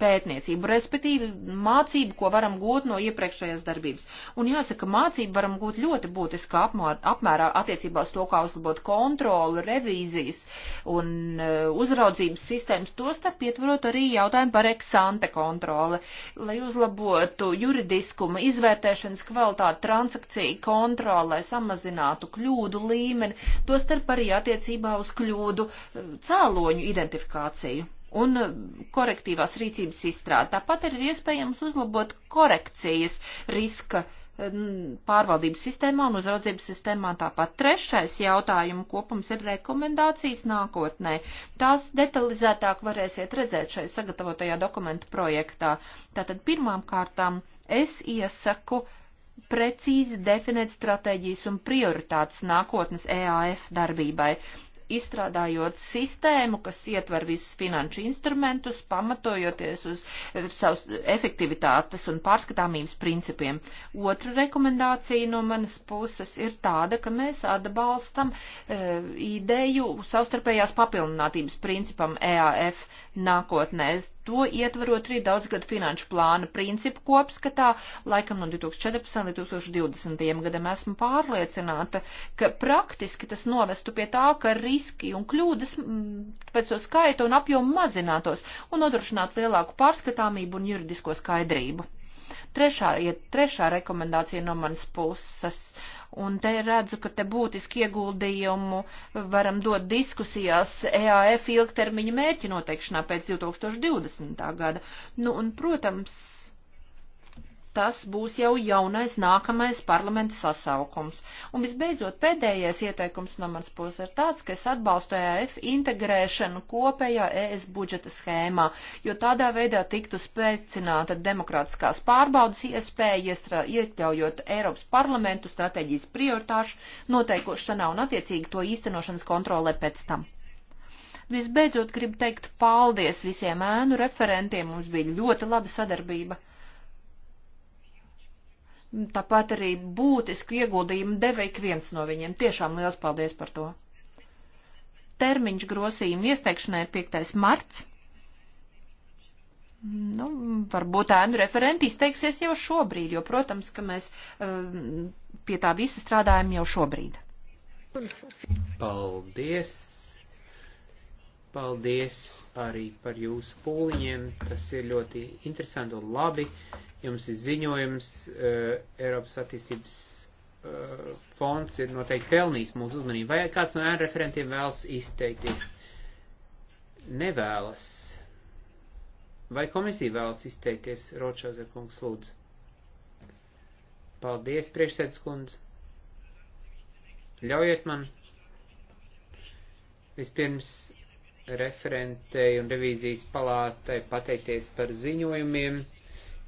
pētniecību, respektīvi mācību, ko varam gūt no iepriekšējās darbības. Un jāsaka, mācību varam gūt ļoti būtiskā apmērā attiecībā uz to, kā uzlabot kontroli, revīzijas un uh, uzraudzības sistēmas, to starp ietvarot arī jautājumu par eksante kontroli, lai uzlabotu juridiskuma izvērtēšanas kvalitāti, transakciju kontroli, lai samazinātu kļūdu līmeni, to starp arī attiecībā uz kļūdu uh, cēloņu identifikāciju un korektīvās rīcības izstrāde. Tāpat ir iespējams uzlabot korekcijas riska pārvaldības sistēmā un uzraudzības sistēmā tāpat. Trešais jautājumu kopums ir rekomendācijas nākotnē. Tās detalizētāk varēsiet redzēt šai sagatavotajā dokumentu projektā. Tātad pirmām kārtām es iesaku precīzi definēt stratēģijas un prioritātes nākotnes EAF darbībai izstrādājot sistēmu, kas ietver visus finanšu instrumentus, pamatojoties uz eh, savas efektivitātes un pārskatāmības principiem. Otra rekomendācija no manas puses ir tāda, ka mēs atbalstam e, ideju savstarpējās papildinātības principam EAF nākotnē to ietvarot arī daudzgad finanšu plāna principu kopskatā, laikam no 2014 līdz 2020 gadam esmu pārliecināta, ka praktiski tas novestu pie tā, ka riski un kļūdas mm, pēc to skaita un apjomu mazinātos un nodrošinātu lielāku pārskatāmību un juridisko skaidrību. Trešā, ja trešā rekomendācija no manas puses, un te redzu, ka te būtiski ieguldījumu varam dot diskusijās EAF ilgtermiņa mērķi noteikšanā pēc 2020. gada. Nu, un, protams, tas būs jau jaunais nākamais parlamenta sasaukums. Un visbeidzot, pēdējais ieteikums no manas puses ir tāds, ka es atbalstu EF integrēšanu kopējā ES budžeta schēmā, jo tādā veidā tiktu spēcināta demokrātiskās pārbaudas iespēja, iekļaujot Eiropas parlamentu stratēģijas prioritāšu noteikošanā un attiecīgi to īstenošanas kontrolē pēc tam. Visbeidzot, gribu teikt paldies visiem ēnu referentiem, mums bija ļoti laba sadarbība. Tāpat arī būtisku ieguldījumu deva ik viens no viņiem. Tiešām liels paldies par to. Termiņš grosījuma iesteikšanai 5. marts. Nu, varbūt ēnu referenti izteiksies jau šobrīd, jo, protams, ka mēs um, pie tā visa strādājam jau šobrīd. Paldies! Paldies arī par jūsu pūliņiem. Tas ir ļoti interesanti un labi. Jums ir ziņojums, eh, Eiropas attīstības eh, fonds ir noteikti pelnījis mūsu uzmanību. Vai kāds no ēnu referentiem vēlas izteikties? Nevēlas. Vai komisija vēlas izteikties? Ročāzer kungs lūdzu. Paldies, priekšsēdus kundze. Ļaujiet man vispirms referentei un revīzijas palātai pateikties par ziņojumiem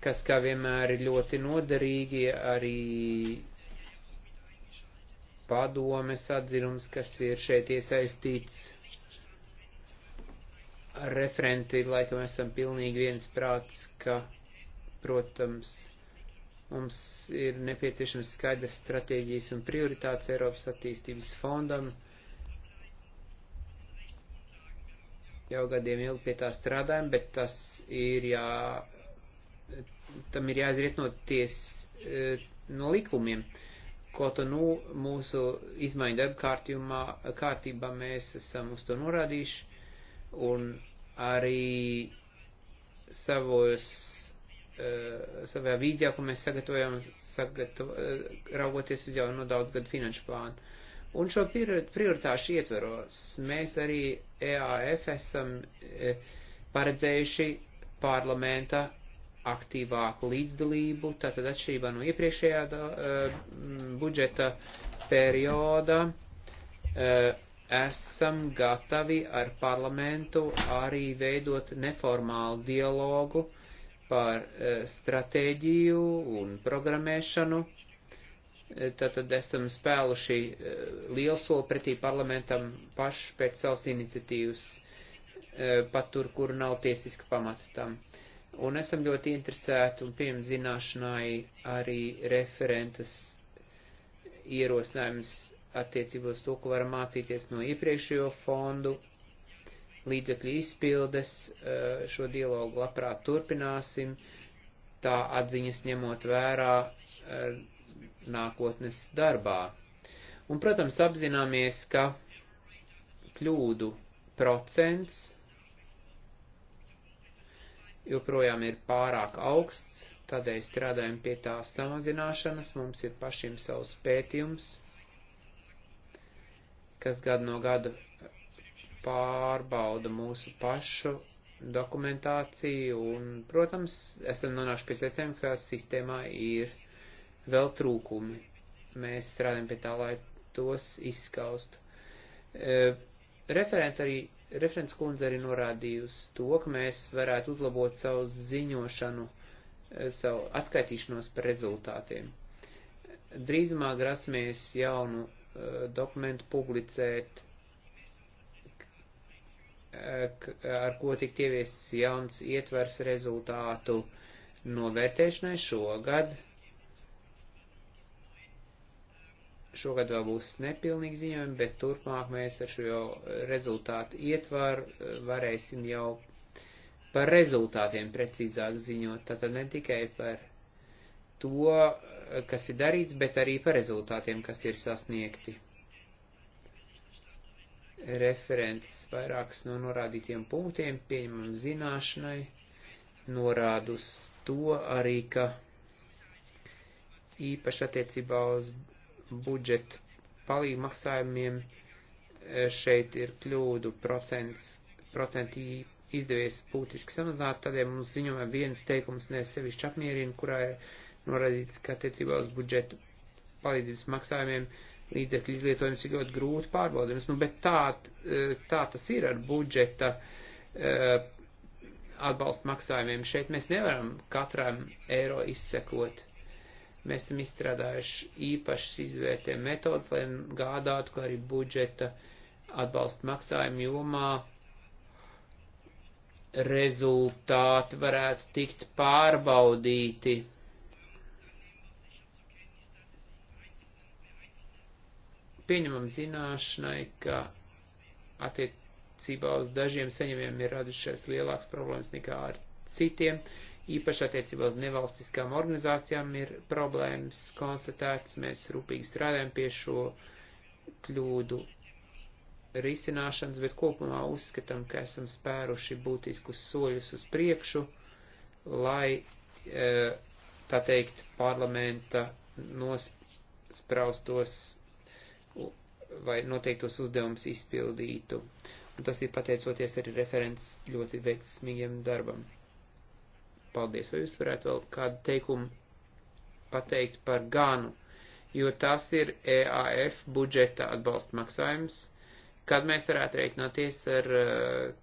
kas kā vienmēr ir ļoti noderīgi, arī padomes atzinums, kas ir šeit iesaistīts. Referenti, laikam, esam pilnīgi viens prāts, ka, protams, mums ir nepieciešams skaidrs stratēģijas un prioritātes Eiropas attīstības fondam. Jau gadiem ilgi pie tā strādājam, bet tas ir jā, tam ir jāizriet no ties, e, no likumiem. Kaut nu mūsu izmaiņu darba kārtībā mēs esam uz to norādījuši un arī savos, e, savajā vīzijā, ko mēs sagatavojam, sagatavo, e, raugoties uz jau no daudz gadu finanšu plānu. Un šo prioritāšu ietveros mēs arī EAF esam paredzējuši parlamenta aktīvāku līdzdalību, tātad atšķirībā no iepriekšējā da, eh, budžeta perioda eh, esam gatavi ar parlamentu arī veidot neformālu dialogu par eh, stratēģiju un programmēšanu. Tātad esam spēluši lielu soli pretī parlamentam paši pēc savas iniciatīvas, pat tur, kur nav tiesiska pamata tam un esam ļoti interesēti un pieņem zināšanai arī referentus ierosinājums attiecībos to, ko varam mācīties no iepriekšējo fondu, līdzekļu izpildes, eh, šo dialogu labprāt turpināsim, tā atziņas ņemot vērā eh, nākotnes darbā. Un, protams, apzināmies, ka kļūdu procents joprojām ir pārāk augsts, tādēļ strādājam pie tā samazināšanas, mums ir pašiem savs pētījums, kas gadu no gada pārbauda mūsu pašu dokumentāciju, un, protams, esam nonākuši pie secinājuma, ka sistēmā ir vēl trūkumi. Mēs strādājam pie tā, lai tos izskaustu. E, referenti arī Referents kundze arī norādījusi to, ka mēs varētu uzlabot savu ziņošanu, eh, savu atskaitīšanos par rezultātiem. Drīzumā grasmies jaunu uh, dokumentu publicēt, eh, ar ko tikt ieviests jauns ietvers rezultātu novērtēšanai šogad. Uh, Šogad vēl būs nepilnīgi ziņojumi, bet turpmāk mēs ar šo rezultātu ietvaru eh, varēsim jau par rezultātiem precīzāk ziņot. Tātad ne tikai par to, eh, kas ir darīts, bet arī par rezultātiem, kas ir sasniegti. Referents vairākas no norādītiem punktiem pieņemam zināšanai, norādus to arī, ka īpaši attiecībā uz budžeta palīgu maksājumiem e, šeit ir kļūdu procents, procenti izdevies būtiski samazināt, tādēļ mums ziņojumā viens teikums nesevišķi apmierina, kurā ir norādīts, ka attiecībā uz budžetu palīdzības maksājumiem līdzekļu izlietojums ir ļoti grūti pārbaudījums, nu, bet tā, e, tā tas ir ar budžeta e, atbalsta maksājumiem. Šeit mēs nevaram katram eiro izsekot Mēs esam izstrādājuši īpašas izvērtējuma metodas, lai gādātu, ka arī budžeta atbalsta maksājuma jomā rezultāti varētu tikt pārbaudīti. Pieņemam zināšanai, ka attiecībā uz dažiem saņemiem ir radušies lielāks problēmas nekā ar citiem. Uh, īpaši attiecībā uz nevalstiskām organizācijām ir problēmas konstatētas, mēs rūpīgi strādājam pie šo kļūdu risināšanas, bet kopumā uzskatām, ka esam spēruši būtiskus soļus uz priekšu, lai, e, tā teikt, parlamenta nospraustos vai noteiktos uzdevumus izpildītu. Un tas ir pateicoties arī referents ļoti veiksmīgiem darbam. Paldies, vai jūs varētu vēl kādu teikumu pateikt par Ganu, jo tas ir EAF budžeta atbalsta maksājums, kad mēs varētu rēķināties ar uh,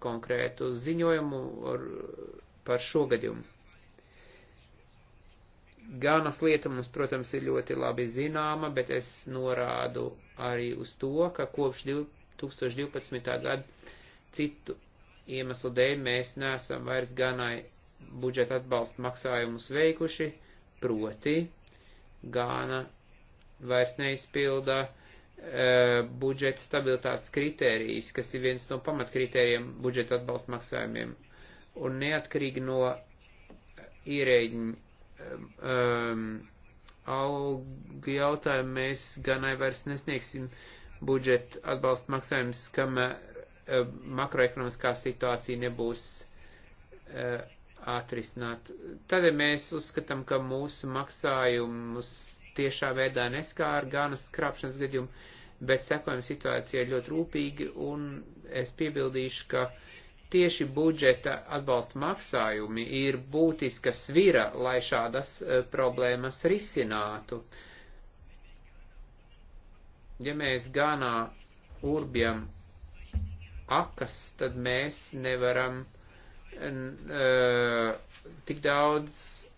konkrētu ziņojumu ar, par šo gadījumu. Ganas lieta mums, protams, ir ļoti labi zināma, bet es norādu arī uz to, ka kopš 2012. gada citu iemeslu dēļ mēs neesam vairs ganai budžeta atbalsta maksājumus veikuši, proti Gāna vairs neizpilda e, budžeta stabilitātes kritērijas, kas ir viens no pamatkritērijiem budžeta atbalsta maksājumiem. Un neatkarīgi no ierēģiņa um, algu jautājumu mēs ganai vairs nesniegsim budžeta atbalsta maksājumus, kam uh, e, makroekonomiskā situācija nebūs uh, atrisināt. Tādēļ mēs uzskatām, ka mūsu maksājumus tiešā veidā neskāra gan skrāpšanas gadījumu, bet sekojam situācijai ļoti rūpīgi, un es piebildīšu, ka tieši budžeta atbalsta maksājumi ir būtiska svira, lai šādas e, problēmas risinātu. Ja mēs ganā urbjam akas, tad mēs nevaram uh, E, tik daudz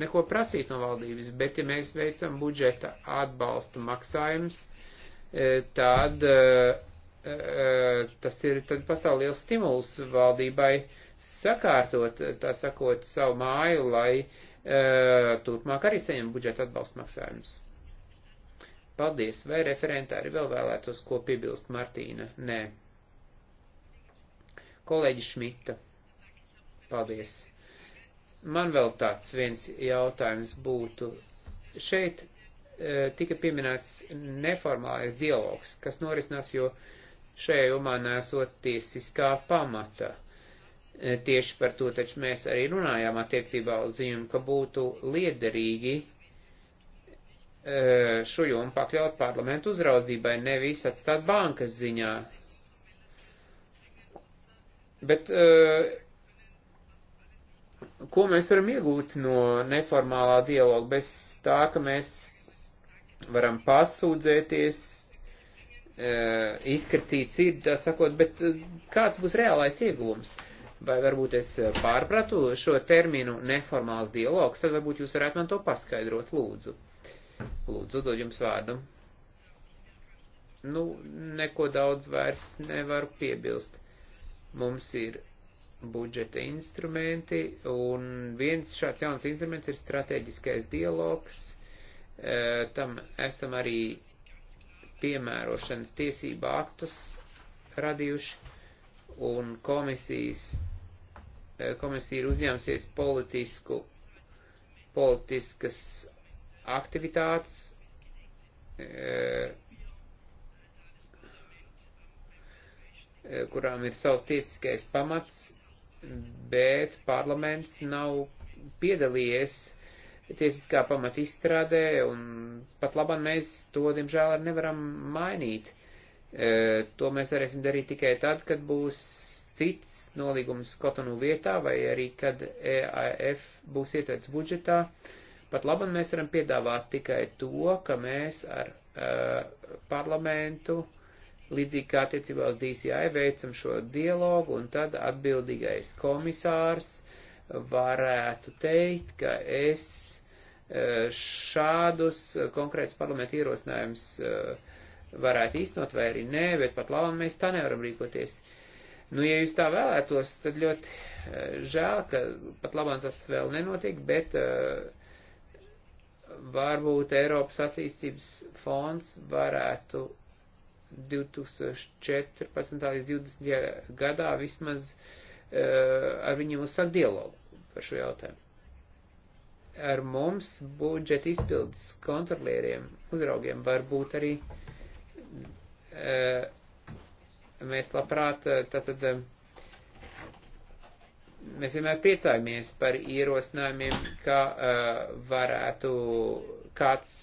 neko prasīt no valdības, bet ja mēs veicam budžeta atbalsta maksājums, e, tad e, tas ir, tad pastāv liels stimuls valdībai sakārtot, tā sakot, savu māju, lai turpmāk arī saņem budžeta atbalsta maksājumus. Paldies, vai referentā arī vēl vēlētos ko piebilst Martīna? Nē kolēģi Šmita. Paldies. Man vēl tāds viens jautājums būtu. Šeit e, tika pieminēts neformālais dialogs, kas norisinās, jo šajā jomā nesot tiesiskā pamata. E, tieši par to taču mēs arī runājām attiecībā uz ziņu, ka būtu liederīgi e, šo jomu pakļaut parlamentu uzraudzībai, nevis atstāt bankas ziņā Bet eh, ko mēs varam iegūt no neformālā dialoga bez tā, ka mēs varam pasūdzēties, eh, izkritīt sirdā sakot, bet eh, kāds būs reālais ieguvums? Vai varbūt es pārpratu šo terminu neformāls dialogs, tad varbūt jūs varētu man to paskaidrot, lūdzu. Lūdzu, dod jums vārdu. Nu, neko daudz vairs nevaru piebilst. Uh, Mums ir budžeta instrumenti, un viens šāds jauns instruments ir strateģiskais dialogs. E, tam esam arī piemērošanas tiesība aktus radījuši, un komisijas, e, komisija ir uzņēmusies politisku, politiskas aktivitātes, e, Eh, kurām ir savs tiesiskais pamats, bet parlaments nav piedalījies tiesiskā pamata izstrādē, un pat labam mēs to, diemžēl, arī nevaram mainīt. Eh, to mēs varēsim darīt tikai tad, kad būs cits nolīgums Kotonu vietā, vai arī kad EAF būs ietverts budžetā. Pat labam mēs varam piedāvāt tikai to, ka mēs ar uh, parlamentu uh, Līdzīgi kā attiecībā uz DCI veicam šo dialogu, un tad atbildīgais komisārs varētu teikt, ka es e, šādus konkrētus parlamentu ierosinājumus e, varētu īstenot vai arī nē, bet pat labi mēs tā nevaram rīkoties. Nu, ja jūs tā vēlētos, tad ļoti e, žēl, ka pat labāk tas vēl nenotiek, bet uh, varbūt Eiropas attīstības fonds varētu 2014. līdz 20. gadā vismaz eh, ar viņiem uzsākt dialogu par šo jautājumu. Ar mums budžeta izpildes kontrolieriem, uzraugiem var būt arī eh, mēs labprāt eh, tātad mēs vienmēr priecājamies par ierosinājumiem, kā varētu kāds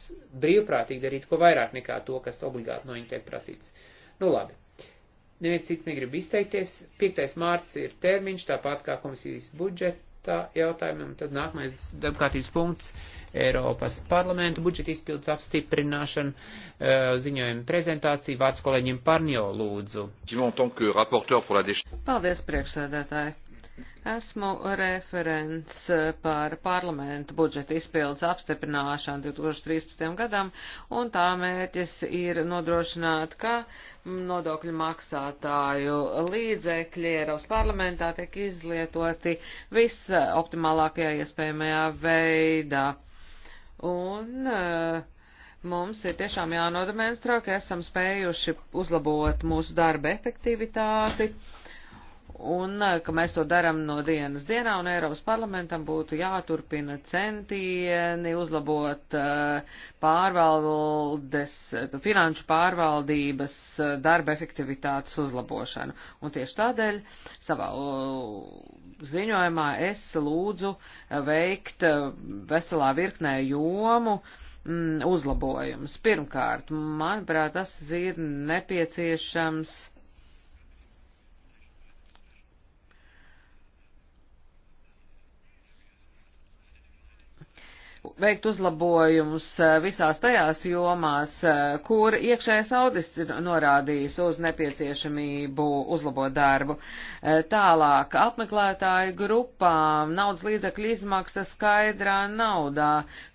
brīvprātīgi darītu ko vairāk nekā to, kas obligāti no viņa tiek prasīts. Nu labi. Neviens cits negrib izteikties. 5. mārts ir termiņš, tāpat kā komisijas budžeta jautājumiem. Tad nākamais darbkārtības punkts - Eiropas parlamenta budžeta izpildes apstiprināšana, eh, ziņojuma prezentācija. Vārds kolēģim Parnio lūdzu. Paldies, priekšsēdētāji. Esmu referents eh, par parlamentu budžeta izpildes apstiprināšanu 2013. gadam, un tā mērķis ir nodrošināt, ka nodokļu maksātāju līdzekļi Eiropas parlamentā tiek izlietoti visoptimālākajā iespējamajā veidā. Un uh, mums ir tiešām jānodemonstrē, ka esam spējuši uzlabot mūsu darba efektivitāti un eh, ka mēs to darām no dienas dienā, un Eiropas parlamentam būtu jāturpina centieni uzlabot eh, pārvaldes, eh, finanšu pārvaldības darba efektivitātes uzlabošanu. Un tieši tādēļ savā ziņojumā es lūdzu veikt veselā virknē jomu, mm, uzlabojums. Pirmkārt, manuprāt, tas ir nepieciešams veikt uzlabojumus eh, visās tajās jomās, eh, kur iekšējais audits ir norādījis uz nepieciešamību uzlabot darbu. Eh, tālāk apmeklētāju grupām naudas līdzekļu izmaksa skaidrā naudā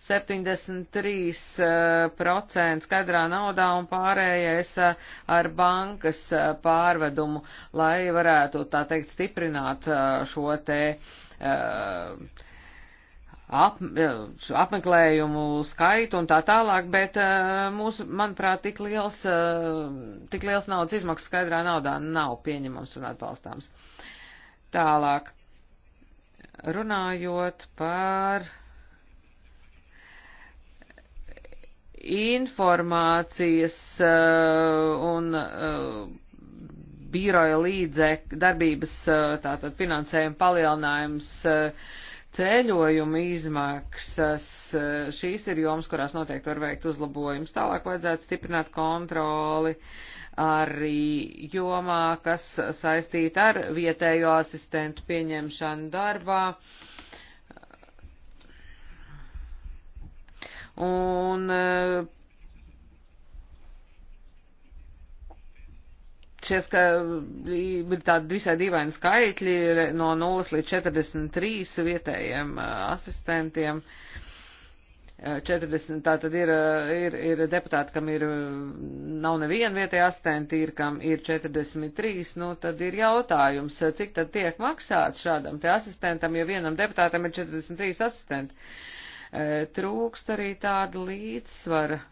73% skaidrā naudā un pārējais ar bankas pārvedumu, lai varētu tā teikt stiprināt šo te uh, ap, eh, apmeklējumu skaitu un tā tālāk, bet eh, mūsu, manuprāt, tik liels, eh, tik liels naudas izmaksas skaidrā naudā nav pieņemams un atbalstāms. Tālāk, runājot par informācijas un biroja līdzek darbības tātad finansējuma palielinājums uh, ceļojuma izmaksas, šīs ir jomas, kurās noteikti var veikt uzlabojumus. Tālāk vajadzētu stiprināt kontroli arī jomā, kas saistīta ar vietējo asistentu pieņemšanu darbā. Un šie ska, ir tādi visai dīvaini skaitļi no 0 līdz 43 vietējiem asistentiem. 40 tā tad ir, ir, ir deputāti, kam ir, nav neviena vietēja asistenti, ir, kam ir 43, nu tad ir jautājums, cik tad tiek maksāts šādam te asistentam, jo vienam deputātam ir 43 asistenti. Trūkst arī tāda līdzsvara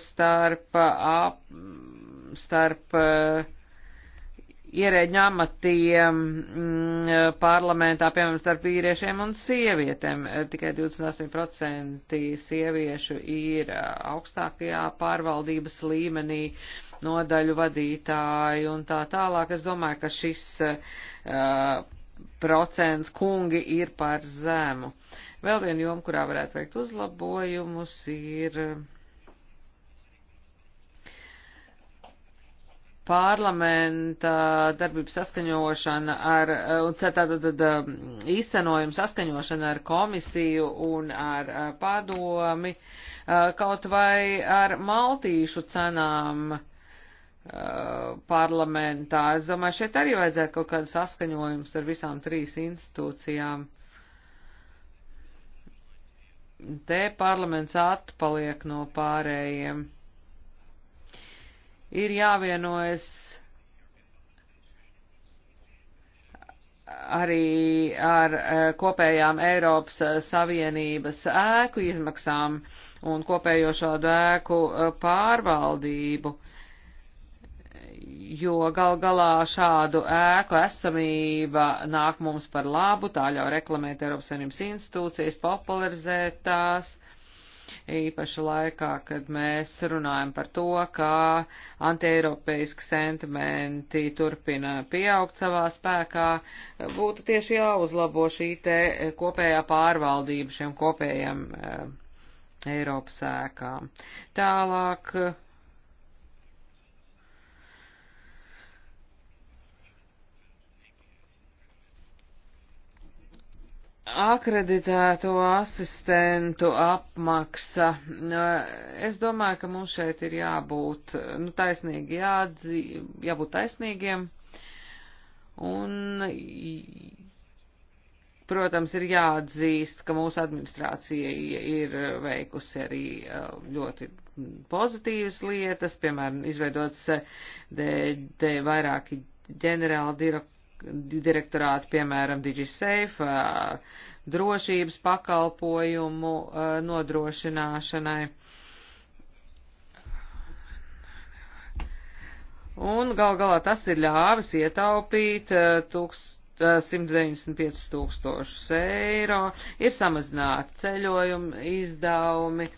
starp ap, starp eh, ierēģu amatiem mm, eh, parlamentā, piemēram, starp vīriešiem un sievietēm. Eh, tikai 28% sieviešu ir augstākajā pārvaldības līmenī nodaļu vadītāji un tā tālāk. Es domāju, ka šis uh, procents kungi ir par zemu. Vēl viena joma, kurā varētu veikt uzlabojumus, ir. Uh, parlamenta darbības saskaņošana ar, eh, tātad īstenojumu saskaņošana ar komisiju un ar eh, padomi, eh, kaut vai ar maltīšu cenām parlamentā. Es domāju, šeit arī vajadzētu kaut kādu saskaņojumu ar visām trīs institūcijām. Te parlaments atpaliek no pārējiem ir jāvienojas arī ar eh, kopējām Eiropas Savienības ēku izmaksām un kopējo šādu ēku eh, pārvaldību, jo gal galā šādu ēku esamība nāk mums par labu, tā ļauj reklamēt Eiropas Savienības institūcijas, popularizēt tās īpaši laikā, kad mēs runājam par to, kā antieiropeiski sentimenti turpina pieaugt savā spēkā, būtu tieši jāuzlabo šī te kopējā pārvaldība šiem kopējiem eh, Eiropas ēkām. Tālāk akreditēto asistentu apmaksa. Es domāju, ka mums šeit ir jābūt nu, taisnīgi, jādzi, jābūt taisnīgiem. Un, protams, ir jāatzīst, ka mūsu administrācija ir veikusi arī uh, ļoti pozitīvas lietas, piemēram, izveidots vairāki ģenerāli direktori direktorāti, piemēram, DigiSafe, drošības pakalpojumu nodrošināšanai. Un gal galā tas ir ļāvis ietaupīt 195 tūkstošus eiro, ir samazināti ceļojuma izdevumi,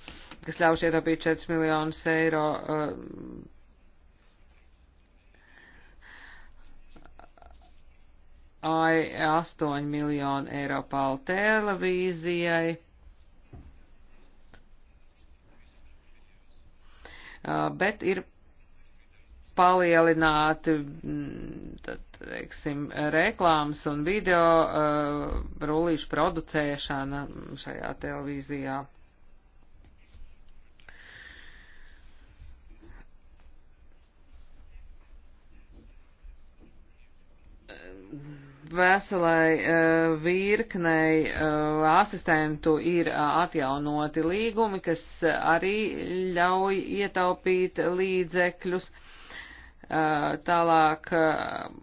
kas ļauj ietaupīt 4 miljonus eiro 8 miljonu eiro palu televīzijai. Bet ir palielināti, mm, tad, teiksim, reklāmas un video rullīšu producēšana šajā televīzijā. veselai eh, virknei eh, asistentu ir eh, atjaunoti līgumi, kas arī ļauj ietaupīt līdzekļus. Tālāk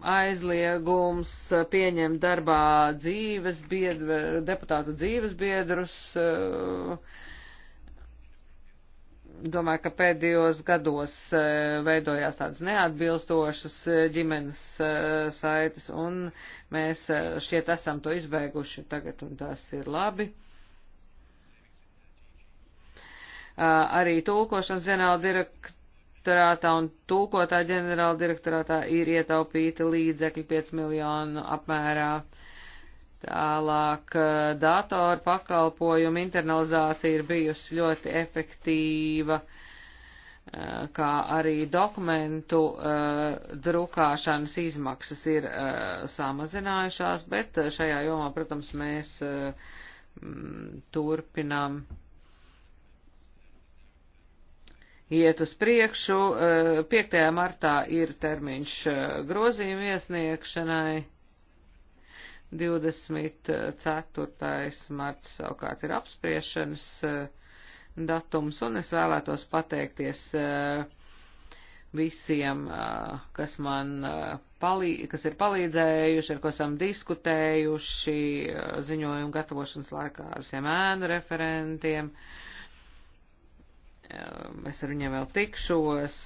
aizliegums pieņemt darbā dzīves biedru, deputātu dzīves biedrus, uh, domāju, ka pēdējos gados e, veidojās tādas neatbilstošas e, ģimenes e, saites, un mēs šķiet esam to izbeiguši tagad, un tas ir labi. Arī tulkošanas ģenerāla direktorātā un tulkotā ģenerāla direktorātā ir ietaupīti līdzekļi 5 miljonu apmērā. Uh, Tālāk eh, datoru pakalpojumu internalizācija ir bijusi ļoti efektīva, eh, kā arī dokumentu eh, drukāšanas izmaksas ir samazinājušās, bet šajā jomā, protams, mēs mm, turpinām iet uz priekšu. 5. martā ir termiņš grozījumu iesniegšanai 24. Eh, marts savukārt ir apspriešanas eh, datums, un es vēlētos pateikties eh, visiem, kas man palīdz, kas ir palīdzējuši, ar ko esam diskutējuši ziņojumu gatavošanas laikā ar visiem ēnu referentiem. Uh, es ar viņiem vēl tikšos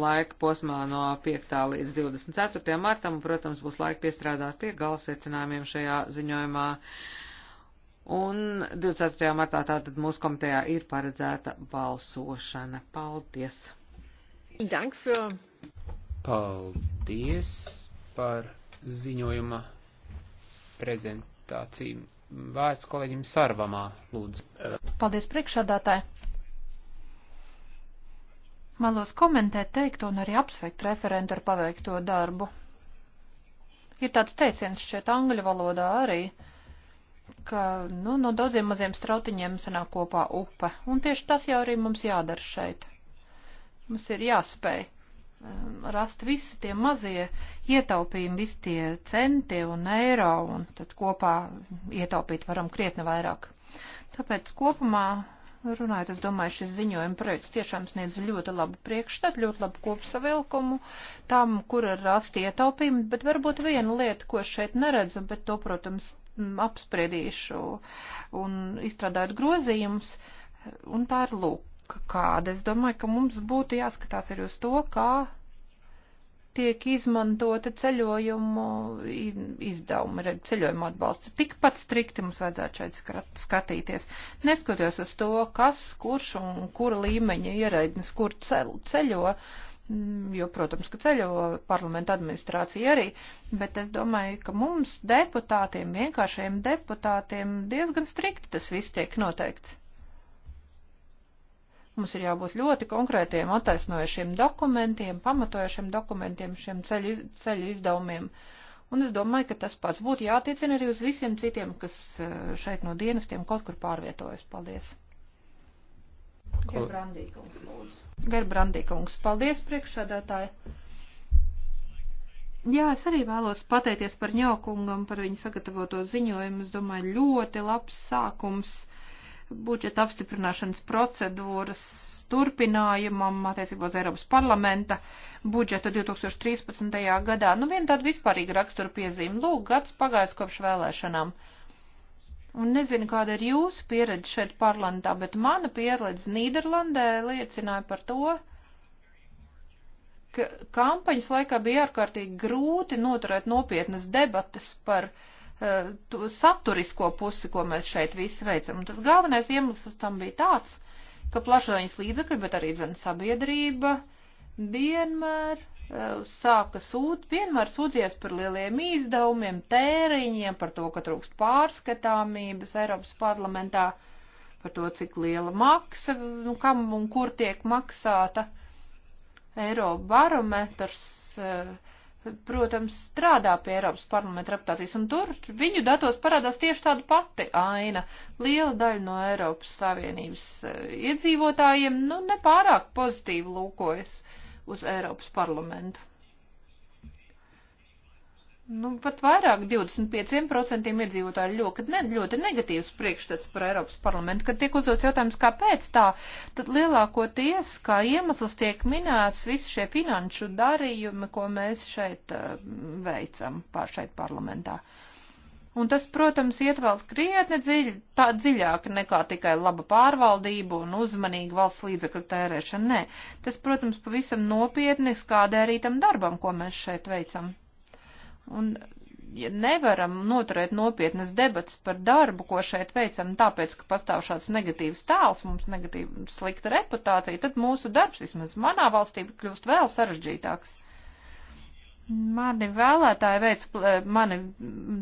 laika posmā no 5. līdz 24. martam, un, protams, būs laika piestrādāt pie gala secinājumiem šajā ziņojumā. Un 24. martā tātad mūsu komitejā ir paredzēta balsošana. Paldies! Paldies par ziņojuma prezentāciju. Vārds kolēģim Sarvamā, lūdzu. Paldies priekšādātāji! Vēlos komentēt teikto un arī apsveikt referentu ar paveikto darbu. Ir tāds teiciens šeit angļu valodā arī, ka nu, no daudziem maziem strautiņiem sanāk kopā upe, un tieši tas jau arī mums jādara šeit. Mums ir jāspēj um, rast visi tie mazie ietaupījumi, visi tie centi un eiro, un tad kopā ietaupīt varam krietni vairāk. Tāpēc kopumā runājot, es domāju, šis ziņojuma projekts tiešām sniedz ļoti labu priekšstatu, ļoti labu kopsavilkumu tam, kur ir rasti ietaupījumi, bet varbūt viena lieta, ko šeit neredzu, bet to, protams, apspriedīšu un izstrādājot grozījumus, un tā ir lūk, kāda. Es domāju, ka mums būtu jāskatās arī uz to, kā tiek izmantota ceļojumu izdevuma, ceļojuma atbalsts. Tikpat strikti mums vajadzētu šeit skatīties. Neskatoties uz to, kas, kurš un kura līmeņa ieraidnis, kur ceļo, mm, jo, protams, ka ceļo parlamenta administrācija arī, bet es domāju, ka mums deputātiem, vienkāršiem deputātiem diezgan strikti tas viss tiek noteikts. Mums ir jābūt ļoti konkrētiem attaisnojušiem dokumentiem, pamatojušiem dokumentiem šiem ceļu, ceļu izdevumiem. Un es domāju, ka tas pats būtu jātiecina arī uz visiem citiem, kas eh, šeit no dienestiem kaut kur pārvietojas. Paldies! Gerbrandīkungs, lūdzu. Gerbrandīkungs, paldies priekšsādātāji! Jā, es arī vēlos pateikties par ņaukungam, par viņu sagatavoto ziņojumu. Es domāju, ļoti labs sākums budžeta apstiprināšanas procedūras turpinājumam attiecībā uz Eiropas parlamenta budžetu 2013. gadā. Nu, viena tāda vispārīga rakstura piezīme. Lūk, gads pagājis kopš vēlēšanām. Un nezinu, kāda ir jūsu pieredze šeit parlamentā, bet mana pieredze Nīderlandē liecināja par to, ka kampaņas laikā bija ārkārtīgi grūti noturēt nopietnas debatas par uh, Eh, saturisko pusi, ko mēs šeit visi veicam. Un tas galvenais iemesls tam bija tāds, ka plašsaziņas līdzekļi, bet arī zina sabiedrība vienmēr eh, sāka sūt, vienmēr sūdzies par lieliem izdevumiem, tēriņiem, par to, ka trūkst pārskatāmības Eiropas parlamentā, par to, cik liela maksa, nu, kam un kur tiek maksāta. Eirobarometrs uh, protams, strādā pie Eiropas parlamenta reputācijas, un tur viņu datos parādās tieši tāda pati aina. Liela daļa no Eiropas Savienības eh, iedzīvotājiem, nu, nepārāk pozitīvi lūkojas uz Eiropas parlamentu. Nu, pat vairāk 25% iedzīvotāji ļoti, ne, ļoti negatīvs priekšstats par Eiropas parlamentu, kad tiek uzdots jautājums, kāpēc tā, tad lielākoties, kā iemesls tiek minēts visi šie finanšu darījumi, ko mēs šeit uh, veicam pār šeit parlamentā. Un tas, protams, iet vēl krietni dziļ, tā dziļāk nekā tikai laba pārvaldība un uzmanīga valsts līdzekļu tērēšana. Nē, tas, protams, pavisam nopietni skādē arī tam darbam, ko mēs šeit veicam. Un ja nevaram noturēt nopietnas debats par darbu, ko šeit veicam, tāpēc, ka pastāv šāds negatīvs tēls, mums negatīva slikta reputācija, tad mūsu darbs, vismaz manā valstī, kļūst vēl sarežģītāks. Mani vēlētāji veids, eh, mani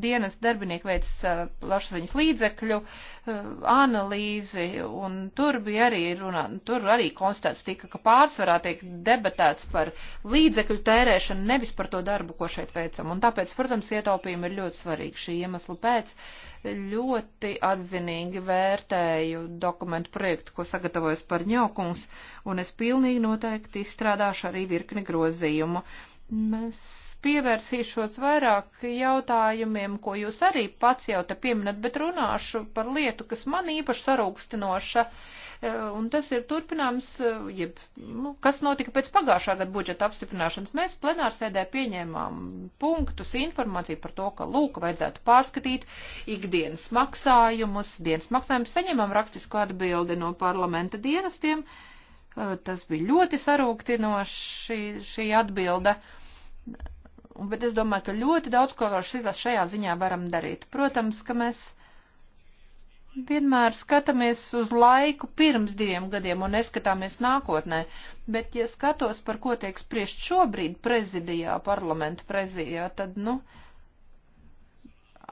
dienas darbinieki veids eh, plašsaziņas līdzekļu eh, analīzi, un tur bija arī runā, tur arī konstatēts tika, ka pārsvarā tiek debatēts par līdzekļu tērēšanu, nevis par to darbu, ko šeit veicam. Un tāpēc, protams, ietaupījumi ir ļoti svarīgi šī iemesla pēc. Ļoti atzinīgi vērtēju dokumentu projektu, ko sagatavojas par ņaukums, un es pilnīgi noteikti izstrādāšu arī virkni grozījumu Mēs pievērsīšos vairāk jautājumiem, ko jūs arī pats jau te pieminat, bet runāšu par lietu, kas man īpaši sarūkstinoša, e, un tas ir turpinājums, e, jeb, nu, kas notika pēc pagājušā gada budžeta apstiprināšanas. Mēs plenārsēdē pieņēmām punktus, informāciju par to, ka, lūk, vajadzētu pārskatīt ikdienas maksājumus, dienas maksājumus, saņemam rakstisku atbildi no parlamenta dienestiem. E, tas bija ļoti sarūktinoši šī, šī atbilde. Uh, Un, bet es domāju, ka ļoti daudz ko šajā ziņā varam darīt. Protams, ka mēs vienmēr skatāmies uz laiku pirms diviem gadiem un neskatāmies nākotnē, bet, ja skatos, par ko tiek spriest šobrīd prezidijā, parlamentu prezidijā, tad, nu, uh,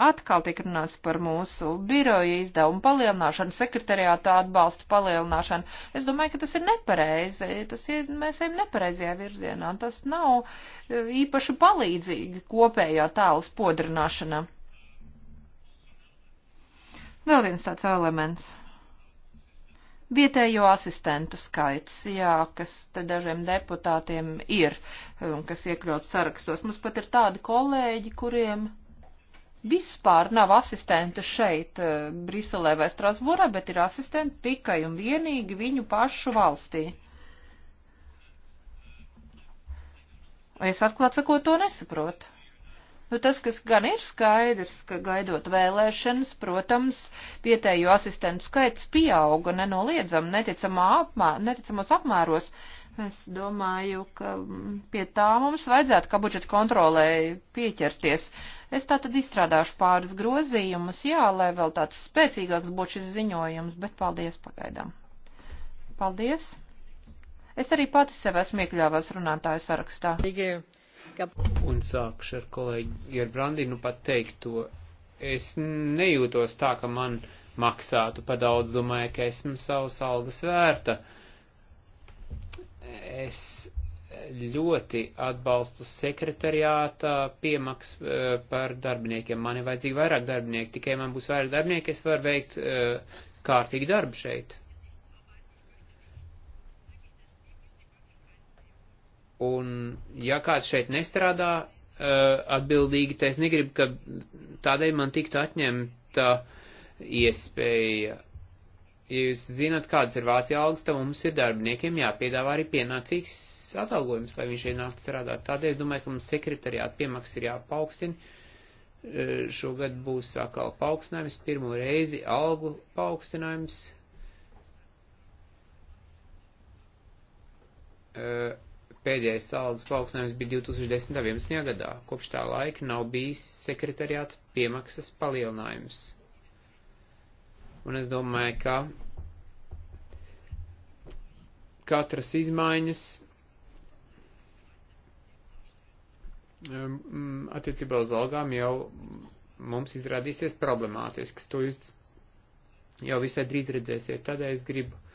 Atkal tika runāts par mūsu biroja izdevumu palielināšanu, sekretariātā atbalstu palielināšanu. Es domāju, ka tas ir nepareizi. Tas ir, mēs ejam nepareizajā virzienā. Tas nav e, īpaši palīdzīgi kopējā tēlas podrināšana. Vēl viens tāds elements. Vietējo asistentu skaits, jā, kas te dažiem deputātiem ir, kas iekļauts sarakstos. Mums pat ir tādi kolēģi, kuriem vispār nav asistenta šeit, eh, Briselē vai Strasbūrā, bet ir asistenta tikai un vienīgi viņu pašu valstī. Es atklāt sakot, to nesaprotu. Nu, tas, kas gan ir skaidrs, ka gaidot vēlēšanas, protams, vietējo asistentu skaits pieauga nenoliedzami, neticamā apmā, neticamos apmēros. Es domāju, ka mm, pie tā mums vajadzētu, kā budžeta kontrolē, pieķerties. Es tā tad izstrādāšu pāris grozījumus, jā, lai vēl tāds spēcīgāks būtu šis ziņojums, bet paldies pagaidām. Paldies! Es arī pati sev esmu iekļāvās runātāju sarakstā. Tikai. Un sākšu ar kolēģi Gerbrandi, nu pat teikt to. Es nejūtos tā, ka man maksātu pa daudz, domāju, ka esmu savas algas vērta. Es ļoti atbalstu sekretariāta piemaks eh, par darbiniekiem. Man ir vajadzīgi vairāk darbinieku, tikai man būs vairāk darbinieku, es varu veikt eh, kārtīgi darbu šeit. Un ja kāds šeit nestrādā uh, atbildīgi, tad es negribu, ka tādēļ man tiktu atņemta iespēja. Ja jūs zināt, kādas ir Vācijā algas, tad mums ir darbiniekiem jāpiedāvā arī pienācīgs atalgojums, lai viņš ienāktu strādāt. Tādēļ es domāju, ka mums sekretariāta piemaks ir jāpaukstina. Eh, šogad būs atkal paaugstinājums, pirmo reizi algu paaugstinājums. Uh, Pēdējais algas paaugstinājums bija 2011. gadā. Kopš tā laika nav bijis sekretariāta piemaksas palielinājums. Un es domāju, ka katras izmaiņas um, attiecībā uz algām jau mums izrādīsies problemātisks. To jūs jau visai drīz redzēsiet. Tādēļ es gribu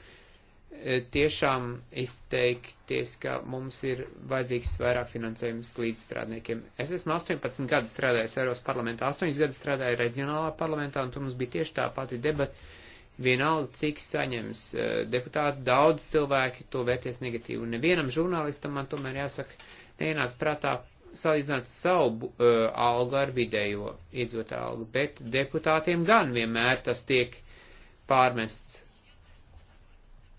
Eh, tiešām izteikties, ka mums ir vajadzīgs vairāk finansējums līdzstrādniekiem. Es esmu 18 gadus strādājis Eiropas parlamentā, 8 gadus strādāju reģionālā parlamentā, un tur mums bija tieši tā pati debata. Vienalga, cik saņems eh, deputāti, daudz cilvēki to vērties negatīvi. Nevienam žurnālistam man tomēr jāsaka, neienāk prātā salīdzināt savu uh, algu ar vidējo iedzotāju algu, bet deputātiem gan vienmēr tas tiek pārmests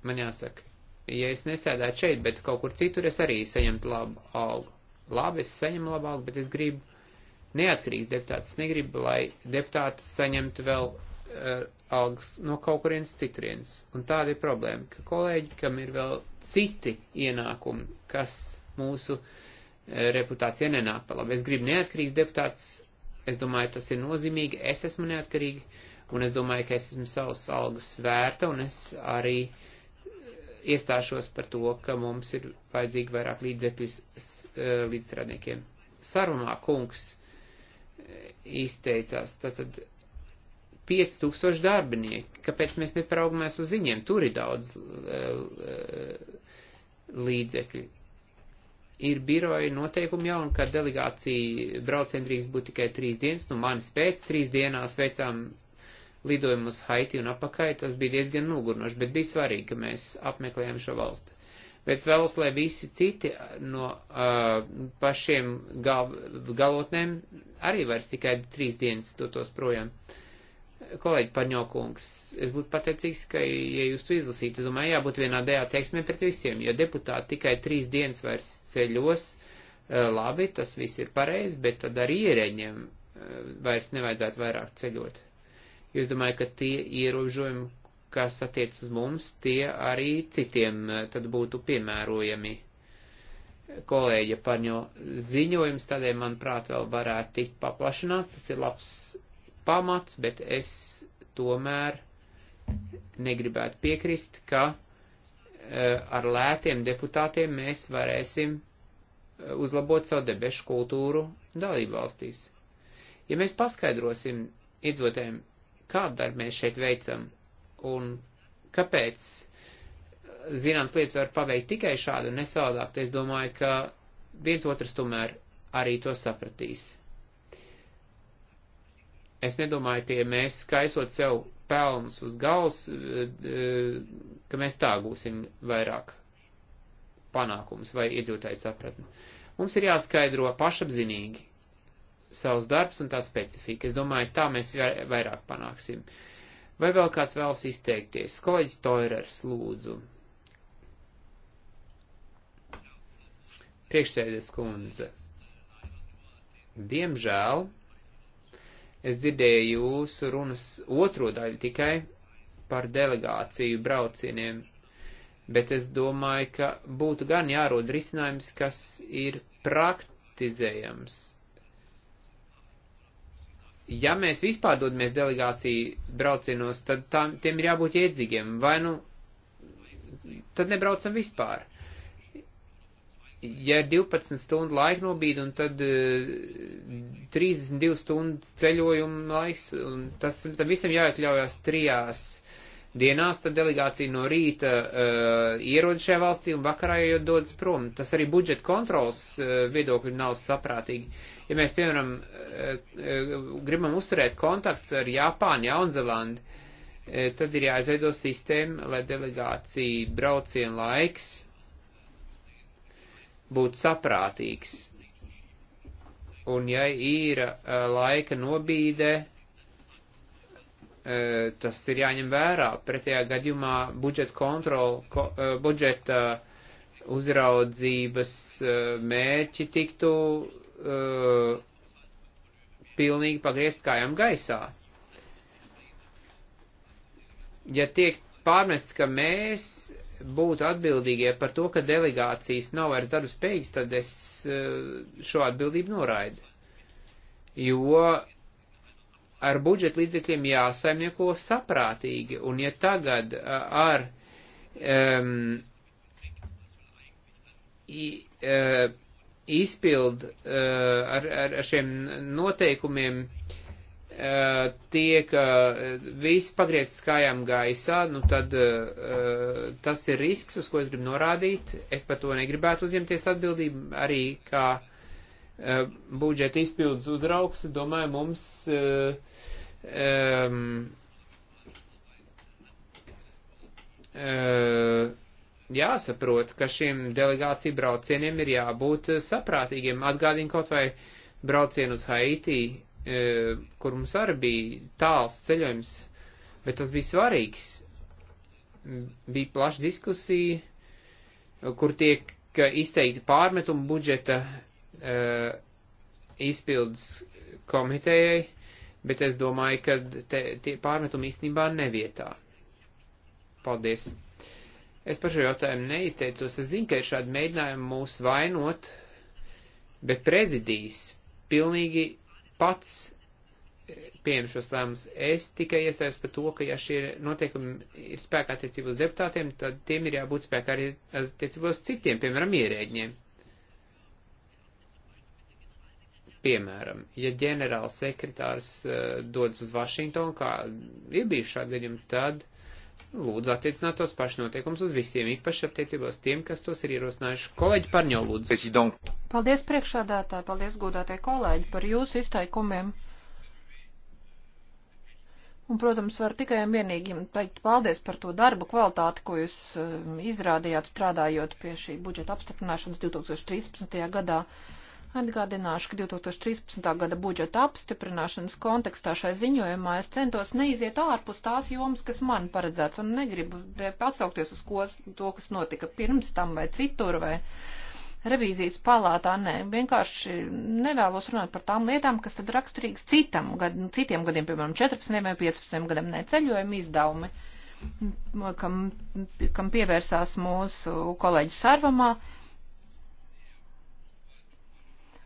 man jāsaka, ja es nesēdētu šeit, bet kaut kur citur, es arī saņemtu labu algu. Labi, es saņemu labu algu, bet es gribu neatkarīgs deputāts. Es negribu, lai deputāti saņemtu vēl uh, algas no kaut kurienes citurienes. Un tāda ir problēma, ka kolēģi, kam ir vēl citi ienākumi, kas mūsu uh, reputācija nenāk pa labi. Es gribu neatkarīgs deputāts, es domāju, tas ir nozīmīgi, es esmu neatkarīgi, un es domāju, ka es esmu savas algas vērta, un es arī uh, iestāšos par to, ka mums ir vajadzīgi vairāk līdzekļus e, līdzstrādniekiem. Sarunā kungs e, izteicās, tātad 5000 darbinieki, kāpēc mēs neparaugamies uz viņiem, tur ir daudz e, līdzekļu. Ir biroja noteikumi jau, un kad delegācija brauciena drīkst būt tikai trīs dienas, nu manis pēc trīs dienās veicām lidojumu uz Haiti un apakai, tas bija diezgan nogurnoši, bet bija svarīgi, ka mēs apmeklējām šo valsti. Bet es vēlos, lai visi citi no uh, pašiem gal, galotnēm arī vairs tikai trīs dienas dotos projām. Kolēģi Parņokungs, es būtu pateicīgs, ka, ja jūs to izlasītu, es domāju, jābūt vienādējā teiksmē pret visiem, jo deputāti tikai trīs dienas vairs ceļos, uh, labi, tas viss ir pareizi, bet tad arī ierēģiem uh, vairs nevajadzētu vairāk ceļot jo es domāju, ka tie ierobežojumi, kas attiec uz mums, tie arī citiem eh, tad būtu piemērojami. Kolēģa Paņo ziņojums tādēļ, manuprāt, vēl varētu tikt paplašināts, tas ir labs pamats, bet es tomēr negribētu piekrist, ka eh, ar lētiem deputātiem mēs varēsim eh, uzlabot savu debešu kultūru dalībvalstīs. Ja mēs paskaidrosim iedzīvotājiem, Kādu darbu mēs šeit veicam? Un kāpēc eh, zināmas lietas var paveikt tikai šādi un nesādāk? Es domāju, ka viens otrs tomēr arī to sapratīs. Es nedomāju, tie mēs skaisot sev pelnus uz galvas, eh, eh, ka mēs tā gūsim vairāk panākumus vai iedzīvotāju sapratni. Mums ir jāskaidro pašapzinīgi, savus darbus un tā specifika. Es domāju, tā mēs vairāk panāksim. Vai vēl kāds vēlas izteikties? Kolēģis Toirers, lūdzu. Priekšsēdes kundze. Diemžēl es dzirdēju jūsu runas otro daļu tikai par delegāciju braucieniem, bet es domāju, ka būtu gan jārod risinājums, kas ir praktizējams ja mēs vispār dodamies delegāciju braucienos, tad tam, tiem ir jābūt iedzīgiem, vai nu, tad nebraucam vispār. Ja ir 12 stundu laika nobīde un tad uh, eh, 32 stundu ceļojuma laiks, un tas tam visam jāiekļaujās trijās uh, dienās, tad delegācija no rīta uh, ierod šajā valstī un vakarā jau dodas prom. Tas arī budžeta kontrols uh, viedokļi nav saprātīgi. Ja mēs, piemēram, uh, uh, gribam uzturēt kontakts ar Japānu, Jaunzelandi, uh, tad ir jāizveido sistēma, lai delegācija brauciena laiks būtu saprātīgs. Un ja ir uh, laika nobīde, E, tas ir jāņem vērā. Pretējā gadījumā budžeta kontrola, ko, e, budžeta uzraudzības e, mērķi tiktu uh, pilnīgi pagriezt kājām gaisā. Ja tiek pārmests, ka mēs būtu atbildīgie par to, ka delegācijas nav vairs darba spējīgas, tad es uh, šo atbildību noraidu. Jo ar budžeta līdzekļiem jāsaimnieko saprātīgi, un ja tagad ar um, i, uh, izpild uh, ar, ar, ar šiem noteikumiem uh, tiek uh, viss pagriezts kājām gaisā, nu tad uh, tas ir risks, uz ko es gribu norādīt. Es par to negribētu uzņemties atbildību arī kā uh, budžeta izpildes uzraugs. Domāju, mums uh, Um, uh, jāsaprot, ka šiem delegāciju braucieniem ir jābūt saprātīgiem. Atgādina kaut vai braucienu uz Haiti, ehm, kur mums arī bija tāls ceļojums, bet tas bija svarīgs. Bija plaša diskusija, kur tiek izteikti pārmetumi budžeta izpildes komitejai bet es domāju, ka te, tie pārmetumi īstenībā nevietā. Paldies! Es par šo jautājumu neizteicos, es zinu, ka ir šādi mēģinājumi mūs vainot, bet prezidijs pilnīgi pats eh, pieņem šos lēmumus. Es tikai iestājos par to, ka ja šie noteikumi ir spēkā attiecībā uz deputātiem, tad tiem ir jābūt spēkā arī attiecībā uz citiem, piemēram, ierēģiem. Piemēram, ja ģenerāls sekretārs uh, eh, dodas uz Vašingtonu, kā ir bijis šādi gadījumi, tad lūdzu attiecināt tos pašnoteikums uz visiem, īpaši attiecībās tiem, kas tos ir ierosinājuši. Kolēģi Parņo, lūdzu. President. Paldies priekšādātāji, paldies godātie kolēģi par jūsu izteikumiem. Un, protams, var tikai un vienīgi teikt paldies par to darbu kvalitāti, ko jūs eh, izrādījāt strādājot pie šī budžeta apstiprināšanas 2013. gadā. Atgādināšu, ka 2013. gada budžeta apstiprināšanas kontekstā šai ziņojumā es centos neiziet ārpus tās jomas, kas man paredzēts, un negribu atsaukties uz ko, to, kas notika pirms tam vai citur vai revīzijas palātā. Nē, vienkārši nevēlos runāt par tām lietām, kas tad raksturīgs citam, gad, citiem gadiem, piemēram, 14 vai 15 gadiem, ne ceļojuma izdevumi, kam, kam pievērsās mūsu kolēģis Sarvamā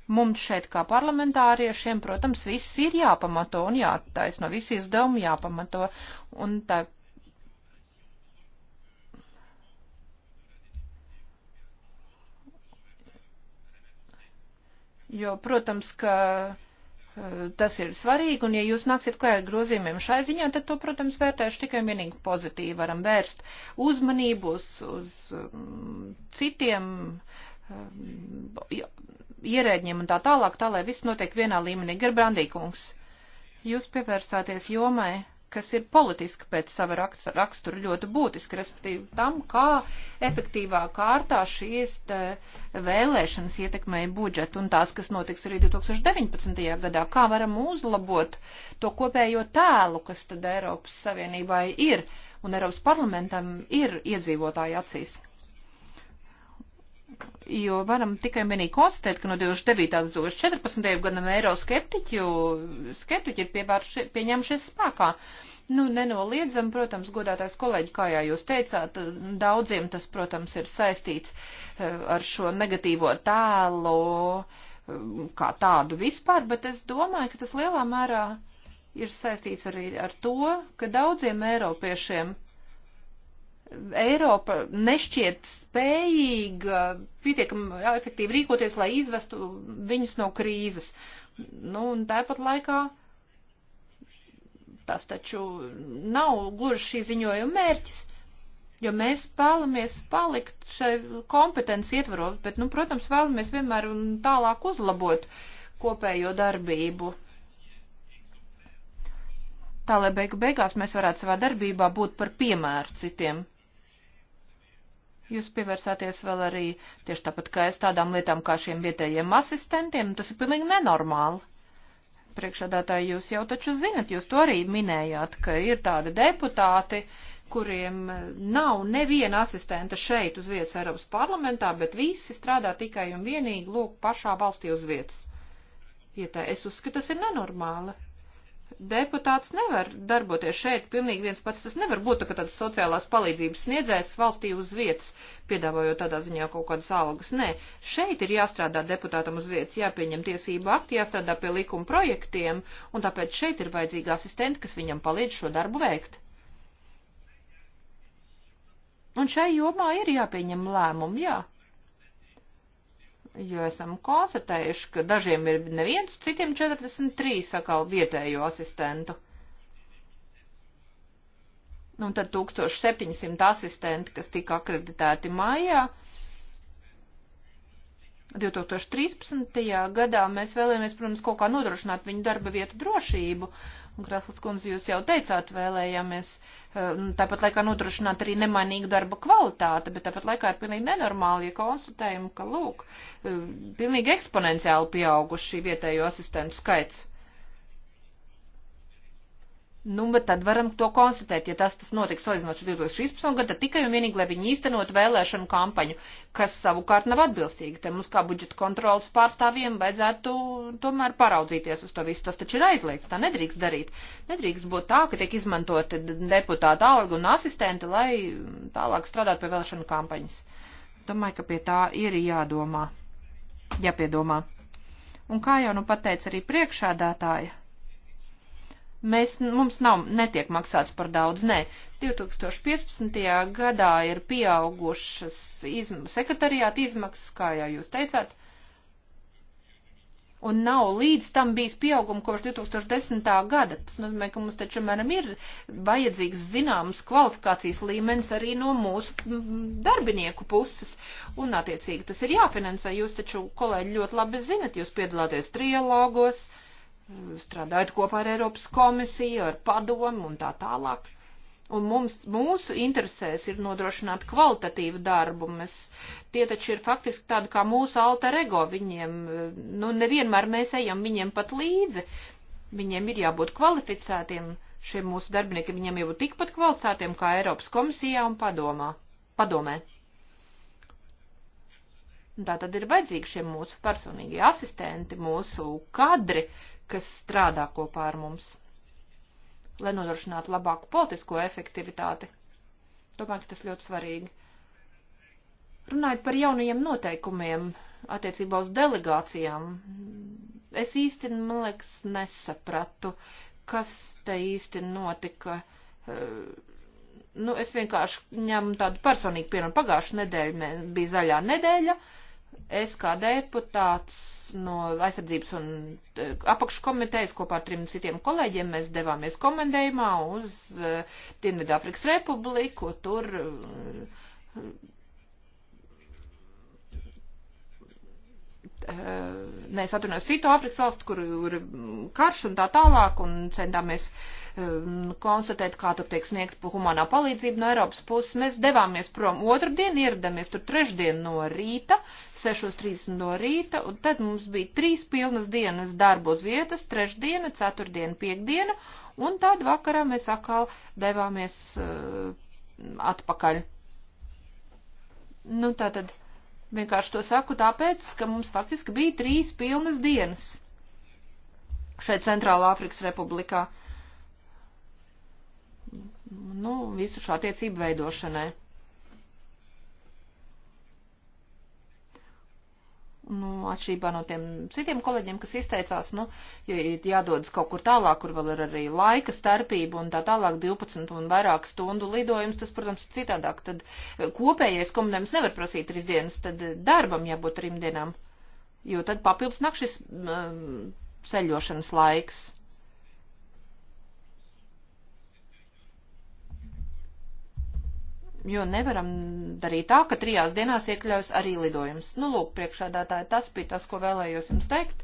Mums šeit kā parlamentāriešiem, protams, viss ir jāpamato un jātaisno, visi izdevumi jāpamato. Un tā Jo, protams, ka e, tas ir svarīgi, un ja jūs nāksiet klāt ar grozījumiem šai ziņā, tad to, protams, vērtēšu tikai un vienīgi pozitīvi. Varam vērst uzmanību uz, uz mm, citiem e, ierēģiem un tā tālāk, tā lai viss notiek vienā līmenī. Gerbrandīkungs, jūs pievērsāties jomai, kas ir politiski pēc sava rakstura ļoti būtiski, respektīvi tam, kā efektīvā kārtā šīs vēlēšanas ietekmēja budžetu un tās, kas notiks arī 2019. gadā, kā varam uzlabot to kopējo tēlu, kas tad Eiropas Savienībai ir un Eiropas parlamentam ir iedzīvotāju acīs jo varam tikai un vienīgi konstatēt, ka no 2009. līdz 2014. gadam eiroskeptiķu skeptiķi ir pievērši, pieņemšies spēkā. Nu, nenoliedzam, protams, godātais kolēģi, kā jā jūs teicāt, daudziem tas, protams, ir saistīts eh, ar šo negatīvo tēlu eh, kā tādu vispār, bet es domāju, ka tas lielā mērā ir saistīts arī ar to, ka daudziem eiropiešiem Eiropa nešķiet spējīga pietiekami efektīvi rīkoties, lai izvestu viņus no krīzes. Nu, un tāpat laikā tas taču nav gluži šī ziņojuma mērķis, jo mēs vēlamies palikt šai kompetenci ietvaros, bet, nu, protams, vēlamies vienmēr un tālāk uzlabot kopējo darbību. Tā, lai beigu beigās mēs varētu savā darbībā būt par piemēru citiem. Jūs pievērsāties vēl arī tieši tāpat kā es tādām lietām kā šiem vietējiem asistentiem. Tas ir pilnīgi nenormāli. Priekšādātāji, jūs jau taču zinat, jūs to arī minējāt, ka ir tādi deputāti, kuriem nav neviena asistenta šeit uz vietas Eiropas parlamentā, bet visi strādā tikai un vienīgi lūk pašā valstī uz vietas. Ja tā, es uzskatu, tas ir nenormāli deputāts nevar darboties šeit pilnīgi viens pats. Tas nevar būt, ka tāds sociālās palīdzības sniedzējs valstī uz vietas, piedāvājot tādā ziņā kaut kādas algas. Nē, šeit ir jāstrādā deputātam uz vietas, jāpieņem tiesība akti, jāstrādā pie likuma projektiem, un tāpēc šeit ir vajadzīga asistenta, kas viņam palīdz šo darbu veikt. Un šai jomā ir jāpieņem lēmumi, jā jo esam konstatējuši, ka dažiem ir neviens, citiem 43 atkal vietējo asistentu. Nu, tad 1700 asistenti, kas tika akreditēti mājā. 2013. gadā mēs vēlamies, protams, kaut kā nodrošināt viņu darba vietu drošību, uh, Grāslas kundze, jūs jau teicāt, vēlējamies eh, tāpat laikā nodrošināt arī nemainīgu darba kvalitāti, bet tāpat laikā ir pilnīgi nenormāli, ja konstatējam, ka, lūk, eh, pilnīgi eksponenciāli pieauguši vietējo asistentu skaits. Nu, bet tad varam to konstatēt, ja tas, tas notiks salīdzinot ar 2016. gadu, tad tikai un vienīgi, lai viņi īstenot vēlēšanu kampaņu, kas savukārt nav atbilstīga. Te mums kā budžeta kontrolas pārstāvjiem vajadzētu tomēr paraudzīties uz to visu. Tas taču ir aizliegts, tā nedrīkst darīt. Nedrīkst būt tā, ka tiek izmantoti deputāta alga un asistenti, lai tālāk strādātu pie vēlēšanu kampaņas. Domāju, ka pie tā ir jādomā, jāpiedomā. Un kā jau nu pateica arī priekšādātāja Mēs, mums nav, netiek maksāts par daudz, nē. 2015. gadā ir pieaugušas izm sekretariāta izmaksas, kā jau jūs teicāt, un nav līdz tam bijis pieauguma kopš 2010. gada. Tas nozīmē, ka mums taču, mēram, ir vajadzīgs zināms kvalifikācijas līmenis arī no mūsu darbinieku puses, un attiecīgi tas ir jāfinansē. Jūs taču, kolēģi, ļoti labi zinat, jūs piedalāties trialogos. Uh, strādājot kopā ar Eiropas komisiju, ar padomu un tā tālāk. Un mums, mūsu interesēs ir nodrošināt kvalitatīvu darbu. Mēs, tie taču ir faktiski tādi kā mūsu alter ego. Viņiem, nu, nevienmēr mēs ejam viņiem pat līdzi. Viņiem ir jābūt kvalificētiem, šiem mūsu darbiniekiem, viņiem jābūt tikpat kvalificētiem kā Eiropas komisijā un padomā, padomē. Un tā tad ir vajadzīgi šie mūsu personīgie asistenti, mūsu kadri, uh, kas strādā kopā ar mums, lai nodrošinātu labāku politisko efektivitāti. Domāju, ka tas ļoti svarīgi. Runājot par jaunajiem noteikumiem attiecībā uz delegācijām, es īsti, man liekas, nesapratu, kas te īsti notika. Eh, nu, es vienkārši ņemu tādu personīgu piemēru. Pagājušā nedēļa bija zaļā nedēļa, uh, es kā deputāts no aizsardzības un e, apakškomitejas kopā ar trim citiem kolēģiem mēs devāmies komendējumā uz e, Dienvidāfrikas republiku, tur e, nē, eh, es atvainojos citu Āfrikas valstu, kur ir karš un tā tālāk, un centāmies um, konstatēt, kā tur tiek sniegta humanā palīdzība no Eiropas puses. Mēs devāmies prom otrdien, ieradāmies tur trešdien no rīta, 6.30 no rīta, un tad mums bija trīs pilnas dienas darbos vietas, trešdiena, ceturtdiena, piekdiena, un tad vakarā mēs atkal devāmies uh, atpakaļ. Nu, tā tad. Vienkārši to saku tāpēc, ka mums faktiski bija trīs pilnas dienas šeit Centrālā Afrikas Republikā. Nu, visu šo attiecību veidošanai. Nu, atšķirībā no tiem citiem kolēģiem, kas izteicās, nu, ja jādodas kaut kur tālāk, kur vēl ir arī laika starpība un tā tālāk 12 un vairāk stundu lidojums, tas, protams, ir citādāk. Tad eh, kopējais komunējums nevar prasīt trīs dienas, tad eh, darbam jābūt trim dienām, jo tad papildus nāk šis um, eh, ceļošanas laiks. jo nevaram darīt tā, ka trijās dienās iekļaus arī lidojums. Nu, lūk, priekšādātāji, tas bija tas, ko vēlējos jums teikt.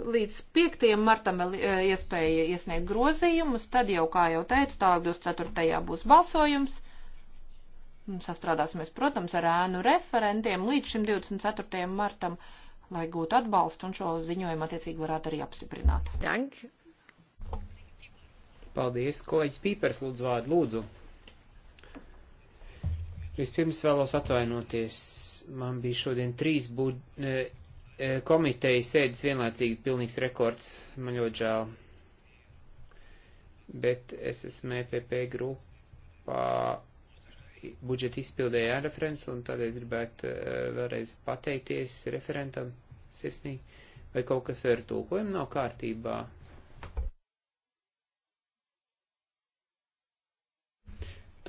Līdz 5. martam vēl e, iespēja iesniegt grozījumus, tad jau, kā jau teicu, tālāk 24. būs balsojums. Sastrādāsimies, protams, ar ēnu referentiem līdz šim 24. martam, lai gūtu atbalstu un šo ziņojumu attiecīgi varētu arī apstiprināt. Dank. Paldies, kolēģis Pīpers, lūdzu vārdu, lūdzu. Vispirms vēlos atvainoties, man bija šodien trīs bud, e, e, komiteja sēdes vienlaicīgi pilnīgs rekords, man ļoti žēl. Bet es esmu EPP grupā budžeta izpildēja referents, un tad es gribētu e, vēlreiz pateikties referentam sirsnīgi, vai kaut kas ar tūkojumu nav kārtībā.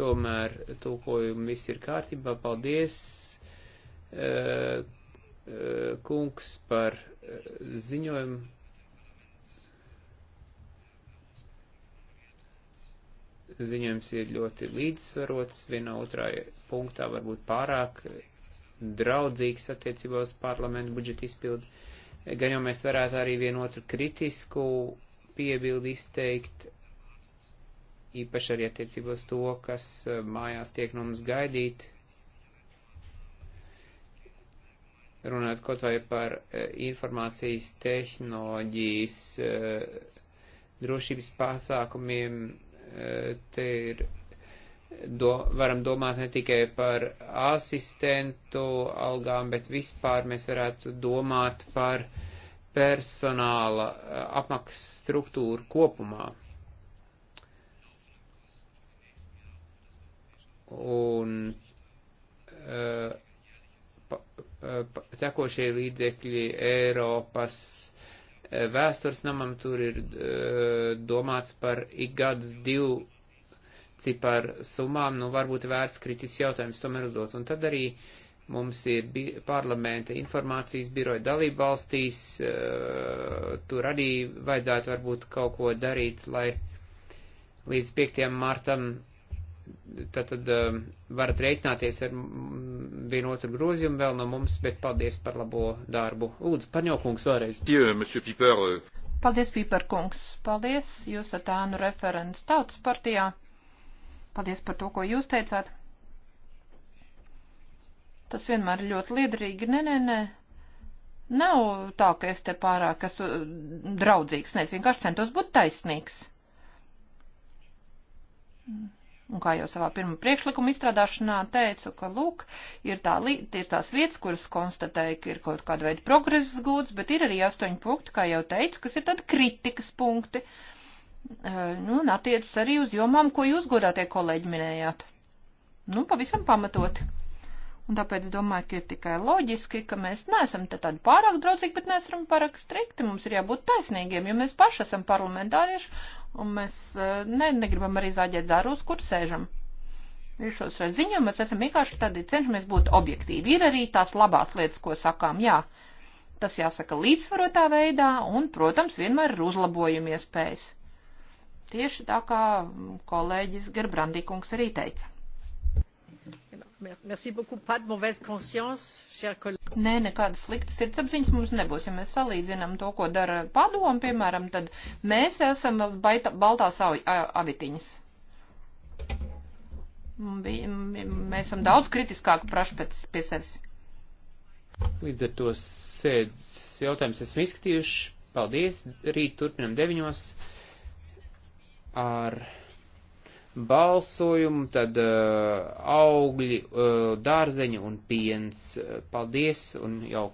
Tomēr tulkojumi viss ir kārtībā. Paldies, uh, uh, kungs, par uh, ziņojumu. Ziņojums ir ļoti līdzsvarots, vienā otrā punktā varbūt pārāk draudzīgs attiecībā uz parlamentu budžetu izpildu. Gan jau mēs varētu arī vienotru kritisku piebildi izteikt īpaši arī attiecībā uz to, kas eh, mājās tiek no mums gaidīt. Runāt kaut vai par eh, informācijas tehnoloģijas eh, drošības pasākumiem, te ir, do, varam domāt ne tikai par asistentu algām, bet vispār mēs varētu domāt par personāla apmaksas struktūru kopumā un uh, pa, eh, pa, tekošie līdzekļi Eiropas eh, vēstures namam tur ir uh, domāts par ik gads divu ciparu summām, nu varbūt vērts kritisks jautājums tomēr uzdot. Un tad arī mums ir bi parlamenta informācijas biroja dalība valstīs, uh, tur arī vajadzētu varbūt kaut ko darīt, lai līdz 5. martam Tātad um, varat rēķināties ar mm, vienotru grozījumu vēl no mums, bet paldies par labo darbu. Lūdzu, paņaukungs vēlreiz. Euh. Paldies, Pīper kungs. Paldies, jūs esat ēnu referents tautas partijā. Paldies par to, ko jūs teicāt. Tas vienmēr ir ļoti liederīgi. Nē, nē, nē. Nav tā, ka es te pārāk esmu mm, draudzīgs. Nē, es vienkārši centos būt taisnīgs. Mm. Un kā jau savā pirmā priekšlikuma izstrādāšanā teicu, ka, lūk, ir, tā, ir tās vietas, kuras konstatēja, ka ir kaut kāda veida progresas gūts, bet ir arī astoņi punkti, kā jau teicu, kas ir tādi kritikas punkti. Nu, un attiecas arī uz jomām, ko jūs godātie kolēģi minējāt. Nu, pavisam pamatoti. Un tāpēc domāju, ka ir tikai loģiski, ka mēs neesam te tādi pārāk draudzīgi, bet neesam pārāk strikti. Mums ir jābūt taisnīgiem, jo mēs paši esam parlamentārieši un mēs e, ne, negribam arī zaģēt zārus, kur sēžam. Ir šos ziņojumus, mēs esam vienkārši tādi cenšamies būt objektīvi. Ir arī tās labās lietas, ko sakām, jā. Tas jāsaka līdzsvarotā veidā un, protams, vienmēr ir uzlabojumi iespējas. Tieši tā kā kolēģis Gerbrandīkungs arī teica. Merci beaucoup, pas de mauvaise conscience, cher collègue. Nē, nekādas sliktas sirdsapziņas mums nebūs. Ja mēs salīdzinām to, ko dara padomu, piemēram, tad mēs esam vēl baita, baltās avitiņas. Mēs esam daudz kritiskāki praši pēc pie sevis. Līdz ar to sēdz jautājums esmu izskatījuši. Paldies. Rīt turpinam deviņos ar balsojumu, tad uh, augļi, uh, dārzeņi un piens. Eh, paldies un jauku!